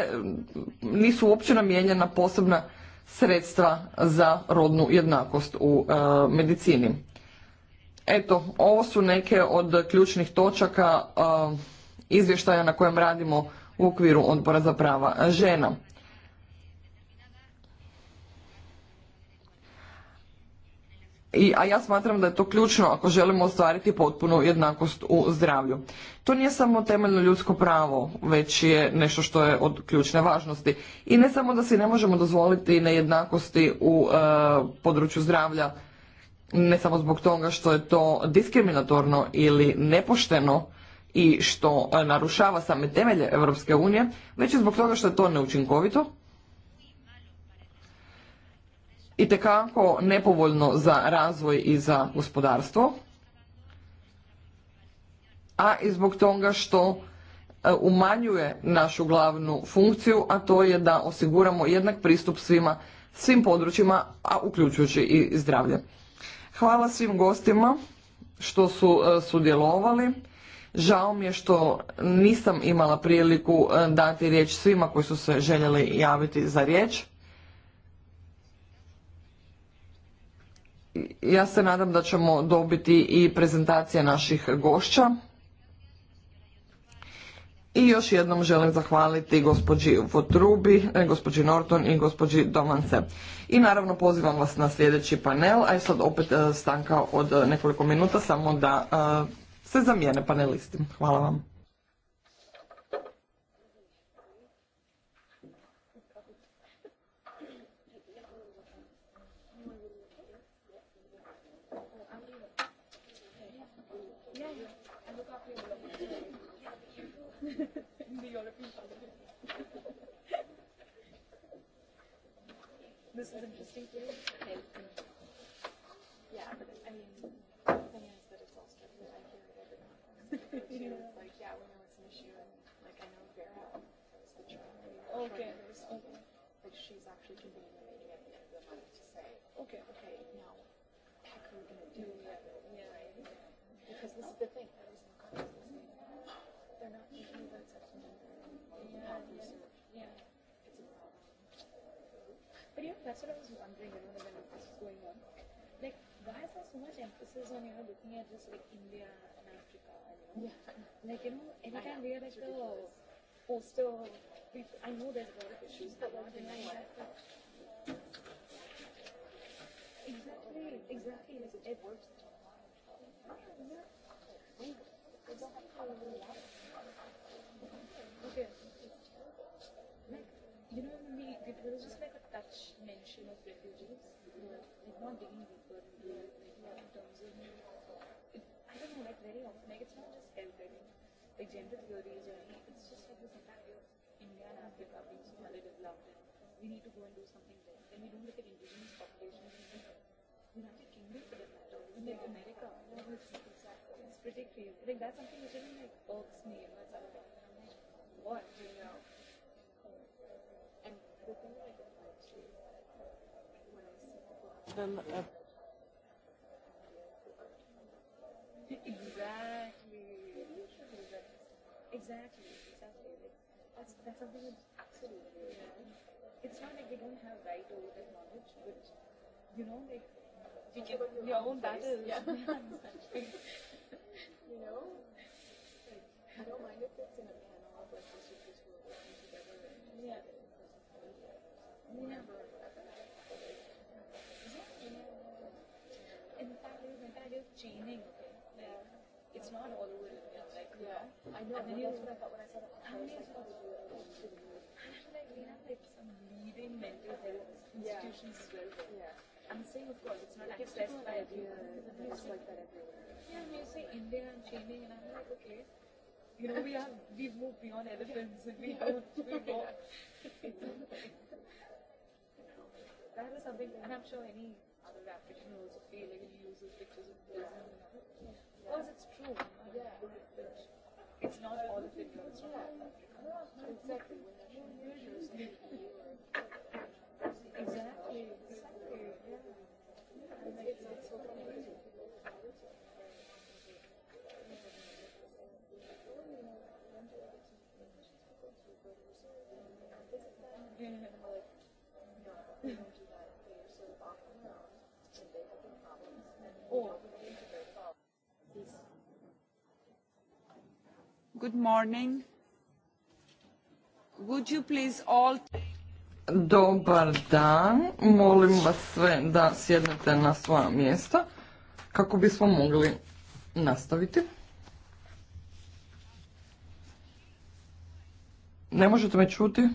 nisu uopće namijenjena posebna sredstva za rodnu jednakost u e, medicini. Eto, ovo su neke od ključnih točaka e, izvještaja na kojem radimo u okviru odbora za prava žena. I, a ja smatram da je to ključno ako želimo ostvariti potpunu jednakost u zdravlju. To nije samo temeljno ljudsko pravo, već je nešto što je od ključne važnosti. I ne samo da si ne možemo dozvoliti nejednakosti u e, području zdravlja, ne samo zbog toga što je to diskriminatorno ili nepošteno i što e, narušava same temelje Europske unije, već i zbog toga što je to neučinkovito, itekako nepovoljno za razvoj i za gospodarstvo, a i zbog toga što e, umanjuje našu glavnu funkciju, a to je da osiguramo jednak pristup svima, svim područjima, a uključujući i zdravlje. Hvala svim gostima što su e, sudjelovali. Žao mi je što nisam imala priliku e, dati riječ svima koji su se željeli javiti za riječ. ja se nadam da ćemo dobiti i prezentacije naših gošća. I još jednom želim zahvaliti gospođi Votrubi, eh, gospođi Norton i gospođi Domance. I naravno pozivam vas na sljedeći panel, a je sad opet eh, stanka od eh, nekoliko minuta samo da se zamijene panelisti. Hvala vam. okay. okay. that she's actually conveying the meaning of the money to say, okay, okay, now, heck, are we going to do yeah. Yeah. Right? Because this is the thing, there is no consciousness. They're not making that such a yeah, yeah. yeah. But yeah, that's what I was wondering, you know, when this was going on. Like, why is there so much emphasis on, you know, looking at just like India and Africa, you know? Yeah. Like, you know, anytime we are like the poster we, I know there's a lot of issues, but like the name. Exactly, exactly. Listen, it works. Okay. Like, you know, we, there was just like a touch mention of refugees, like not digging deeper like in terms of, it, I don't know, like very often, like it's not just health, like gender theories or anything, it's just like this entire India and Africa, being so underdeveloped, and we need to go and do something there. Then we don't look at indigenous populations in United Kingdom for that matter, even like America. It's pretty crazy. Like that's something which even like irks me, and know, like, what, you know? And the thing that I don't like too, when I see people them a uh, Exactly. Exactly. That's that's something that's absolutely yeah. It's not like they don't have right over that knowledge, but you know, like you give your, your own, own battles. Yeah. you know? Like I don't mind if it's in a panel of like the sisters who are working together and just yeah. yeah. in fact, it was an entire training It's not all yeah. I know. And then you, when I said I have mental Yeah. I'm saying, of course, it's not by everywhere. Yeah, and you say India and and I'm like, You know, we have we've moved beyond elephants and we have that something, and I'm sure any other feel like uses pictures Well, oh, it's true. Yeah. But it's not all the It's not. Exactly. When Dobar dan. Molim vas sve da sjednete na svoja mjesta kako bismo mogli nastaviti. Ne možete me čuti?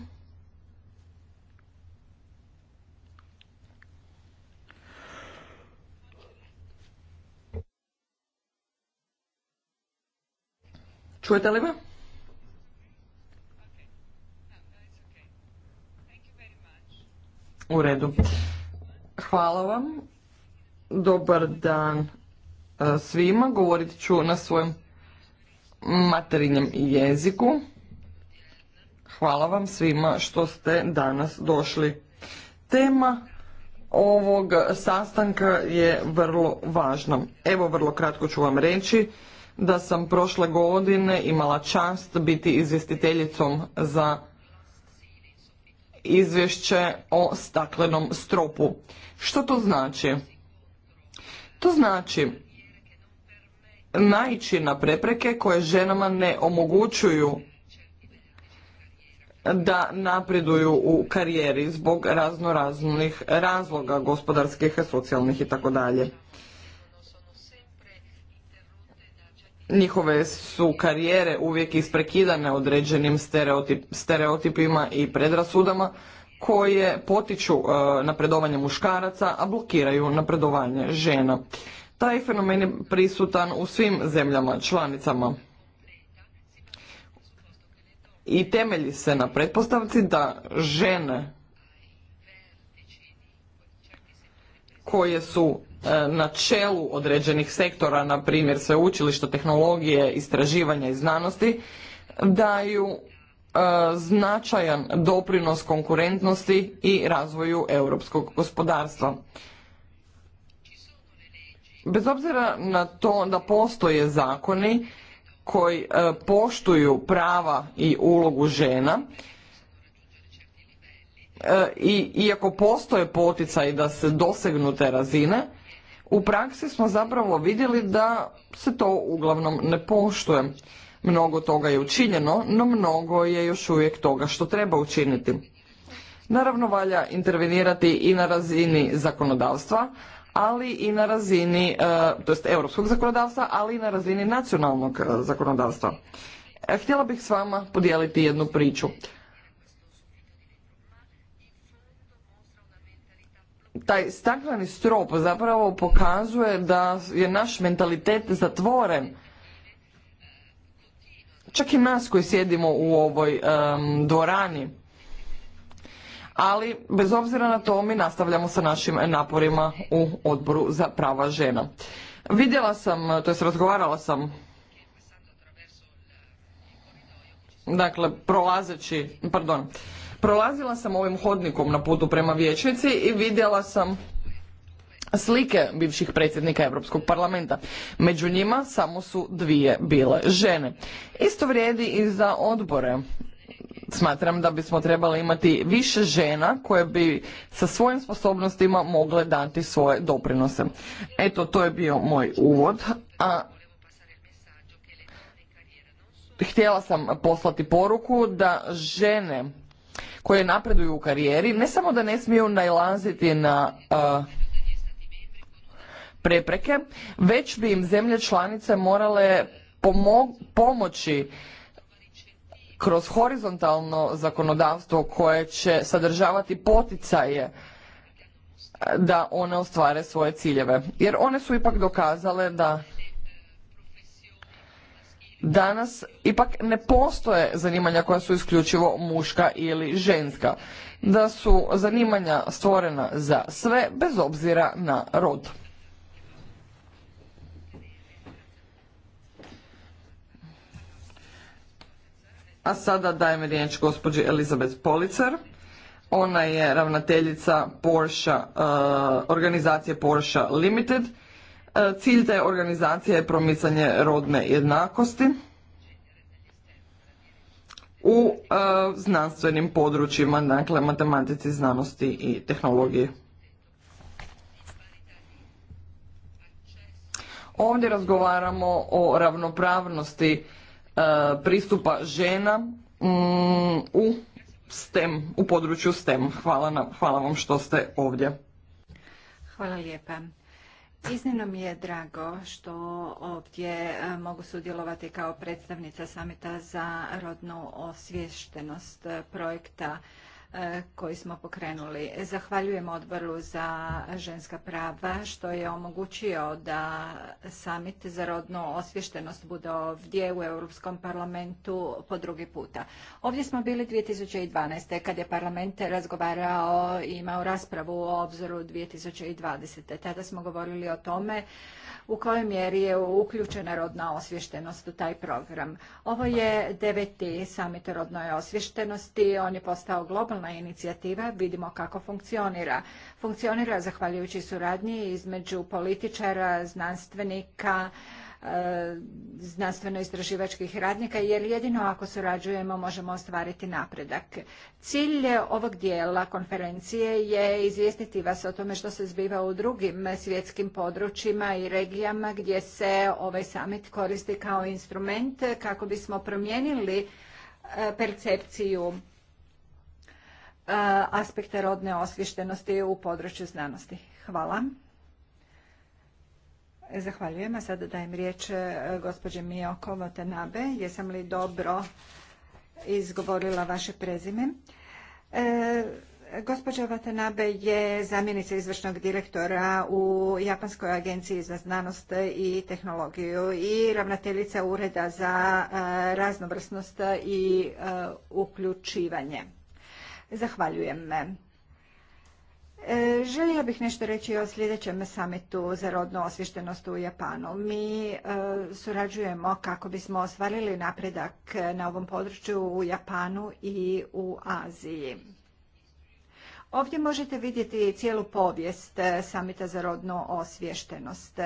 Čujete li me? U redu. Hvala vam. Dobar dan e, svima. Govorit ću na svojem materinjem jeziku. Hvala vam svima što ste danas došli. Tema ovog sastanka je vrlo važna. Evo vrlo kratko ću vam reći da sam prošle godine imala čast biti izvjestiteljicom za izvješće o staklenom stropu. Što to znači? To znači naići na prepreke koje ženama ne omogućuju da napreduju u karijeri zbog raznoraznih razloga gospodarskih, socijalnih i tako dalje. njihove su karijere uvijek isprekidane određenim stereotipima i predrasudama koje potiču e, napredovanje muškaraca, a blokiraju napredovanje žena. Taj fenomen je prisutan u svim zemljama članicama i temelji se na pretpostavci da žene koje su E, na čelu određenih sektora, na primjer sveučilišta, tehnologije, istraživanja i znanosti, daju e, značajan doprinos konkurentnosti i razvoju europskog gospodarstva. Bez obzira na to da postoje zakoni koji e, poštuju prava i ulogu žena, i iako postoje poticaj da se dosegnu te razine, u praksi smo zapravo vidjeli da se to uglavnom ne poštuje. Mnogo toga je učinjeno, no mnogo je još uvijek toga što treba učiniti. Naravno valja intervenirati i na razini zakonodavstva, ali i na razini, e, to jest europskog zakonodavstva, ali i na razini nacionalnog e, zakonodavstva. E, htjela bih s vama podijeliti jednu priču. taj stakleni strop zapravo pokazuje da je naš mentalitet zatvoren. Čak i nas koji sjedimo u ovoj dvorani. Ali, bez obzira na to, mi nastavljamo sa našim naporima u odboru za prava žena. Vidjela sam, to jest razgovarala sam, dakle, prolazeći, pardon, Prolazila sam ovim hodnikom na putu prema vijećnici i vidjela sam slike bivših predsjednika Europskog parlamenta. Među njima samo su dvije bile žene. Isto vrijedi i za odbore. Smatram da bismo trebali imati više žena koje bi sa svojim sposobnostima mogle dati svoje doprinose. Eto, to je bio moj uvod. A htjela sam poslati poruku da žene koje napreduju u karijeri ne samo da ne smiju najlanziti na prepreke, već bi im zemlje članice morale pomoći kroz horizontalno zakonodavstvo koje će sadržavati poticaje da one ostvare svoje ciljeve. Jer one su ipak dokazale da danas ipak ne postoje zanimanja koja su isključivo muška ili ženska da su zanimanja stvorena za sve bez obzira na rod a sada dajem riječ gospođi elizabeth Policer. ona je ravnateljica porsche eh, organizacije porsche limited E, cilj te organizacije je promicanje rodne jednakosti u e, znanstvenim područjima, dakle matematici, znanosti i tehnologiji. Ovdje razgovaramo o ravnopravnosti e, pristupa žena mm, u STEM, u području STEM. Hvala, hvala vam što ste ovdje. Hvala lijepa. Iznimno mi je drago što ovdje e, mogu sudjelovati kao predstavnica Samita za rodnu osviještenost e, projekta E, koji smo pokrenuli. Zahvaljujem odboru za ženska prava što je omogućio da samit za rodnu osvještenost bude ovdje u Europskom parlamentu po drugi puta. Ovdje smo bili 2012. kad je parlament razgovarao i imao raspravu o obzoru 2020. Tada smo govorili o tome u kojoj mjeri je uključena rodna osvještenost u taj program. Ovo je deveti samit rodnoj osvještenosti, on je postao globalna inicijativa, vidimo kako funkcionira. Funkcionira zahvaljujući suradnji između političara, znanstvenika, E, znanstveno-istraživačkih radnika, jer jedino ako surađujemo možemo ostvariti napredak. Cilj ovog dijela konferencije je izvijestiti vas o tome što se zbiva u drugim svjetskim područjima i regijama gdje se ovaj summit koristi kao instrument kako bismo promijenili e, percepciju e, aspekta rodne osviještenosti u području znanosti. Hvala. Zahvaljujem. A sada dajem riječ e, gospođe Mijoko Votanabe. Jesam li dobro izgovorila vaše prezime? E, gospođa Watanabe je zamjenica izvršnog direktora u Japanskoj agenciji za znanost i tehnologiju i ravnateljica Ureda za e, raznovrsnost i uključivanje. Zahvaljujem. E, Želio bih nešto reći o sljedećem samitu za rodnu osviještenost u Japanu. Mi e, surađujemo kako bismo ostvarili napredak na ovom području u Japanu i u Aziji. Ovdje možete vidjeti cijelu povijest e, samita za rodnu osvještenost.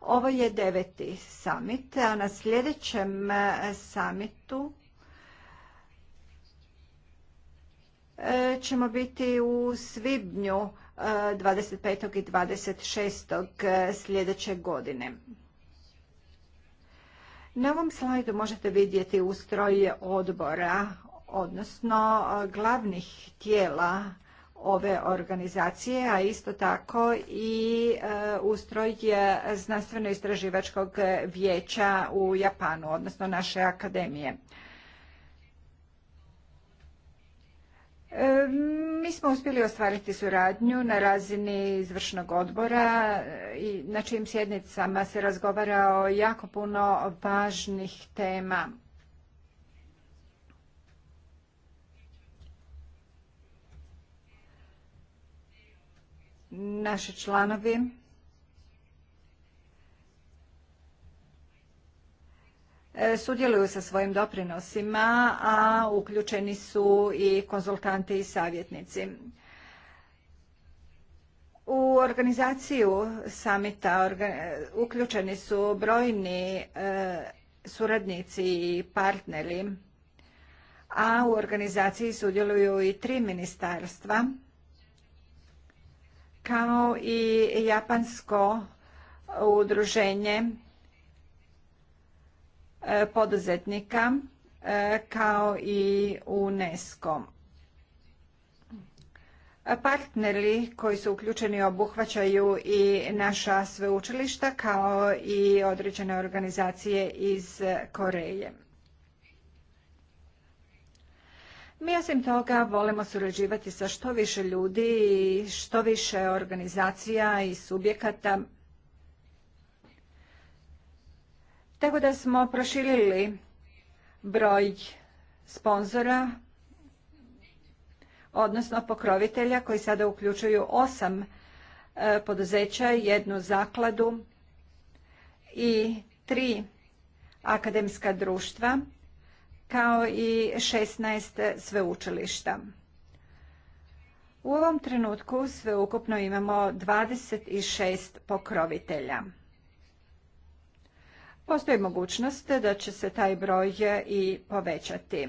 Ovo je deveti samit, a na sljedećem samitu E, ćemo biti u svibnju 25. E, i 26. E, sljedeće godine. Na ovom slajdu možete vidjeti ustroj odbora, odnosno glavnih tijela ove organizacije, a isto tako i ustroj znanstveno-istraživačkog vijeća u Japanu, odnosno naše akademije. E, mi smo uspjeli ostvariti suradnju na razini izvršnog odbora i na čijim sjednicama se razgovara o jako puno važnih tema. Naši članovi E, sudjeluju sa svojim doprinosima, a uključeni su i konzultanti i savjetnici. U organizaciju samita uključeni su brojni e, suradnici i partneri, a u organizaciji sudjeluju i tri ministarstva, kao i japansko udruženje E, poduzetnika e, kao i UNESCO. Partneri koji su uključeni obuhvaćaju i naša sveučilišta kao i određene organizacije iz Koreje. Mi osim toga volimo surađivati sa što više ljudi i što više organizacija i subjekata Tako da smo proširili broj sponzora, odnosno pokrovitelja koji sada uključuju osam e, poduzeća, jednu zakladu i tri akademska društva kao i 16 sveučilišta. U ovom trenutku sveukupno imamo 26 pokrovitelja postoji mogućnost da će se taj broj i povećati.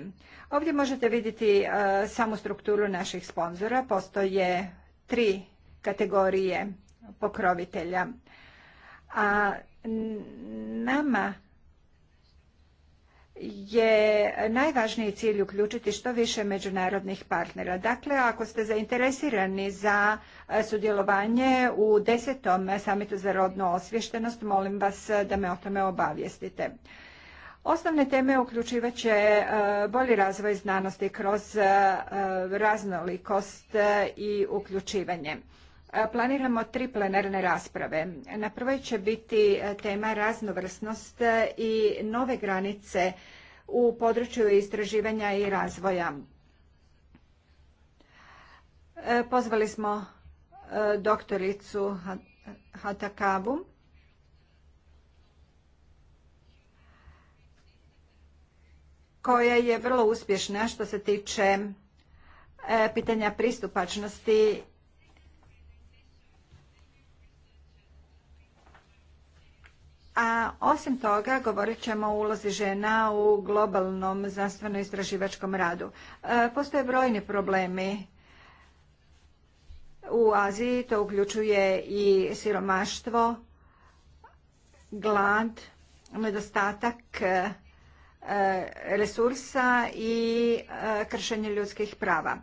Ovdje možete vidjeti e, samu strukturu naših sponzora. Postoje tri kategorije pokrovitelja. A nama je najvažniji cilj uključiti što više međunarodnih partnera. Dakle, ako ste zainteresirani za e, sudjelovanje u desetom samitu za rodnu osviještenost, molim vas e, da me o tome obavijestite. Osnovne teme uključivaće e, bolji razvoj znanosti kroz raznolikost i uključivanje. E, planiramo tri plenarne rasprave. Na prvoj će biti e, tema raznovrsnost e, i nove granice u području istraživanja i razvoja. Pozvali smo doktoricu Hatakabu. koja je vrlo uspješna što se tiče pitanja pristupačnosti A osim toga govorit ćemo o ulozi žena u globalnom znanstveno-istraživačkom radu. E, postoje brojni problemi u Aziji, to uključuje i siromaštvo, glad, nedostatak e, e, resursa i kršenje ljudskih prava.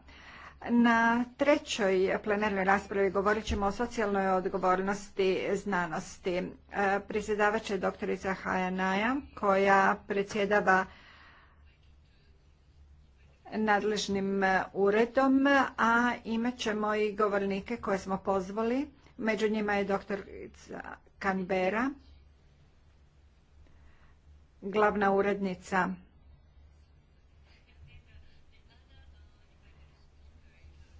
Na trećoj plenarnoj raspravi govorit ćemo o socijalnoj odgovornosti znanosti. E, Predsjedavat će doktorica Naja, koja predsjedava nadležnim uredom, a imat ćemo i govornike koje smo pozvali. Među njima je doktorica Canbera glavna urednica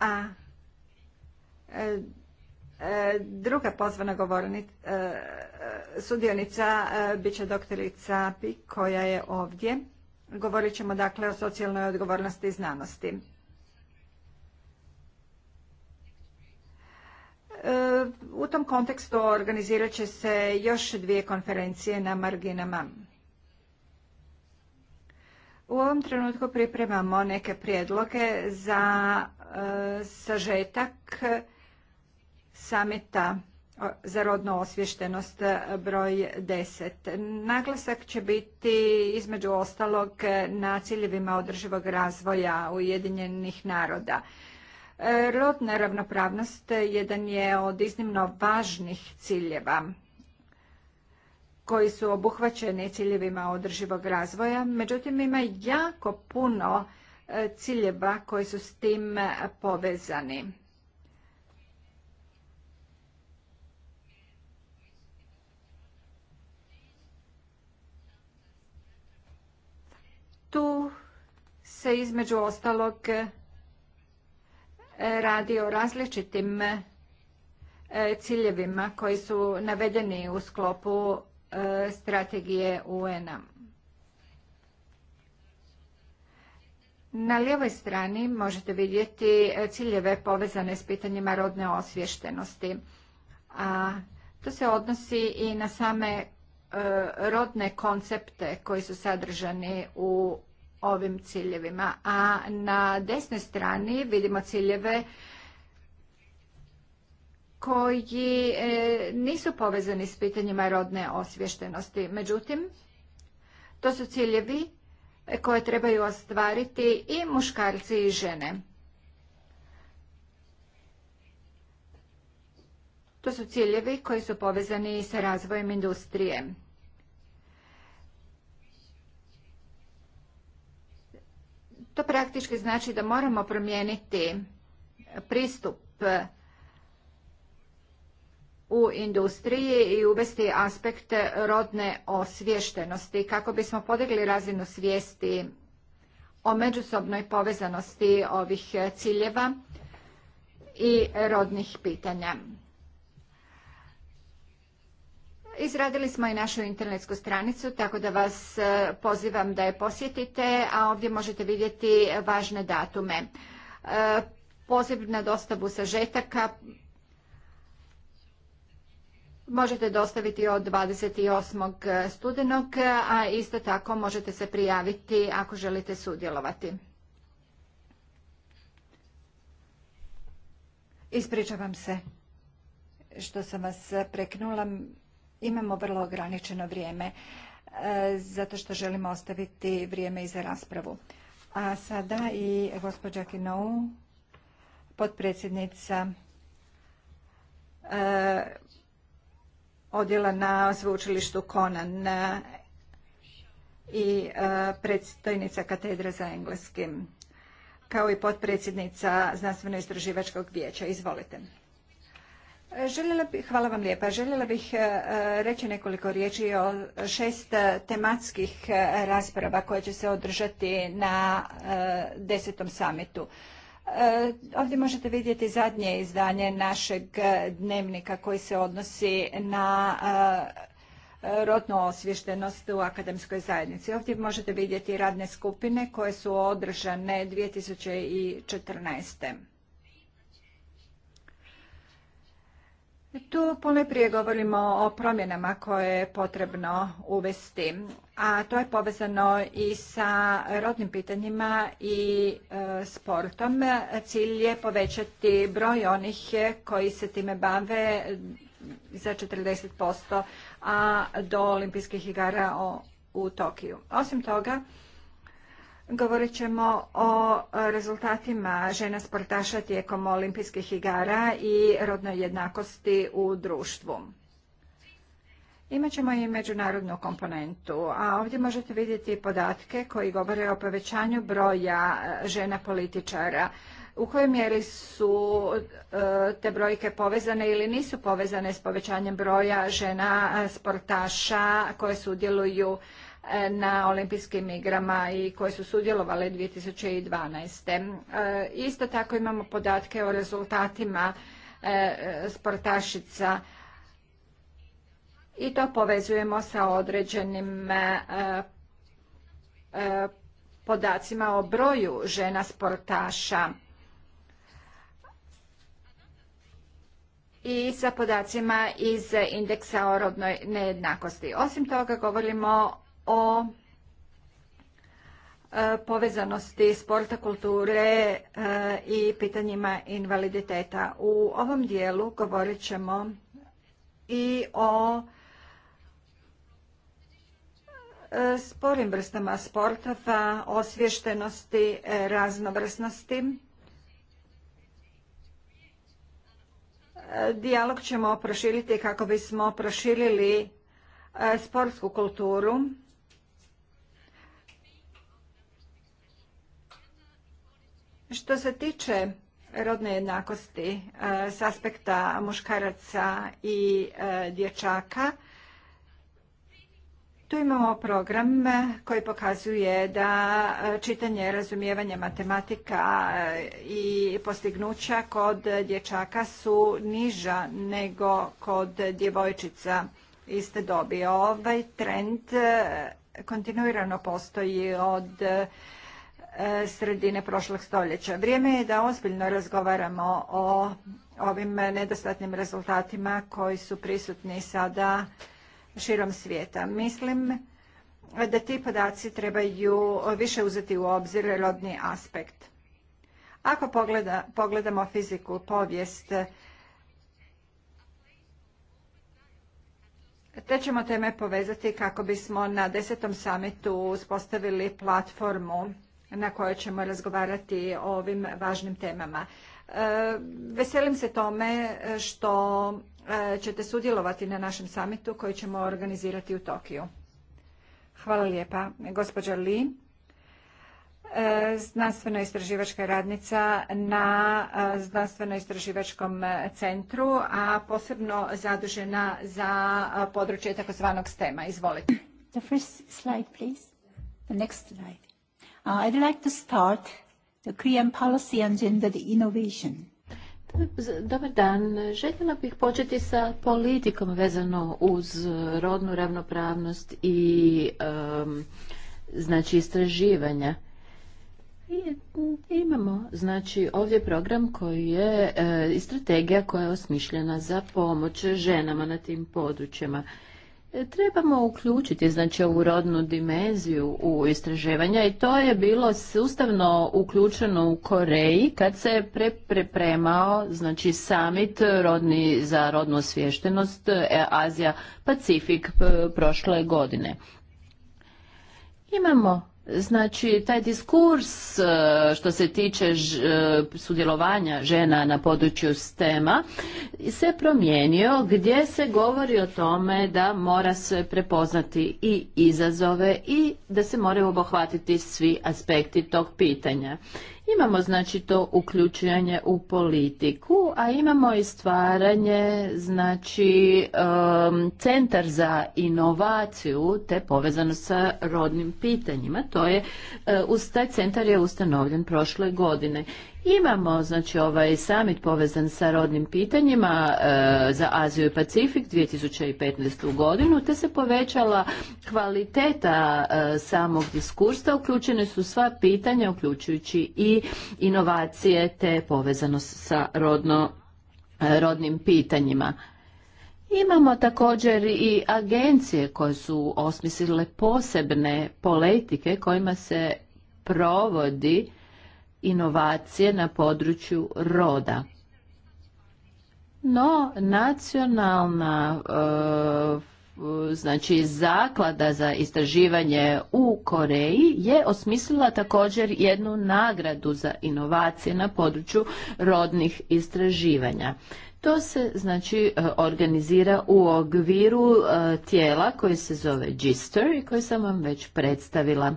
A e, e, druga pozvana e, sudionica bit će doktorica koja je ovdje. Govorit ćemo dakle o socijalnoj odgovornosti i znanosti. U tom kontekstu organizirat će se još dvije konferencije na marginama u ovom trenutku pripremamo neke prijedloge za e, sažetak samita za rodnu osvještenost broj 10. Naglasak će biti između ostalog na ciljevima održivog razvoja Ujedinjenih naroda. E, rodna ravnopravnost jedan je od iznimno važnih ciljeva koji su obuhvaćeni ciljevima održivog razvoja. Međutim, ima jako puno e, ciljeva koji su s tim e, povezani. Tu se između ostalog e, radi o različitim ciljevima koji su navedeni u sklopu E, strategije UN-a. Na lijevoj strani možete vidjeti e, ciljeve povezane s pitanjima rodne osvještenosti. A to se odnosi i na same e, rodne koncepte koji su sadržani u ovim ciljevima. A na desnoj strani vidimo ciljeve koji e, nisu povezani s pitanjima rodne osvještenosti. Međutim, to su ciljevi e, koje trebaju ostvariti i muškarci i žene. To su ciljevi koji su povezani sa razvojem industrije. To praktički znači da moramo promijeniti pristup u industriji i uvesti aspekt rodne osviještenosti kako bismo podigli razinu svijesti o međusobnoj povezanosti ovih ciljeva i rodnih pitanja. Izradili smo i našu internetsku stranicu, tako da vas e, pozivam da je posjetite, a ovdje možete vidjeti važne datume. E, poziv na dostavu sažetaka, možete dostaviti od 28. E, studenog, a isto tako možete se prijaviti ako želite sudjelovati. Ispričavam se što sam vas preknula. Imamo vrlo ograničeno vrijeme e, zato što želimo ostaviti vrijeme i za raspravu. A sada i gospođa Kinou, potpredsjednica e, odjela na sveučilištu Konan e, i e, predstojnica katedra za engleski, kao i potpredsjednica Znanstveno-istraživačkog vijeća. Izvolite. E, željela bih, hvala vam lijepa. Željela bih reći nekoliko riječi o šest tematskih rasprava koje će se održati na desetom samitu. E, ovdje možete vidjeti zadnje izdanje našeg dnevnika koji se odnosi na e, rodnu osvještenost u akademskoj zajednici. Ovdje možete vidjeti radne skupine koje su održane 2014. Tu prije govorimo o promjenama koje je potrebno uvesti, a to je povezano i sa rodnim pitanjima i e, sportom. Cilj je povećati broj onih koji se time bave za 40%, a do olimpijskih igara u Tokiju. Osim toga, Govorit ćemo o rezultatima žena sportaša tijekom olimpijskih igara i rodnoj jednakosti u društvu. Imaćemo i međunarodnu komponentu, a ovdje možete vidjeti podatke koji govore o povećanju broja e, žena političara. U kojoj mjeri su e, te brojke povezane ili nisu povezane s povećanjem broja žena e, sportaša koje sudjeluju udjeluju na olimpijskim igrama i koje su sudjelovale 2012. E, isto tako imamo podatke o rezultatima e, sportašica i to povezujemo sa određenim e, podacima o broju žena sportaša i sa podacima iz indeksa o rodnoj nejednakosti. Osim toga govorimo o e, povezanosti sporta, kulture e, i pitanjima invaliditeta. U ovom dijelu govorit ćemo i o e, sporim vrstama sporta, pa osvještenosti, raznovrsnosti. Dijalog ćemo proširiti kako bismo proširili sportsku kulturu Što se tiče rodne jednakosti e, s aspekta muškaraca i e, dječaka, tu imamo program koji pokazuje da e, čitanje, razumijevanje matematika i postignuća kod dječaka su niža nego kod djevojčica iste dobi. Ovaj trend kontinuirano postoji od E, sredine prošlog stoljeća. Vrijeme je da ozbiljno razgovaramo o ovim nedostatnim rezultatima koji su prisutni sada širom svijeta. Mislim da ti podaci trebaju više uzeti u obzir rodni aspekt. Ako pogledamo fiziku, povijest, te ćemo teme povezati kako bismo na desetom samitu uspostavili platformu na kojoj ćemo razgovarati o ovim važnim temama. E, veselim se tome što e, ćete sudjelovati na našem samitu koji ćemo organizirati u Tokiju. Hvala lijepa. Gospođa Li, e, znanstveno-istraživačka radnica na znanstveno-istraživačkom centru, a posebno zadužena za područje takozvanog stema. Izvolite. The first slide, please. The next slide. Uh, I'd like to start the Korean policy and gender innovation. Dobar dan. Željela bih početi sa politikom vezano uz rodnu ravnopravnost i um, znači istraživanja. imamo znači ovdje program koji je uh, i strategija koja je osmišljena za pomoć ženama na tim područjima. Trebamo uključiti znači ovu rodnu dimenziju u istraživanja i to je bilo sustavno uključeno u Koreji kad se pre znači summit rodni za rodnu osviještenost e, Azija Pacifik prošle godine. Imamo Znači, taj diskurs e, što se tiče e, sudjelovanja žena na području STEMA se promijenio gdje se govori o tome da mora se prepoznati i izazove i da se moraju obuhvatiti svi aspekti tog pitanja. Imamo znači to uključivanje u politiku, a imamo i stvaranje znači centar za inovaciju te povezano sa rodnim pitanjima. To je, e, uz taj centar je ustanovljen prošle godine Imamo znači ovaj summit povezan sa rodnim pitanjima e, za Aziju i Pacifik 2015. godinu te se povećala kvaliteta e, samog diskursa, uključene su sva pitanja uključujući i inovacije te povezanost sa rodno, e, rodnim pitanjima. Imamo također i agencije koje su osmislile posebne politike kojima se provodi inovacije na području roda. No, nacionalna e, znači zaklada za istraživanje u Koreji je osmislila također jednu nagradu za inovacije na području rodnih istraživanja. To se znači e, organizira u okviru e, tijela koje se zove GISTER i koje sam vam već predstavila.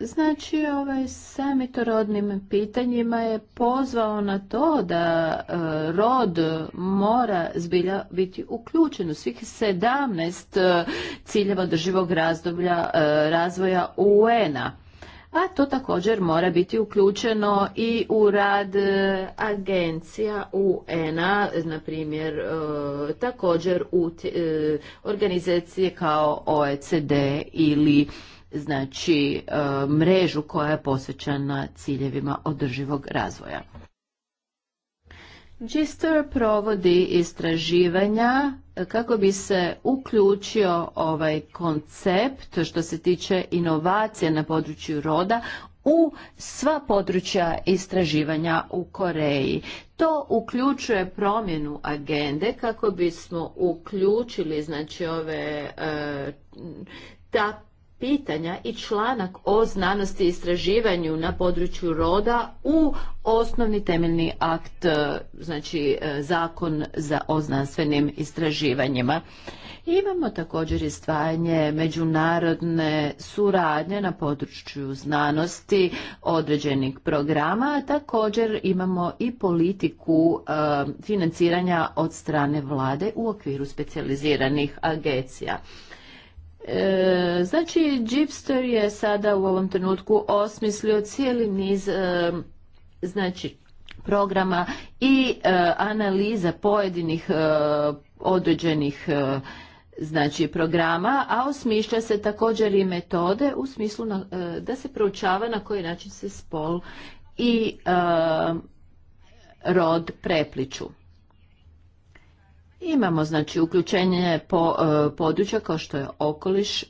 Znači, ovaj samit rodnim pitanjima je pozvao na to da e, rod mora zbilja biti uključen u svih 17 e, ciljeva drživog razdoblja e, razvoja UN-a a to također mora biti uključeno i u rad e, agencija UN-a, na primjer e, također u e, organizacije kao OECD ili znači mrežu koja je posvećena ciljevima održivog razvoja. Gister provodi istraživanja kako bi se uključio ovaj koncept što se tiče inovacije na području roda u sva područja istraživanja u Koreji. To uključuje promjenu agende kako bismo uključili znači ove e, ta pitanja i članak o znanosti i istraživanju na području roda u osnovni temeljni akt, e, znači e, zakon za o znanstvenim istraživanjima. Imamo također istvajanje međunarodne suradnje na području znanosti određenih programa, također imamo i politiku e, financiranja od strane vlade u okviru specijaliziranih agencija. E, znači, Jeepster je sada u ovom trenutku osmislio cijeli niz e, znači, programa i e, analiza pojedinih određenih znači programa, a osmišlja se također i metode u smislu da se proučava na koji način se spol i rod prepliču. Imamo znači uključenje po e, područja kao što je okoliš,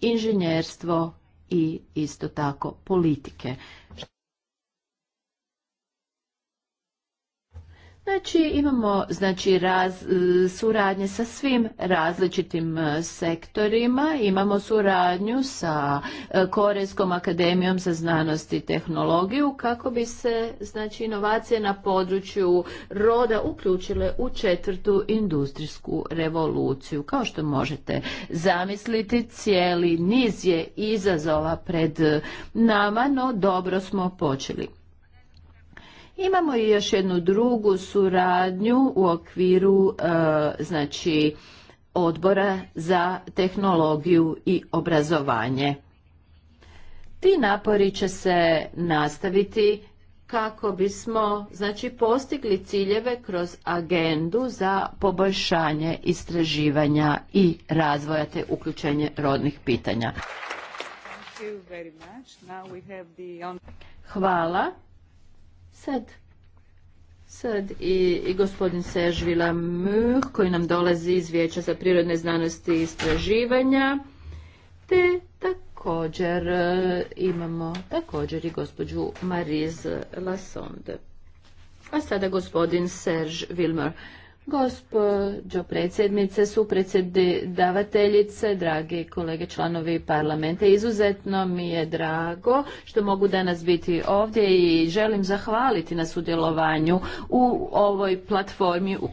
inženjerstvo i isto tako politike. Znači imamo znači, e, suradnje sa svim različitim e, sektorima, imamo suradnju sa e, Korejskom akademijom za znanost i tehnologiju kako bi se znači, inovacije na području roda uključile u četvrtu industrijsku revoluciju. Kao što možete zamisliti, cijeli niz je izazova pred nama, no dobro smo počeli. Imamo i još jednu drugu suradnju u okviru e, znači odbora za tehnologiju i obrazovanje. Ti napori će se nastaviti kako bismo znači postigli ciljeve kroz agendu za poboljšanje istraživanja i razvoja te uključenje rodnih pitanja. Hvala. Sad, i, gospodin Serge Villamur koji nam dolazi iz Vijeća za prirodne znanosti i istraživanja, te također e, imamo također i gospođu Marise Lassonde. A sada gospodin Serge Vilmer. Gospođo predsjednice, supredsjedavateljice, dragi kolege članovi parlamenta, izuzetno mi je drago što mogu danas biti ovdje i želim zahvaliti na sudjelovanju u ovoj platformi u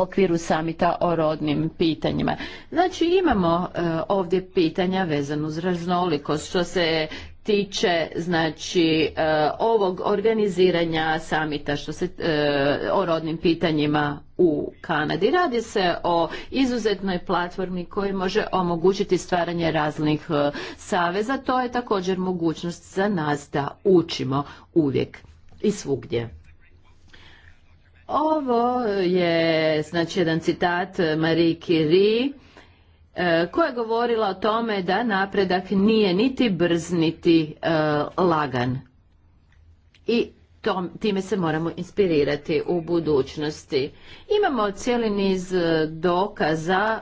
okviru samita o rodnim pitanjima. Znači imamo e, ovdje pitanja vezano uz raznolikost što se tiče znači e, ovog organiziranja samita što se e, o rodnim pitanjima u Kanadi. Radi se o izuzetnoj platformi koja može omogućiti stvaranje raznih e, saveza. To je također mogućnost za nas da učimo uvijek i svugdje. Ovo je znači jedan citat Marie Curie E, koja je govorila o tome da napredak nije niti brz niti e, lagan. I time se moramo inspirirati u budućnosti. Imamo cijeli niz e, dokaza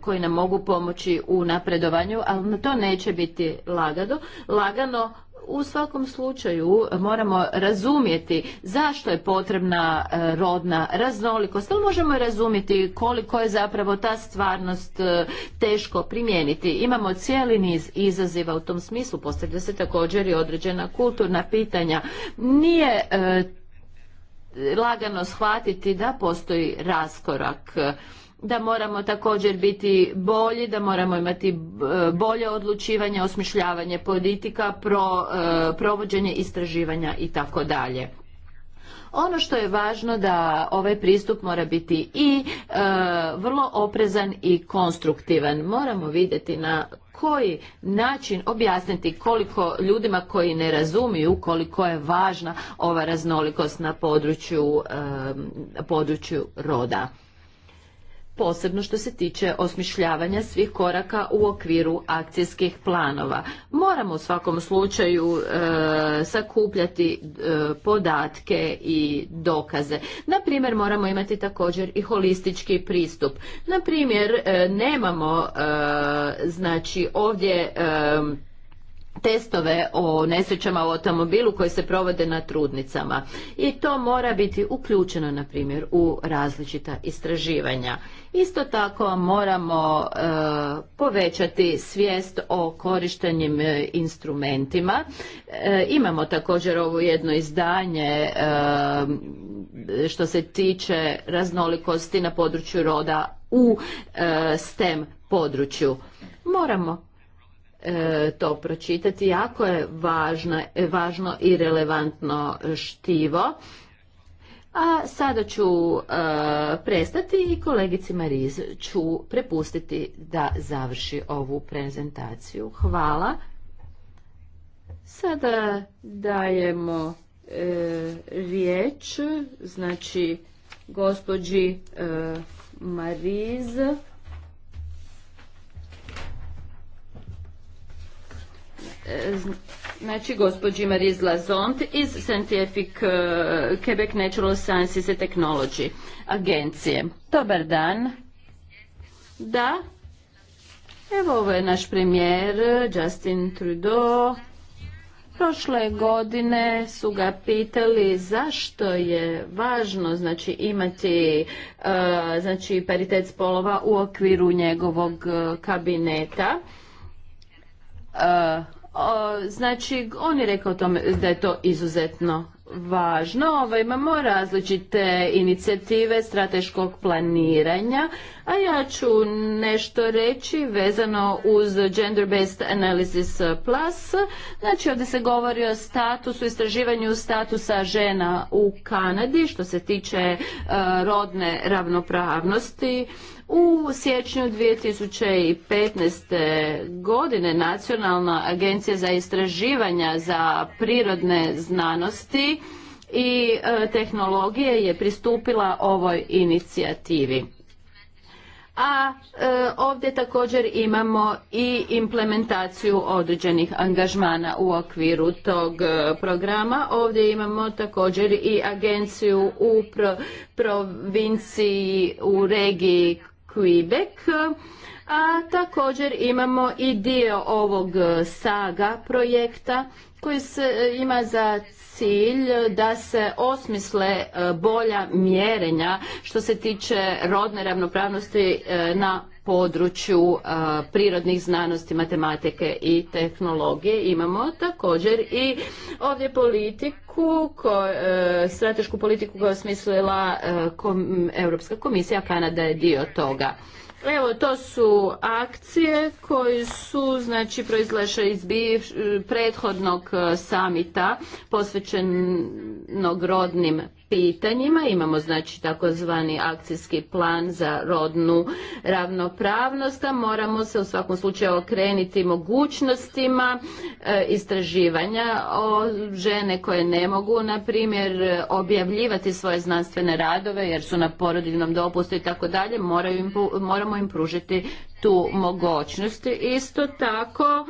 koji nam mogu pomoći u napredovanju, ali to neće biti lagano. Lagano u svakom slučaju moramo razumjeti zašto je potrebna e, rodna raznolikost, ali možemo razumjeti koliko je zapravo ta stvarnost e, teško primijeniti. Imamo cijeli niz izaziva u tom smislu, postavlja se također i određena kulturna pitanja. Nije e, lagano shvatiti da postoji raskorak da moramo također biti bolji, da moramo imati e, bolje odlučivanje, osmišljavanje politika, pro, e, provođenje istraživanja i tako dalje. Ono što je važno da ovaj pristup mora biti i e, vrlo oprezan i konstruktivan. Moramo vidjeti na koji način objasniti koliko ljudima koji ne razumiju koliko je važna ova raznolikost na području, području roda posebno što se tiče osmišljavanja svih koraka u okviru akcijskih planova. Moramo u svakom slučaju e, sakupljati e, podatke i dokaze. Na primjer, moramo imati također i holistički pristup. Na primjer, e, nemamo znači ovdje testove o nesrećama u automobilu koji se provode na trudnicama i to mora biti uključeno na primjer u različita istraživanja isto tako moramo e, povećati svijest o korištenim e, instrumentima e, imamo također ovo jedno izdanje što se tiče raznolikosti na području roda u STEM području moramo E, to pročitati. Jako je važno, e, važno i relevantno štivo. A sada ću e, prestati i kolegici Mariz ću prepustiti da završi ovu prezentaciju. Hvala. Sada dajemo e, riječ, znači gospođi Mariz. Znači, gospođi Marie Lazont iz Scientific eh, Quebec Natural Sciences and Technology agencije. Dobar dan. Da. Evo ovo je naš premijer Justin Trudeau. Prošle godine su ga pitali zašto je važno znači imati eh, znači paritet spolova u okviru njegovog eh, kabineta. Znači, on je rekao da je to izuzetno važno. Ovo imamo različite inicijative strateškog planiranja, a ja ću nešto reći vezano uz Gender Based Analysis Plus. Znači ovdje se govori o statusu, istraživanju statusa žena u Kanadi što se tiče e, rodne ravnopravnosti. U siječnju 2015. godine Nacionalna agencija za istraživanja za prirodne znanosti i e, tehnologije je pristupila ovoj inicijativi. A e, ovdje također imamo i implementaciju određenih angažmana u okviru tog e, programa. Ovdje imamo također i agenciju u pro, provinciji u regiji Quebec, a također imamo i dio ovog e, saga projekta koji se e, ima za cilj da se osmisle e, bolja mjerenja što se tiče rodne ravnopravnosti na području prirodnih znanosti, matematike i tehnologije. Imamo također i ovdje politiku, e, stratešku politiku koja je osmislila e, Europska komisija, Kanada je dio toga. Evo, to su akcije koji su, znači, proizlaše iz prethodnog e, samita posvećenog rodnim pitanjima. Imamo znači takozvani akcijski plan za rodnu ravnopravnost, a moramo se u svakom slučaju okrenuti mogućnostima e, istraživanja o žene koje ne mogu, na primjer, objavljivati svoje znanstvene radove jer su na porodiljnom dopustu i tako dalje, moramo im pružiti tu mogućnost. Isto tako e,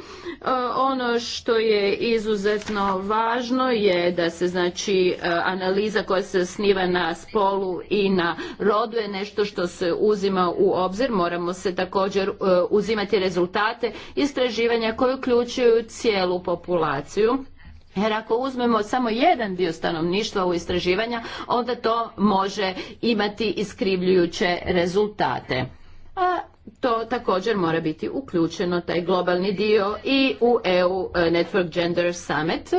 ono što je izuzetno važno je da se znači e, analiza koja se sniva na spolu i na rodu je nešto što se uzima u obzir. Moramo se također e, uzimati rezultate istraživanja koje uključuju cijelu populaciju. Jer ako uzmemo samo jedan dio stanovništva u istraživanja, onda to može imati iskrivljujuće rezultate a to također mora biti uključeno, taj globalni dio, i u EU e, Network Gender Summit.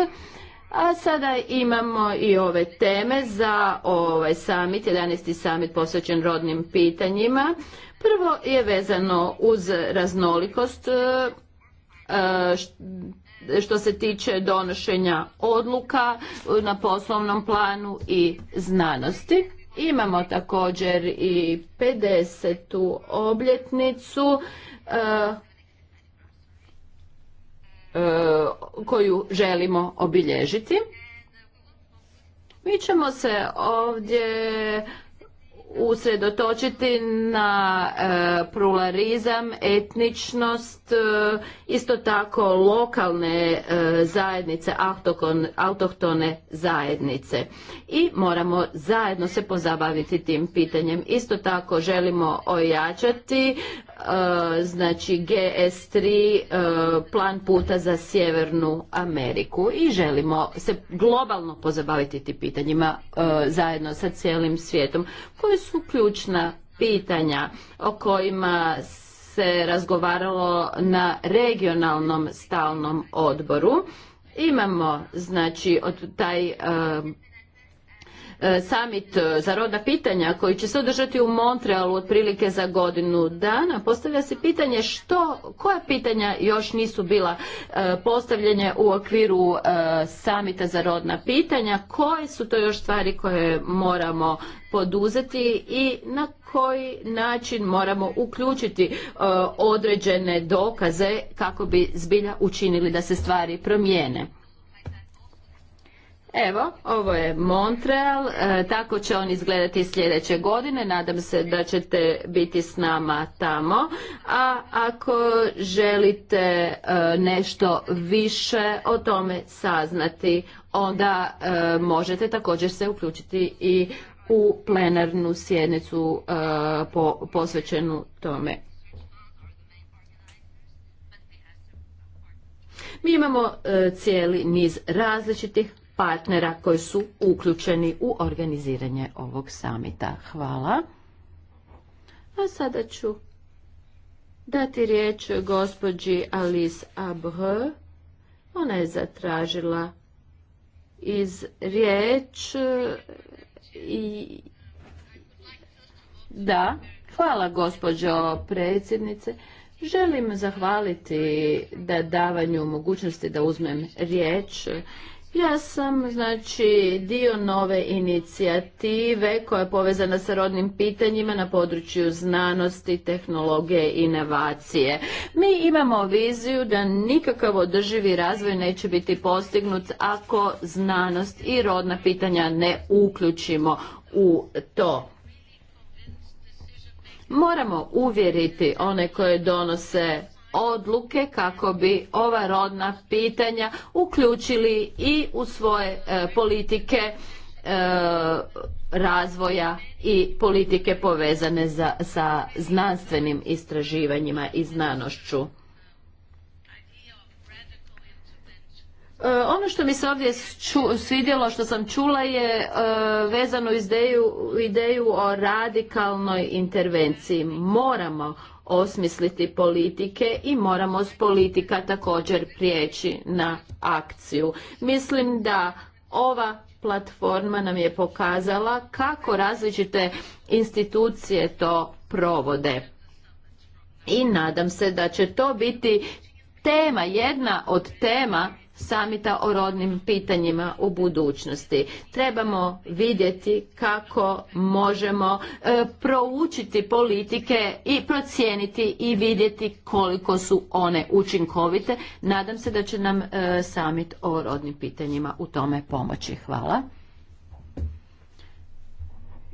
A sada imamo i ove teme za ovaj summit, 11. summit posvećen rodnim pitanjima. Prvo je vezano uz raznolikost e, e, što se tiče donošenja odluka na poslovnom planu i znanosti. Imamo također i 50. obljetnicu e, e, koju želimo obilježiti. Mi ćemo se ovdje usredotočiti na e, pluralizam, etničnost, e, isto tako lokalne e, zajednice, autohtone zajednice. I moramo zajedno se pozabaviti tim pitanjem. Isto tako želimo ojačati znači GS3 plan puta za Sjevernu Ameriku i želimo se globalno pozabaviti tim pitanjima zajedno sa cijelim svijetom. Koji su ključna pitanja o kojima se razgovaralo na regionalnom stalnom odboru. Imamo znači od taj E, Samit e, za rodna pitanja koji će se održati u Montrealu otprilike za godinu dana, postavlja se pitanje što, koja pitanja još nisu bila e, postavljene u okviru samita za rodna pitanja, koje su to još stvari koje moramo poduzeti i na koji način moramo uključiti određene dokaze kako bi zbilja učinili da se stvari promijene. Evo, ovo je Montreal, e, tako će on izgledati sljedeće godine, nadam se da ćete biti s nama tamo, a ako želite e, nešto više o tome saznati, onda e, možete također se uključiti i u plenarnu sjednicu posvećenu tome. Mi imamo cijeli niz različitih partnera koji su uključeni u organiziranje ovog samita. Hvala. A sada ću dati riječ gospođi Alice Abhe. Ona je zatražila iz riječ i da, hvala gospođo predsjednice. Želim zahvaliti da davanju mogućnosti da uzmem riječ ja sam znači dio nove inicijative koja je povezana sa rodnim pitanjima na području znanosti, tehnologije i inovacije. Mi imamo viziju da nikakav održivi razvoj neće biti postignut ako znanost i rodna pitanja ne uključimo u to. Moramo uvjeriti one koje donose odluke kako bi ova rodna pitanja uključili i u svoje e, politike e, razvoja i politike povezane sa znanstvenim istraživanjima i znanošću. E, ono što mi se ovdje svidjelo, što sam čula je vezano ideju, ideju o radikalnoj intervenciji. Moramo osmisliti politike i moramo s politika također prijeći na akciju. Mislim da ova platforma nam je pokazala kako različite institucije to provode. I nadam se da će to biti tema, jedna od tema samita o rodnim pitanjima u budućnosti. Trebamo vidjeti kako možemo e, proučiti politike i procijeniti i vidjeti koliko su one učinkovite. Nadam se da će nam e, samit o rodnim pitanjima u tome pomoći. Hvala.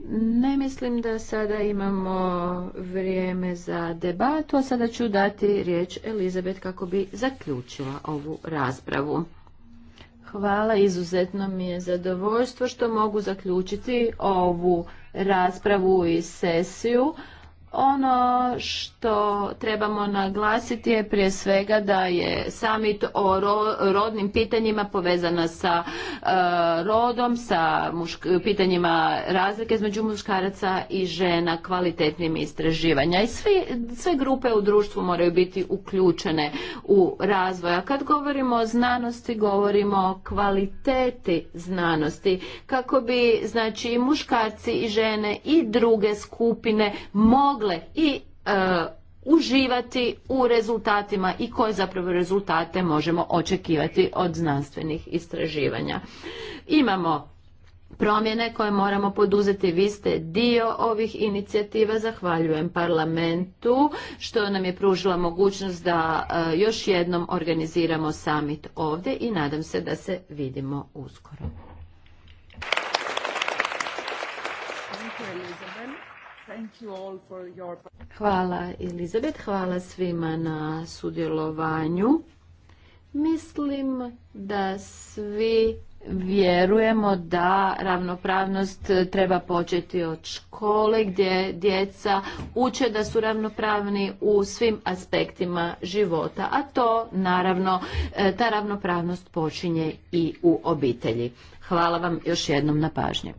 Ne mislim da sada imamo vrijeme za debatu, a sada ću dati riječ Elizabet kako bi zaključila ovu raspravu. Hvala, izuzetno mi je zadovoljstvo što mogu zaključiti ovu raspravu i sesiju. Ono što trebamo naglasiti je prije svega da je summit o rodnim pitanjima povezana sa e, rodom, sa pitanjima razlike između muškaraca i žena, kvalitetnim istraživanja. I svi, sve grupe u društvu moraju biti uključene u razvoj. A kad govorimo o znanosti, govorimo o kvaliteti znanosti. Kako bi znači, muškarci i žene i druge skupine mogli i e, uživati u rezultatima i koje zapravo rezultate možemo očekivati od znanstvenih istraživanja. Imamo promjene koje moramo poduzeti. Vi ste dio ovih inicijativa. Zahvaljujem parlamentu što nam je pružila mogućnost da e, još jednom organiziramo summit ovdje i nadam se da se vidimo uskoro. Hvala Elizabet, hvala svima na sudjelovanju. Mislim da svi vjerujemo da ravnopravnost treba početi od škole gdje djeca uče da su ravnopravni u svim aspektima života, a to naravno e, ta ravnopravnost počinje i u obitelji. Hvala vam još jednom na pažnju.